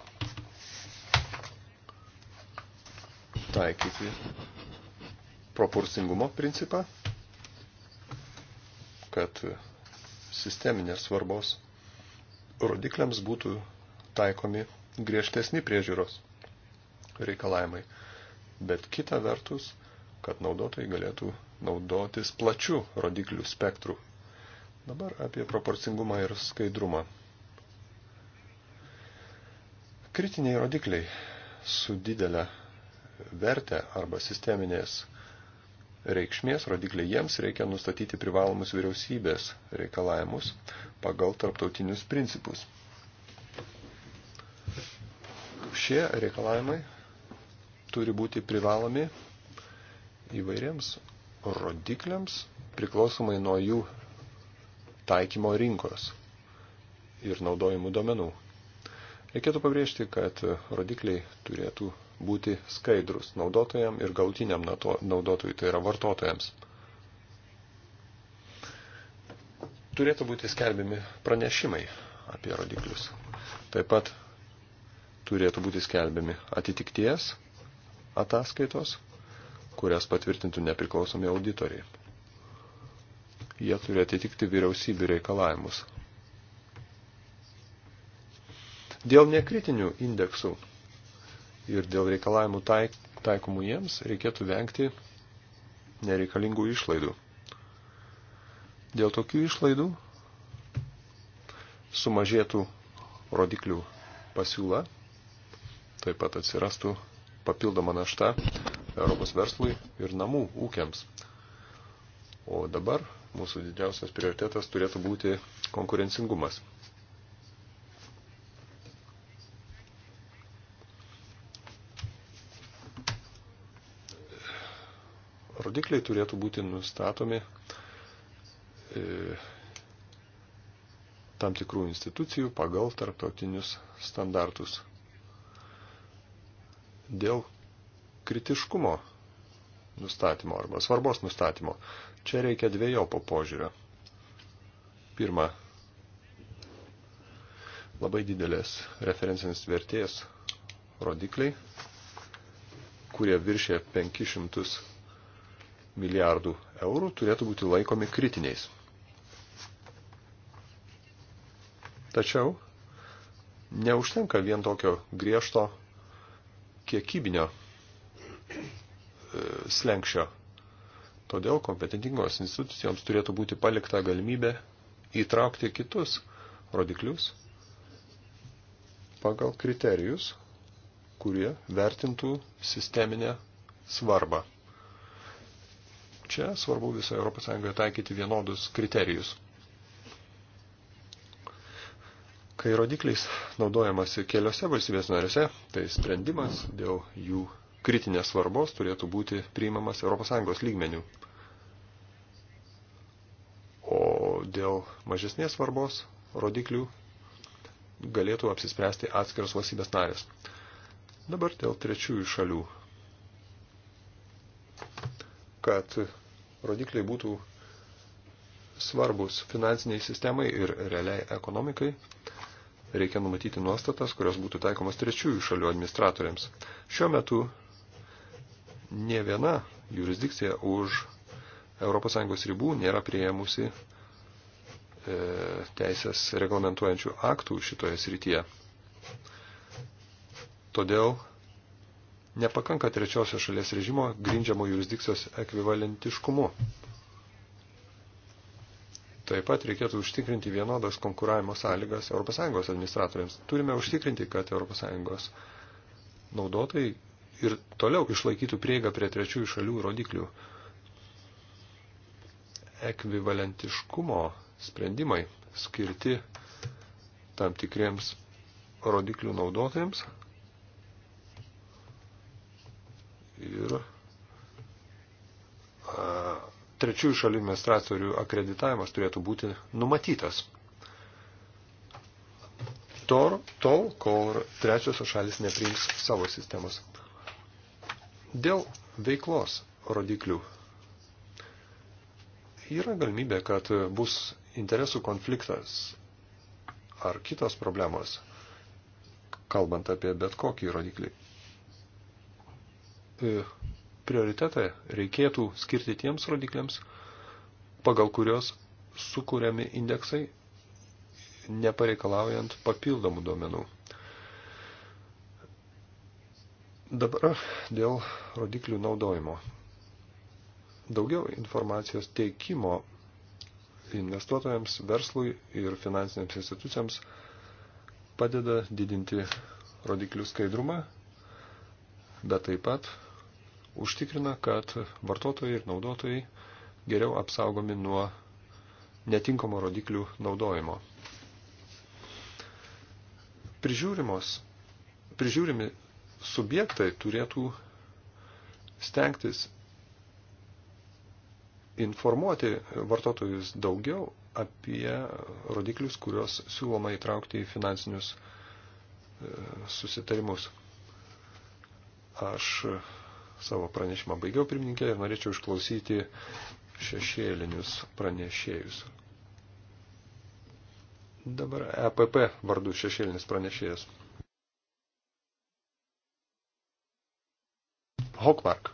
taikyti proporcingumo principą, kad sisteminės svarbos rodikliams būtų taikomi griežtesni priežiūros reikalavimai. Bet kita vertus, kad naudotojai galėtų naudotis plačių rodiklių spektrų. Dabar apie proporcingumą ir skaidrumą. Kritiniai rodikliai su didelė vertė arba sisteminės reikšmės rodikliai jiems reikia nustatyti privalomus vyriausybės reikalavimus pagal tarptautinius principus. Šie reikalavimai turi būti privalomi įvairiems rodikliams priklausomai nuo jų taikymo rinkos ir naudojimų domenų. Reikėtų pabrėžti, kad rodikliai turėtų būti skaidrus naudotojam ir galutiniam naudotojui, tai yra vartotojams. Turėtų būti skelbiami pranešimai apie rodiklius. Taip pat turėtų būti skelbiami atitikties ataskaitos, kurias patvirtintų nepriklausomi auditoriai. Jie turi atitikti vyriausybių reikalavimus. Dėl nekritinių indeksų ir dėl reikalavimų taik, taikomų jiems reikėtų vengti nereikalingų išlaidų. Dėl tokių išlaidų sumažėtų rodiklių pasiūla, taip pat atsirastų papildoma našta Europos verslui ir namų ūkiams. O dabar mūsų didžiausias prioritetas turėtų būti konkurencingumas. rodikliai turėtų būti nustatomi e, tam tikrų institucijų pagal tarptautinius standartus. Dėl kritiškumo nustatymo arba svarbos nustatymo čia reikia dviejopo požiūrio. Pirma, labai didelės referencinės vertės rodikliai, kurie viršė 500 milijardų eurų turėtų būti laikomi kritiniais. Tačiau neužtenka vien tokio griežto kiekybinio e, slengščio. Todėl kompetentingos institucijoms turėtų būti palikta galimybė įtraukti kitus rodiklius pagal kriterijus, kurie vertintų sisteminę svarbą. Čia svarbu visoje ES taikyti vienodus kriterijus. Kai rodikliais naudojamasi keliose valstybės narėse, tai sprendimas dėl jų kritinės svarbos turėtų būti priimamas ES lygmenių. O dėl mažesnės svarbos rodiklių galėtų apsispręsti atskiros valstybės narės. Dabar dėl trečiųjų šalių kad rodikliai būtų svarbus finansiniai sistemai ir realiai ekonomikai, reikia numatyti nuostatas, kurios būtų taikomas trečiųjų šalių administratoriams. Šiuo metu ne viena jurisdikcija už ES ribų nėra prieimusi e, teisės reglamentuojančių aktų šitoje srityje. Todėl nepakanka trečiosios šalies režimo grindžiamo jurisdikcijos ekvivalentiškumu. Taip pat reikėtų užtikrinti vienodas konkuravimo sąlygas ES administratoriams. Turime užtikrinti, kad ES naudotojai ir toliau išlaikytų prieigą prie trečiųjų šalių rodiklių. Ekvivalentiškumo sprendimai skirti tam tikriems rodiklių naudotojams ir trečiųjų šalių administratorių akreditavimas turėtų būti numatytas. Tor, tol, kol trečiosios šalis nepriims savo sistemos. Dėl veiklos rodiklių yra galimybė, kad bus interesų konfliktas ar kitos problemos, kalbant apie bet kokį rodiklį. E, prioritetą reikėtų skirti tiems rodikliams, pagal kurios sukūriami indeksai, nepareikalaujant papildomų duomenų. Dabar dėl rodiklių naudojimo. Daugiau informacijos teikimo investuotojams, verslui ir finansinėms institucijams padeda didinti rodiklių skaidrumą, bet taip pat užtikrina, kad vartotojai ir naudotojai geriau apsaugomi nuo netinkamo rodiklių naudojimo. Prižiūrimos, prižiūrimi subjektai turėtų stengtis informuoti vartotojus daugiau apie rodiklius, kuriuos siūloma įtraukti į finansinius e, susitarimus. Aš savo pranešimą baigiau pirmininkė ir norėčiau išklausyti šešėlinius pranešėjus. Dabar EPP vardu šešėlinis pranešėjas. Hokmark.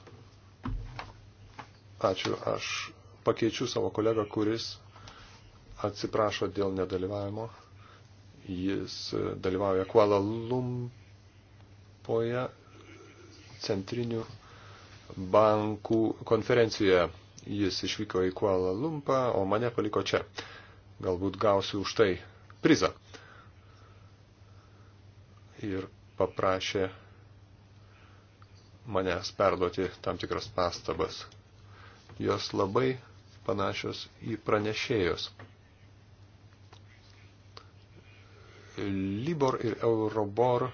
Ačiū, aš pakeičiu savo kolegą, kuris atsiprašo dėl nedalyvavimo. Jis dalyvauja Kuala Lumpoje centrinių bankų konferencijoje. Jis išvyko į Kuala Lumpą, o mane paliko čia. Galbūt gausiu už tai prizą. Ir paprašė manęs perduoti tam tikras pastabas. Jos labai panašios į pranešėjos. Libor ir Eurobor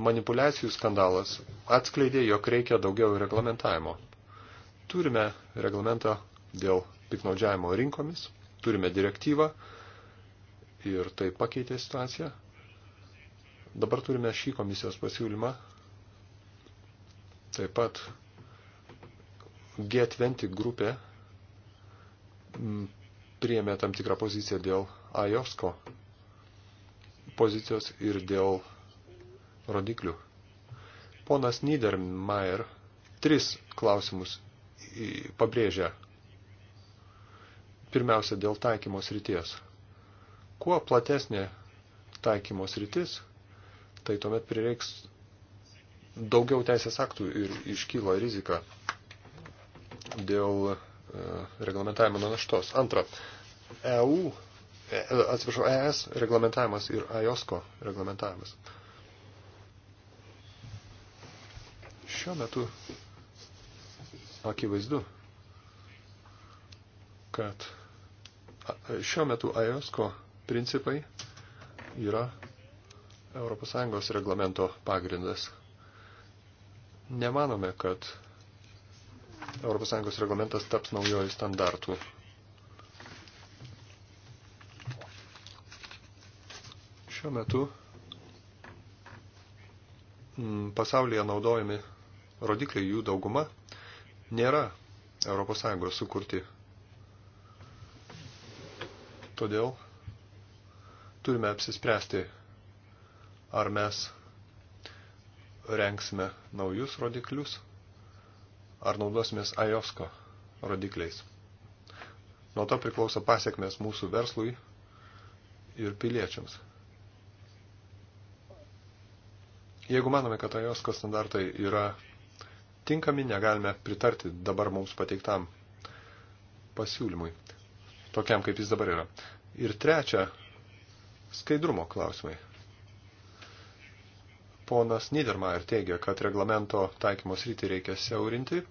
manipulacijų skandalas atskleidė, jog reikia daugiau reglamentavimo. Turime reglamentą dėl piknaudžiavimo rinkomis, turime direktyvą ir tai pakeitė situaciją. Dabar turime šį komisijos pasiūlymą, taip pat G20 grupė priėmė tam tikrą poziciją dėl AJOSKO pozicijos ir dėl rodiklių. Ponas Niedermayer tris klausimus pabrėžia. Pirmiausia, dėl taikymos ryties. Kuo platesnė taikymos rytis, tai tuomet prireiks daugiau teisės aktų ir iškyla rizika dėl e, reglamentavimo nuo naštos. Antra, EU, e, atsiprašau, ES reglamentavimas ir AJOSKO reglamentavimas. Šiuo metu akivaizdu, kad šiuo metu AESCO principai yra ES reglamento pagrindas. Nemanome, kad ES reglamentas taps naujoji standartų. Šiuo metu pasaulyje naudojami rodikliai jų dauguma nėra ES sukurti. Todėl turime apsispręsti, ar mes renksime naujus rodiklius, ar naudosimės AJOSKO rodikliais. Nuo to priklauso pasiekmes mūsų verslui ir piliečiams. Jeigu manome, kad AJOSKO standartai yra tinkami, negalime pritarti dabar mums pateiktam pasiūlymui, tokiam kaip jis dabar yra. Ir trečia, skaidrumo klausimai. Ponas Niedermayer teigia, kad reglamento taikymos rytį reikia siaurinti,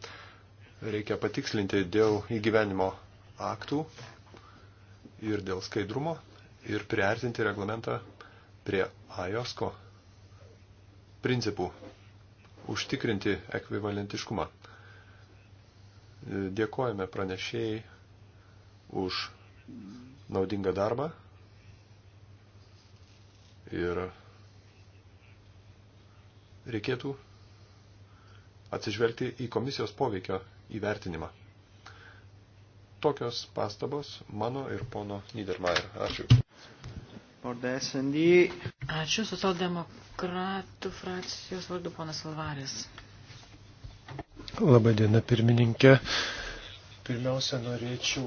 reikia patikslinti dėl įgyvenimo aktų ir dėl skaidrumo ir priartinti reglamentą prie AJOSKO principų užtikrinti ekvivalentiškumą. Dėkojame pranešėjai už naudingą darbą ir reikėtų atsižvelgti į komisijos poveikio įvertinimą. Tokios pastabos mano ir pono Niedermayer. Ačiū. Ačiū socialdemokratų frakcijos vardu ponas Alvaris. Labai diena pirmininkė. Pirmiausia, norėčiau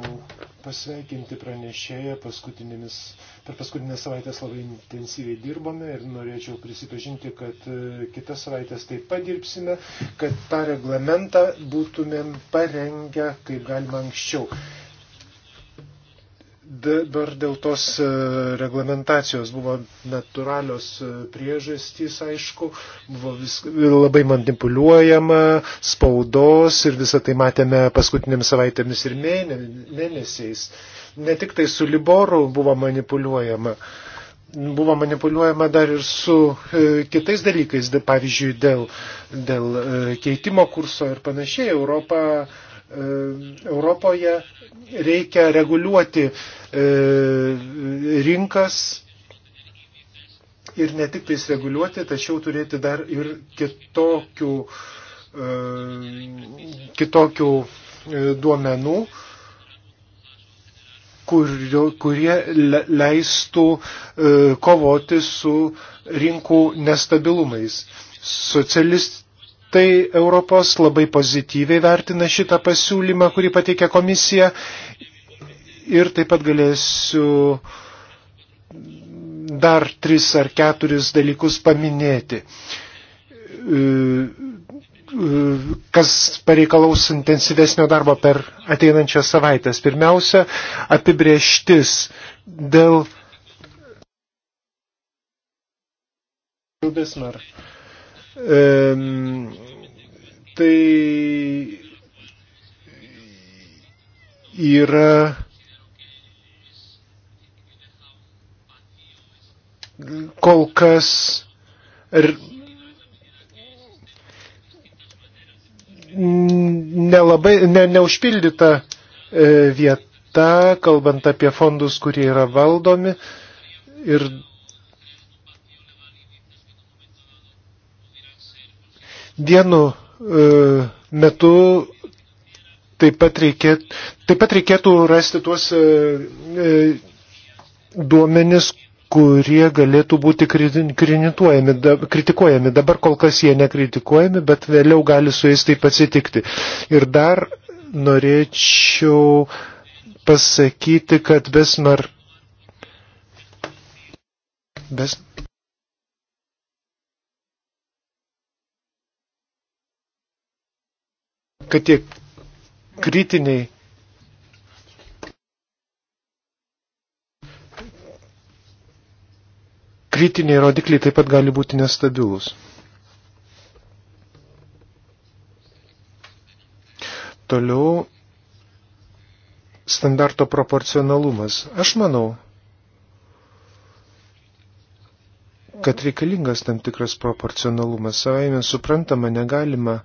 pasveikinti pranešėją. Per paskutinės savaitės labai intensyviai dirbome ir norėčiau prisipažinti, kad e, kitas savaitės taip pat dirbsime, kad tą reglamentą būtumėm parengę kaip galima anksčiau. Dabar dėl tos e, reglamentacijos buvo natūralios e, priežastys, aišku, buvo vis, labai manipuliuojama, spaudos ir visą tai matėme paskutinėmis savaitėmis ir mėnesiais. Ne tik tai su Liboru buvo manipuliuojama, buvo manipuliuojama dar ir su e, kitais dalykais, pavyzdžiui, dėl, dėl keitimo kurso ir panašiai. Europa Europoje reikia reguliuoti e, rinkas ir ne tik tais reguliuoti, tačiau turėti dar ir kitokių, e, kitokių e, duomenų, kur, kurie leistų kovoti su rinkų nestabilumais. Socialist, tai Europos labai pozityviai vertina šitą pasiūlymą, kurį pateikė komisija. Ir taip pat galėsiu dar tris ar keturis dalykus paminėti, e, e, kas pareikalaus intensyvesnio darbo per ateinančias savaitės. Pirmiausia, apibrieštis dėl. Bismarck Um, tai yra kol kas ar nelabai ne, neužpildyta e, vieta, kalbant apie fondus, kurie yra valdomi. Ir dienų e, metu taip pat, reikėt, taip pat reikėtų rasti tuos e, e, duomenis, kurie galėtų būti kritikuojami. Dabar kol kas jie nekritikuojami, bet vėliau gali su jais taip atsitikti. Ir dar norėčiau pasakyti, kad Besmar. Bes... kad tie kritiniai kritiniai rodikliai taip pat gali būti nestabilūs. Toliau standarto proporcionalumas. Aš manau, kad reikalingas tam tikras proporcionalumas. Savaime suprantama, negalima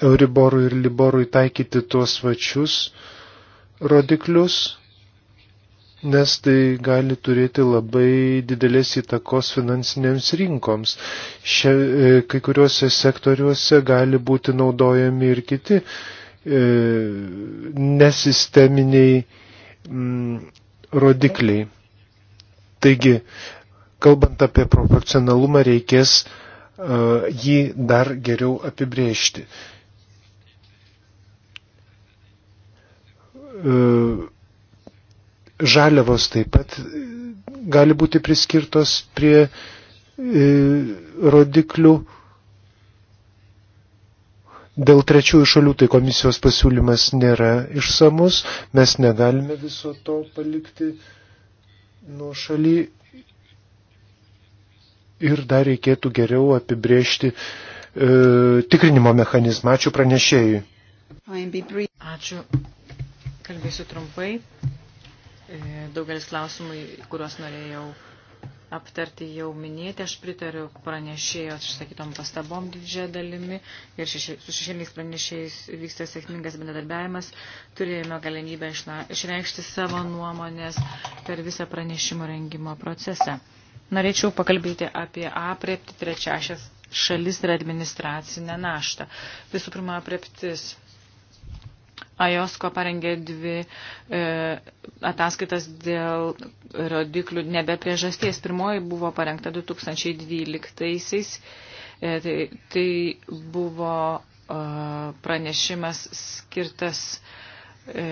Euriborui ir Liborui taikyti tuos pačius rodiklius, nes tai gali turėti labai didelės įtakos finansinėms rinkoms. Šia, e, kai kuriuose sektoriuose gali būti naudojami ir kiti e, nesisteminiai m, mm, rodikliai. Taigi, kalbant apie proporcionalumą, reikės e, jį dar geriau apibrėžti. E, žaliavos taip pat gali būti priskirtos prie e, rodiklių. Dėl trečiųjų šalių tai komisijos pasiūlymas nėra išsamus, mes negalime viso to palikti nuo šaly ir dar reikėtų geriau apibriežti e, tikrinimo mechanizmą. Ačiū pranešėjui. Ačiū Kalbėsiu trumpai. E, daugelis klausimų, kuriuos norėjau aptarti jau minėti, aš pritariu pranešėjos išsakytom pastabom didžiąją dalimi ir šeši, su šešėliniais pranešėjais vyksta sėkmingas bendradarbiavimas. Turėjome galimybę išna, išreikšti savo nuomonės per visą pranešimo rengimo procesą. Norėčiau pakalbėti apie apriepti trečiašias šalis ir administracinę naštą. Visų pirma, apreptis Ajosko parengė dvi e, ataskaitas dėl rodiklių nebe priežasties. Pirmoji buvo parengta 2012-aisiais. E, tai, tai buvo e, pranešimas skirtas e,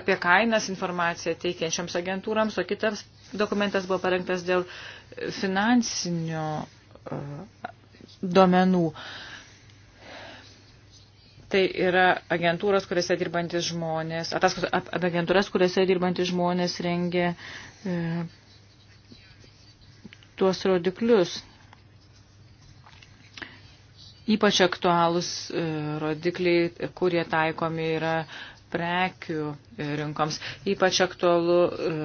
apie kainas informaciją teikiančioms agentūrams, o kitas dokumentas buvo parengtas dėl finansinio e, duomenų. E, Tai yra agentūros, kuriuose dirbantis žmonės, ataskaitos apie agentūras, kuriuose dirbantis žmonės rengia e, tuos rodiklius. Ypač aktualūs e, rodikliai, kurie taikomi yra prekių e, rinkoms. Ypač aktualu. E,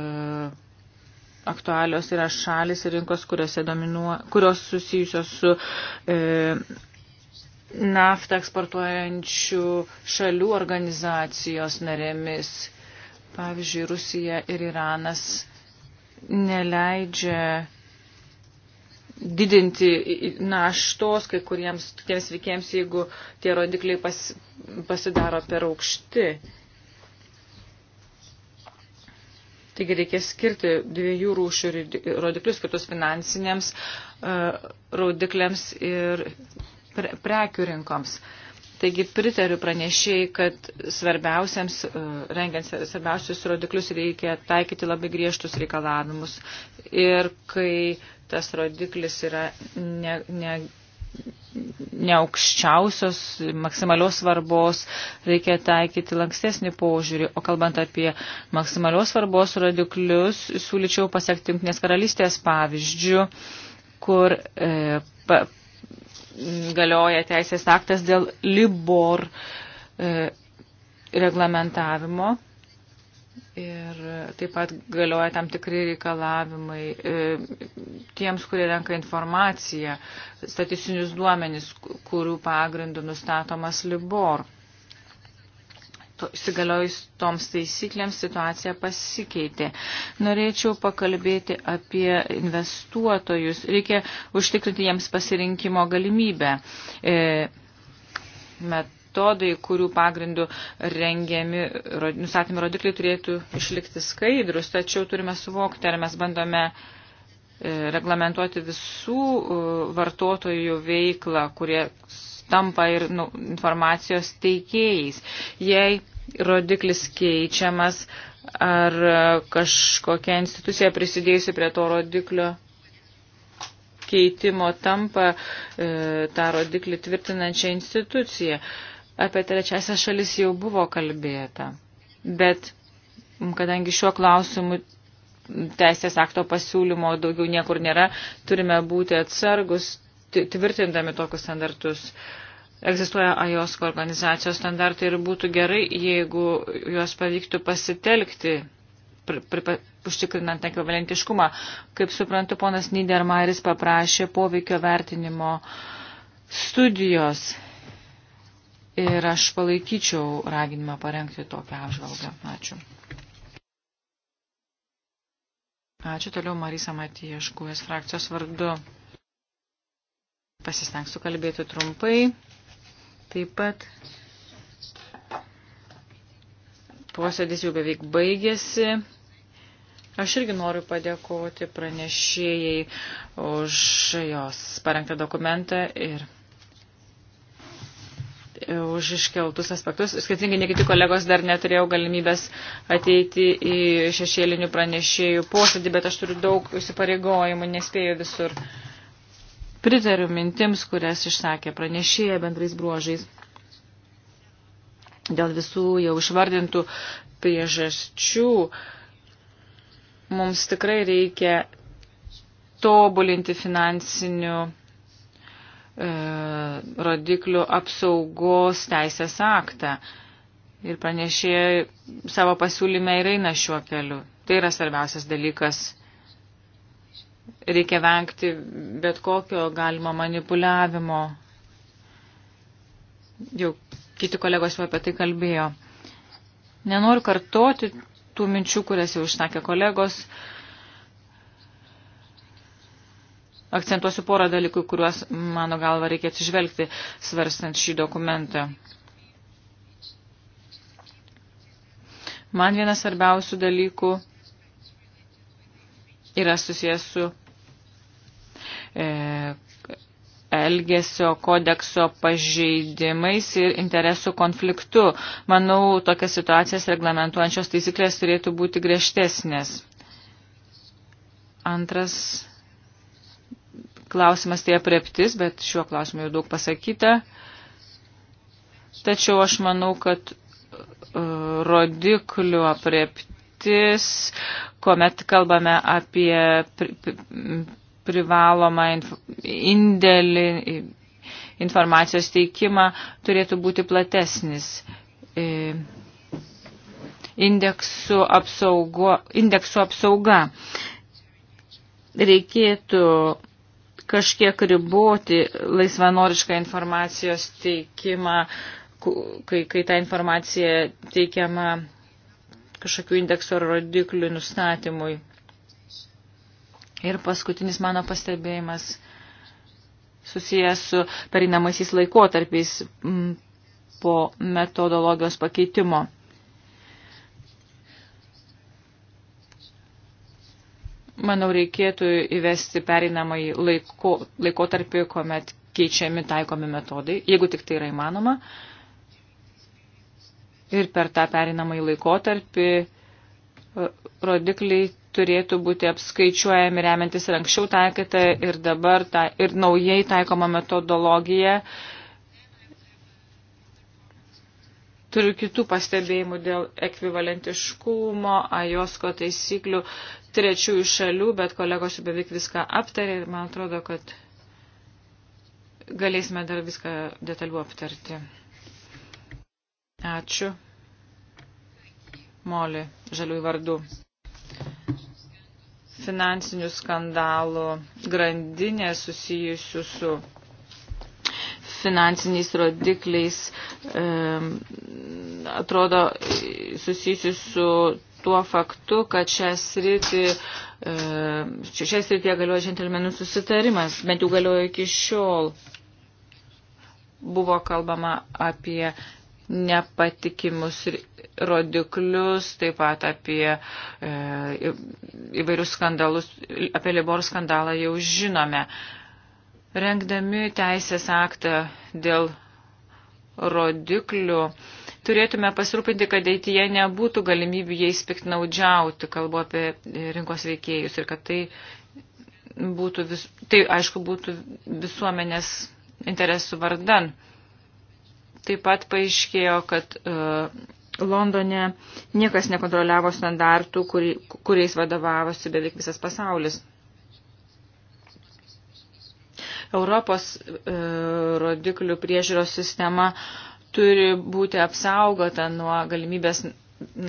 aktualios yra šalis ir rinkos, kurios susijusios su e, naftą eksportuojančių šalių organizacijos narėmis. Pavyzdžiui, Rusija ir Iranas neleidžia didinti naštos kai kuriems tiems veikėjams, jeigu tie rodikliai pas, pasidaro per aukšti. Taigi reikia skirti dviejų rūšių rodiklius skirtus finansiniams e, rodikliams ir pre, prekių rinkoms. Taigi pritariu pranešėjai, kad svarbiausiams, e, rengiant svarbiausius rodiklius reikia taikyti labai griežtus reikalavimus. Ir kai tas rodiklis yra ne, ne, neaukščiausios, maksimalios svarbos, reikia taikyti lankstesnį požiūrį. O kalbant apie maksimalios svarbos rodiklius, siūlyčiau pasiekti Junktinės karalystės pavyzdžių, kur e, pa, galioja teisės aktas dėl Libor e, reglamentavimo ir taip pat galioja tam tikri reikalavimai e, tiems, kurie renka informaciją, statistinius duomenis, kurių pagrindų nustatomas Libor to, įsigaliojus toms taisyklėms situacija pasikeitė. Norėčiau pakalbėti apie investuotojus. Reikia užtikrinti jiems pasirinkimo galimybę. E, metodai, kurių pagrindų rengiami, nusatymi rodikliai turėtų išlikti skaidrus, tačiau turime suvokti, ar mes bandome e, reglamentuoti visų e, vartotojų veiklą, kurie tampa ir nu, informacijos teikėjais. Jei rodiklis keičiamas, ar kažkokia institucija prisidėjusi prie to rodiklio keitimo tampa e, tą rodiklį tvirtinančią instituciją. Apie trečiasią šalis jau buvo kalbėta, bet kadangi šiuo klausimu teisės akto pasiūlymo daugiau niekur nėra, turime būti atsargus, tvirtindami tokius standartus. Egzistuoja AJOSKO organizacijos standartai ir būtų gerai, jeigu juos pavyktų pasitelkti pri, pri, užtikrinant ekvivalentiškumą. Kaip suprantu, ponas Niedermayeris paprašė poveikio vertinimo studijos ir aš palaikyčiau raginimą parengti tokią apžvalgą. Ačiū. Ačiū toliau Marisa Matijaškų, es frakcijos vardu. Pasistengsiu kalbėti trumpai. Taip pat posėdis jau beveik baigėsi. Aš irgi noriu padėkoti pranešėjai už jos parengtą dokumentą ir už iškeltus aspektus. Skirtingai nei kiti kolegos dar neturėjau galimybės ateiti į šešėlinių pranešėjų posėdį, bet aš turiu daug įsipareigojimų, nespėjau visur uh, Pritariu mintims, kurias išsakė pranešėja bendrais bruožais. Dėl visų jau išvardintų priežasčių mums tikrai reikia tobulinti finansinių e, rodiklių apsaugos teisės aktą. Ir pranešė savo pasiūlyme ir eina šiuo keliu. Tai yra svarbiausias dalykas Reikia vengti bet kokio galimo manipuliavimo. Jau kiti kolegos jau apie tai kalbėjo. Nenoriu kartoti tų minčių, kurias jau išsakė kolegos. Akcentuosiu porą dalykų, kuriuos, mano galva, reikia atsižvelgti, svarstant šį dokumentą. Man vienas svarbiausių dalykų yra susijęs su e, elgesio kodekso pažeidimais ir interesų konfliktu. Manau, tokias situacijas reglamentuojančios taisyklės turėtų būti griežtesnės. Antras klausimas tai apreptis, bet šiuo klausimu jau daug pasakyta. Tačiau aš manau, kad e, rodiklių apreptis sritis, kuomet kalbame apie privalomą indėlį, informacijos teikimą, turėtų būti platesnis. Indeksų, apsaugo, indeksų apsauga. Reikėtų kažkiek riboti laisvanorišką informacijos teikimą, kai, kai ta informacija teikiama kažkokių indekso rodiklių nustatymui. Ir paskutinis mano pastebėjimas susijęs su pereinamaisiais laikotarpiais mm, po metodologijos pakeitimo. Manau, reikėtų įvesti pereinamąjį laiko, laikotarpį, kuomet keičiami taikomi metodai, jeigu tik tai yra įmanoma. Uh, ir per tą perinamąjį laikotarpį e, rodikliai turėtų būti apskaičiuojami remiantis ir anksčiau taikytą ir dabar ta, ir naujai taikoma metodologija. Turiu kitų pastebėjimų dėl ekvivalentiškumo, ajosko taisyklių, trečiųjų šalių, bet kolegos jau beveik viską aptarė ir man atrodo, kad galėsime dar viską detaliu aptarti. Ačiū. Moli, žaliųjų vardų. Finansinių skandalų grandinė susijusių su finansiniais rodikliais e, atrodo susijusi su tuo faktu, kad šią sritį, e, šią sritį galioja džentelmenų susitarimas, bent jau galioja iki šiol. Buvo kalbama apie nepatikimus rodiklius, taip pat apie e, įvairius skandalus, apie Libor skandalą jau žinome. Rengdami teisės aktą dėl rodiklių, turėtume pasirūpinti, kad ateityje nebūtų galimybių jais piktnaudžiauti, kalbu apie rinkos veikėjus ir kad tai būtų, vis, tai aišku, būtų visuomenės interesų vardan. Taip pat paaiškėjo, kad e, Londone niekas nekontroliavo standartų, kuriais vadovavosi beveik visas pasaulis. Europos e, rodiklių priežiūros sistema turi būti apsaugota nuo galimybės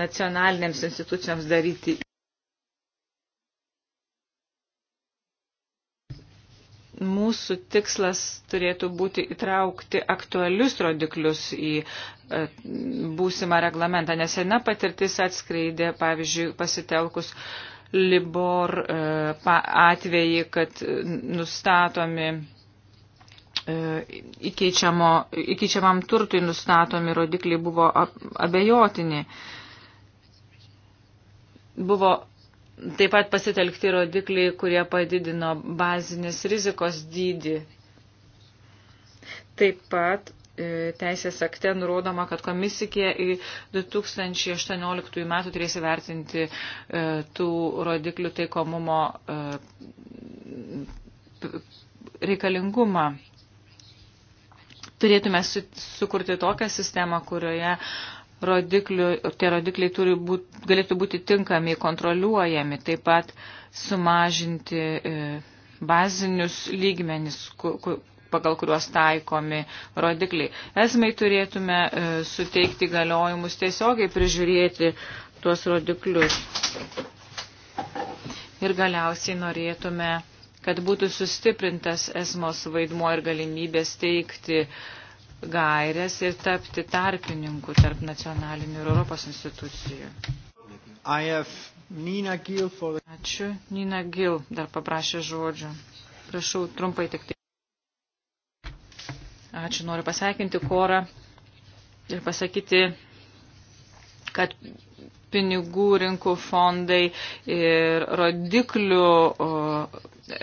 nacionalinėms institucijoms daryti mūsų tikslas turėtų būti įtraukti aktualius rodiklius į e, būsimą reglamentą, nes sena patirtis atskleidė, pavyzdžiui, pasitelkus Libor e, atvejį, kad nustatomi e, įkeičiamo, įkeičiamam turtui nustatomi rodikliai buvo abejotini. Buvo Taip pat pasitelkti rodikliai, kurie padidino bazinės rizikos dydį. Taip pat e, teisės akte nurodoma, kad komisija į 2018 metų turės įvertinti e, tų rodiklių taikomumo e, reikalingumą. Turėtume sukurti tokią sistemą, kurioje rodiklių, tie rodikliai turi būt, galėtų būti tinkami, kontroliuojami, taip pat sumažinti e, bazinius lygmenis, pagal kuriuos taikomi rodikliai. Esmai turėtume e, suteikti galiojimus tiesiogiai prižiūrėti tuos rodiklius. Ir galiausiai norėtume, kad būtų sustiprintas esmos vaidmuo ir galimybės teikti uh, gairias ir tapti tarpininku tarp nacionalinių ir Europos institucijų. Nina for... Ačiū. Nina Gil dar paprašė žodžio. Prašau, trumpai tik tai. Ačiū, noriu pasveikinti korą ir pasakyti, kad pinigų rinkų fondai ir rodiklių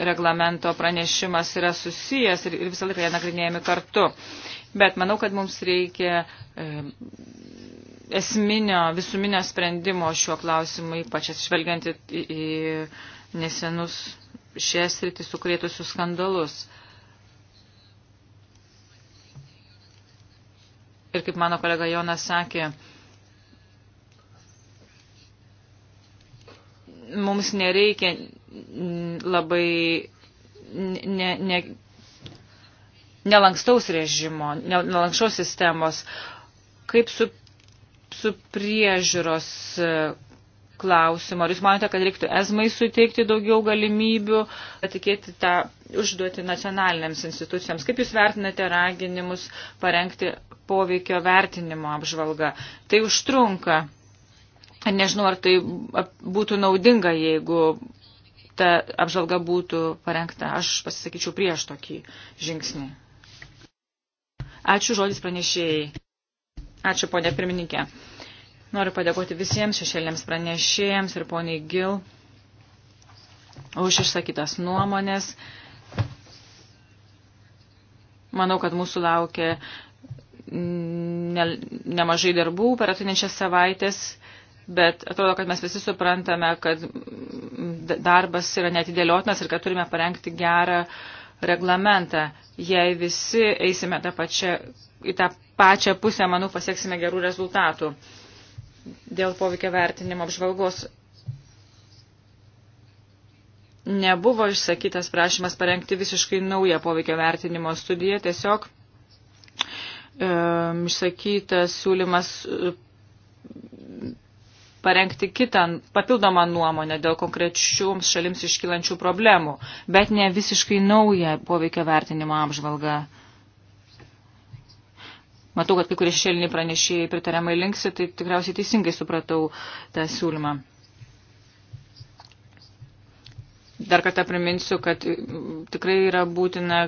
reglamento pranešimas yra susijęs ir visą laiką jie nagrinėjami kartu. Uh, Bet manau, kad mums reikia e, esminio, visuminio sprendimo šiuo klausimu, ypač atšvelgiant į, į nesenus šias rytis sukrėtusius skandalus. Ir kaip mano kolega Jonas sakė, mums nereikia labai ne, ne, nelankstaus režimo, nelankščios sistemos, kaip su, su priežiūros e, klausimu. Ar jūs manote, kad reiktų esmai suteikti daugiau galimybių, atikėti tą užduoti nacionalinėms institucijoms? Kaip jūs vertinate raginimus parengti poveikio vertinimo apžvalgą? Tai užtrunka. Nežinau, ar tai būtų naudinga, jeigu ta apžvalga būtų parengta. Aš pasisakyčiau prieš tokį žingsnį. Ačiū žodis pranešėjai. Ačiū, ponė pirmininkė. Noriu padėkoti visiems šešėlėms pranešėjams ir poniai Gil už išsakytas nuomonės. Manau, kad mūsų laukia ne, nemažai darbų per atinančias savaitės, bet atrodo, kad mes visi suprantame, kad darbas yra netidėliotinas ir kad turime parengti gerą uh, reglamentą. Jei visi eisime tą pačią, į tą pačią pusę, manau, pasieksime gerų rezultatų dėl poveikio vertinimo apžvalgos. Nebuvo išsakytas prašymas parengti visiškai naują poveikio vertinimo studiją, tiesiog e, išsakytas siūlymas parengti kitą papildomą nuomonę dėl konkrečioms šalims iškylančių problemų, bet ne visiškai naują poveikio vertinimo apžvalgą. Matau, kad kai kurie šešėliniai pranešėjai pritariamai linksi, tai tikriausiai teisingai supratau tą siūlymą. Dar kartą priminsiu, kad e, tikrai yra būtina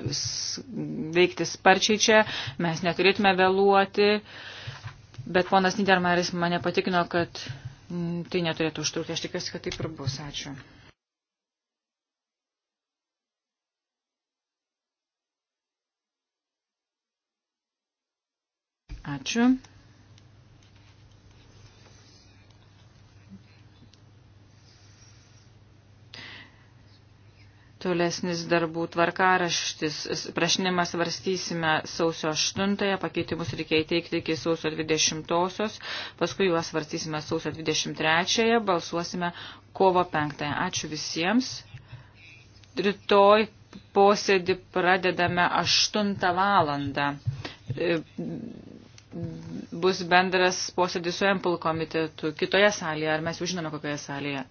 veikti sparčiai čia, mes neturėtume vėluoti, bet ponas Nidermaris mane patikino, kad Mm, tai neturėtų užtrukti. Aš tikiuosi, kad taip ir bus. Ačiū. Ačiū. Tolesnis darbų tvarkaraštis. Prašinimą svarstysime sausio 8, pakeitimus reikia įteikti iki sausio 20, paskui juos svarstysime sausio 23, balsuosime kovo 5. Ačiū visiems. Rytoj posėdį pradedame 8 valandą. E, bus bendras posėdis su Empul komitetu kitoje salėje, ar mes jau žinome kokioje salėje.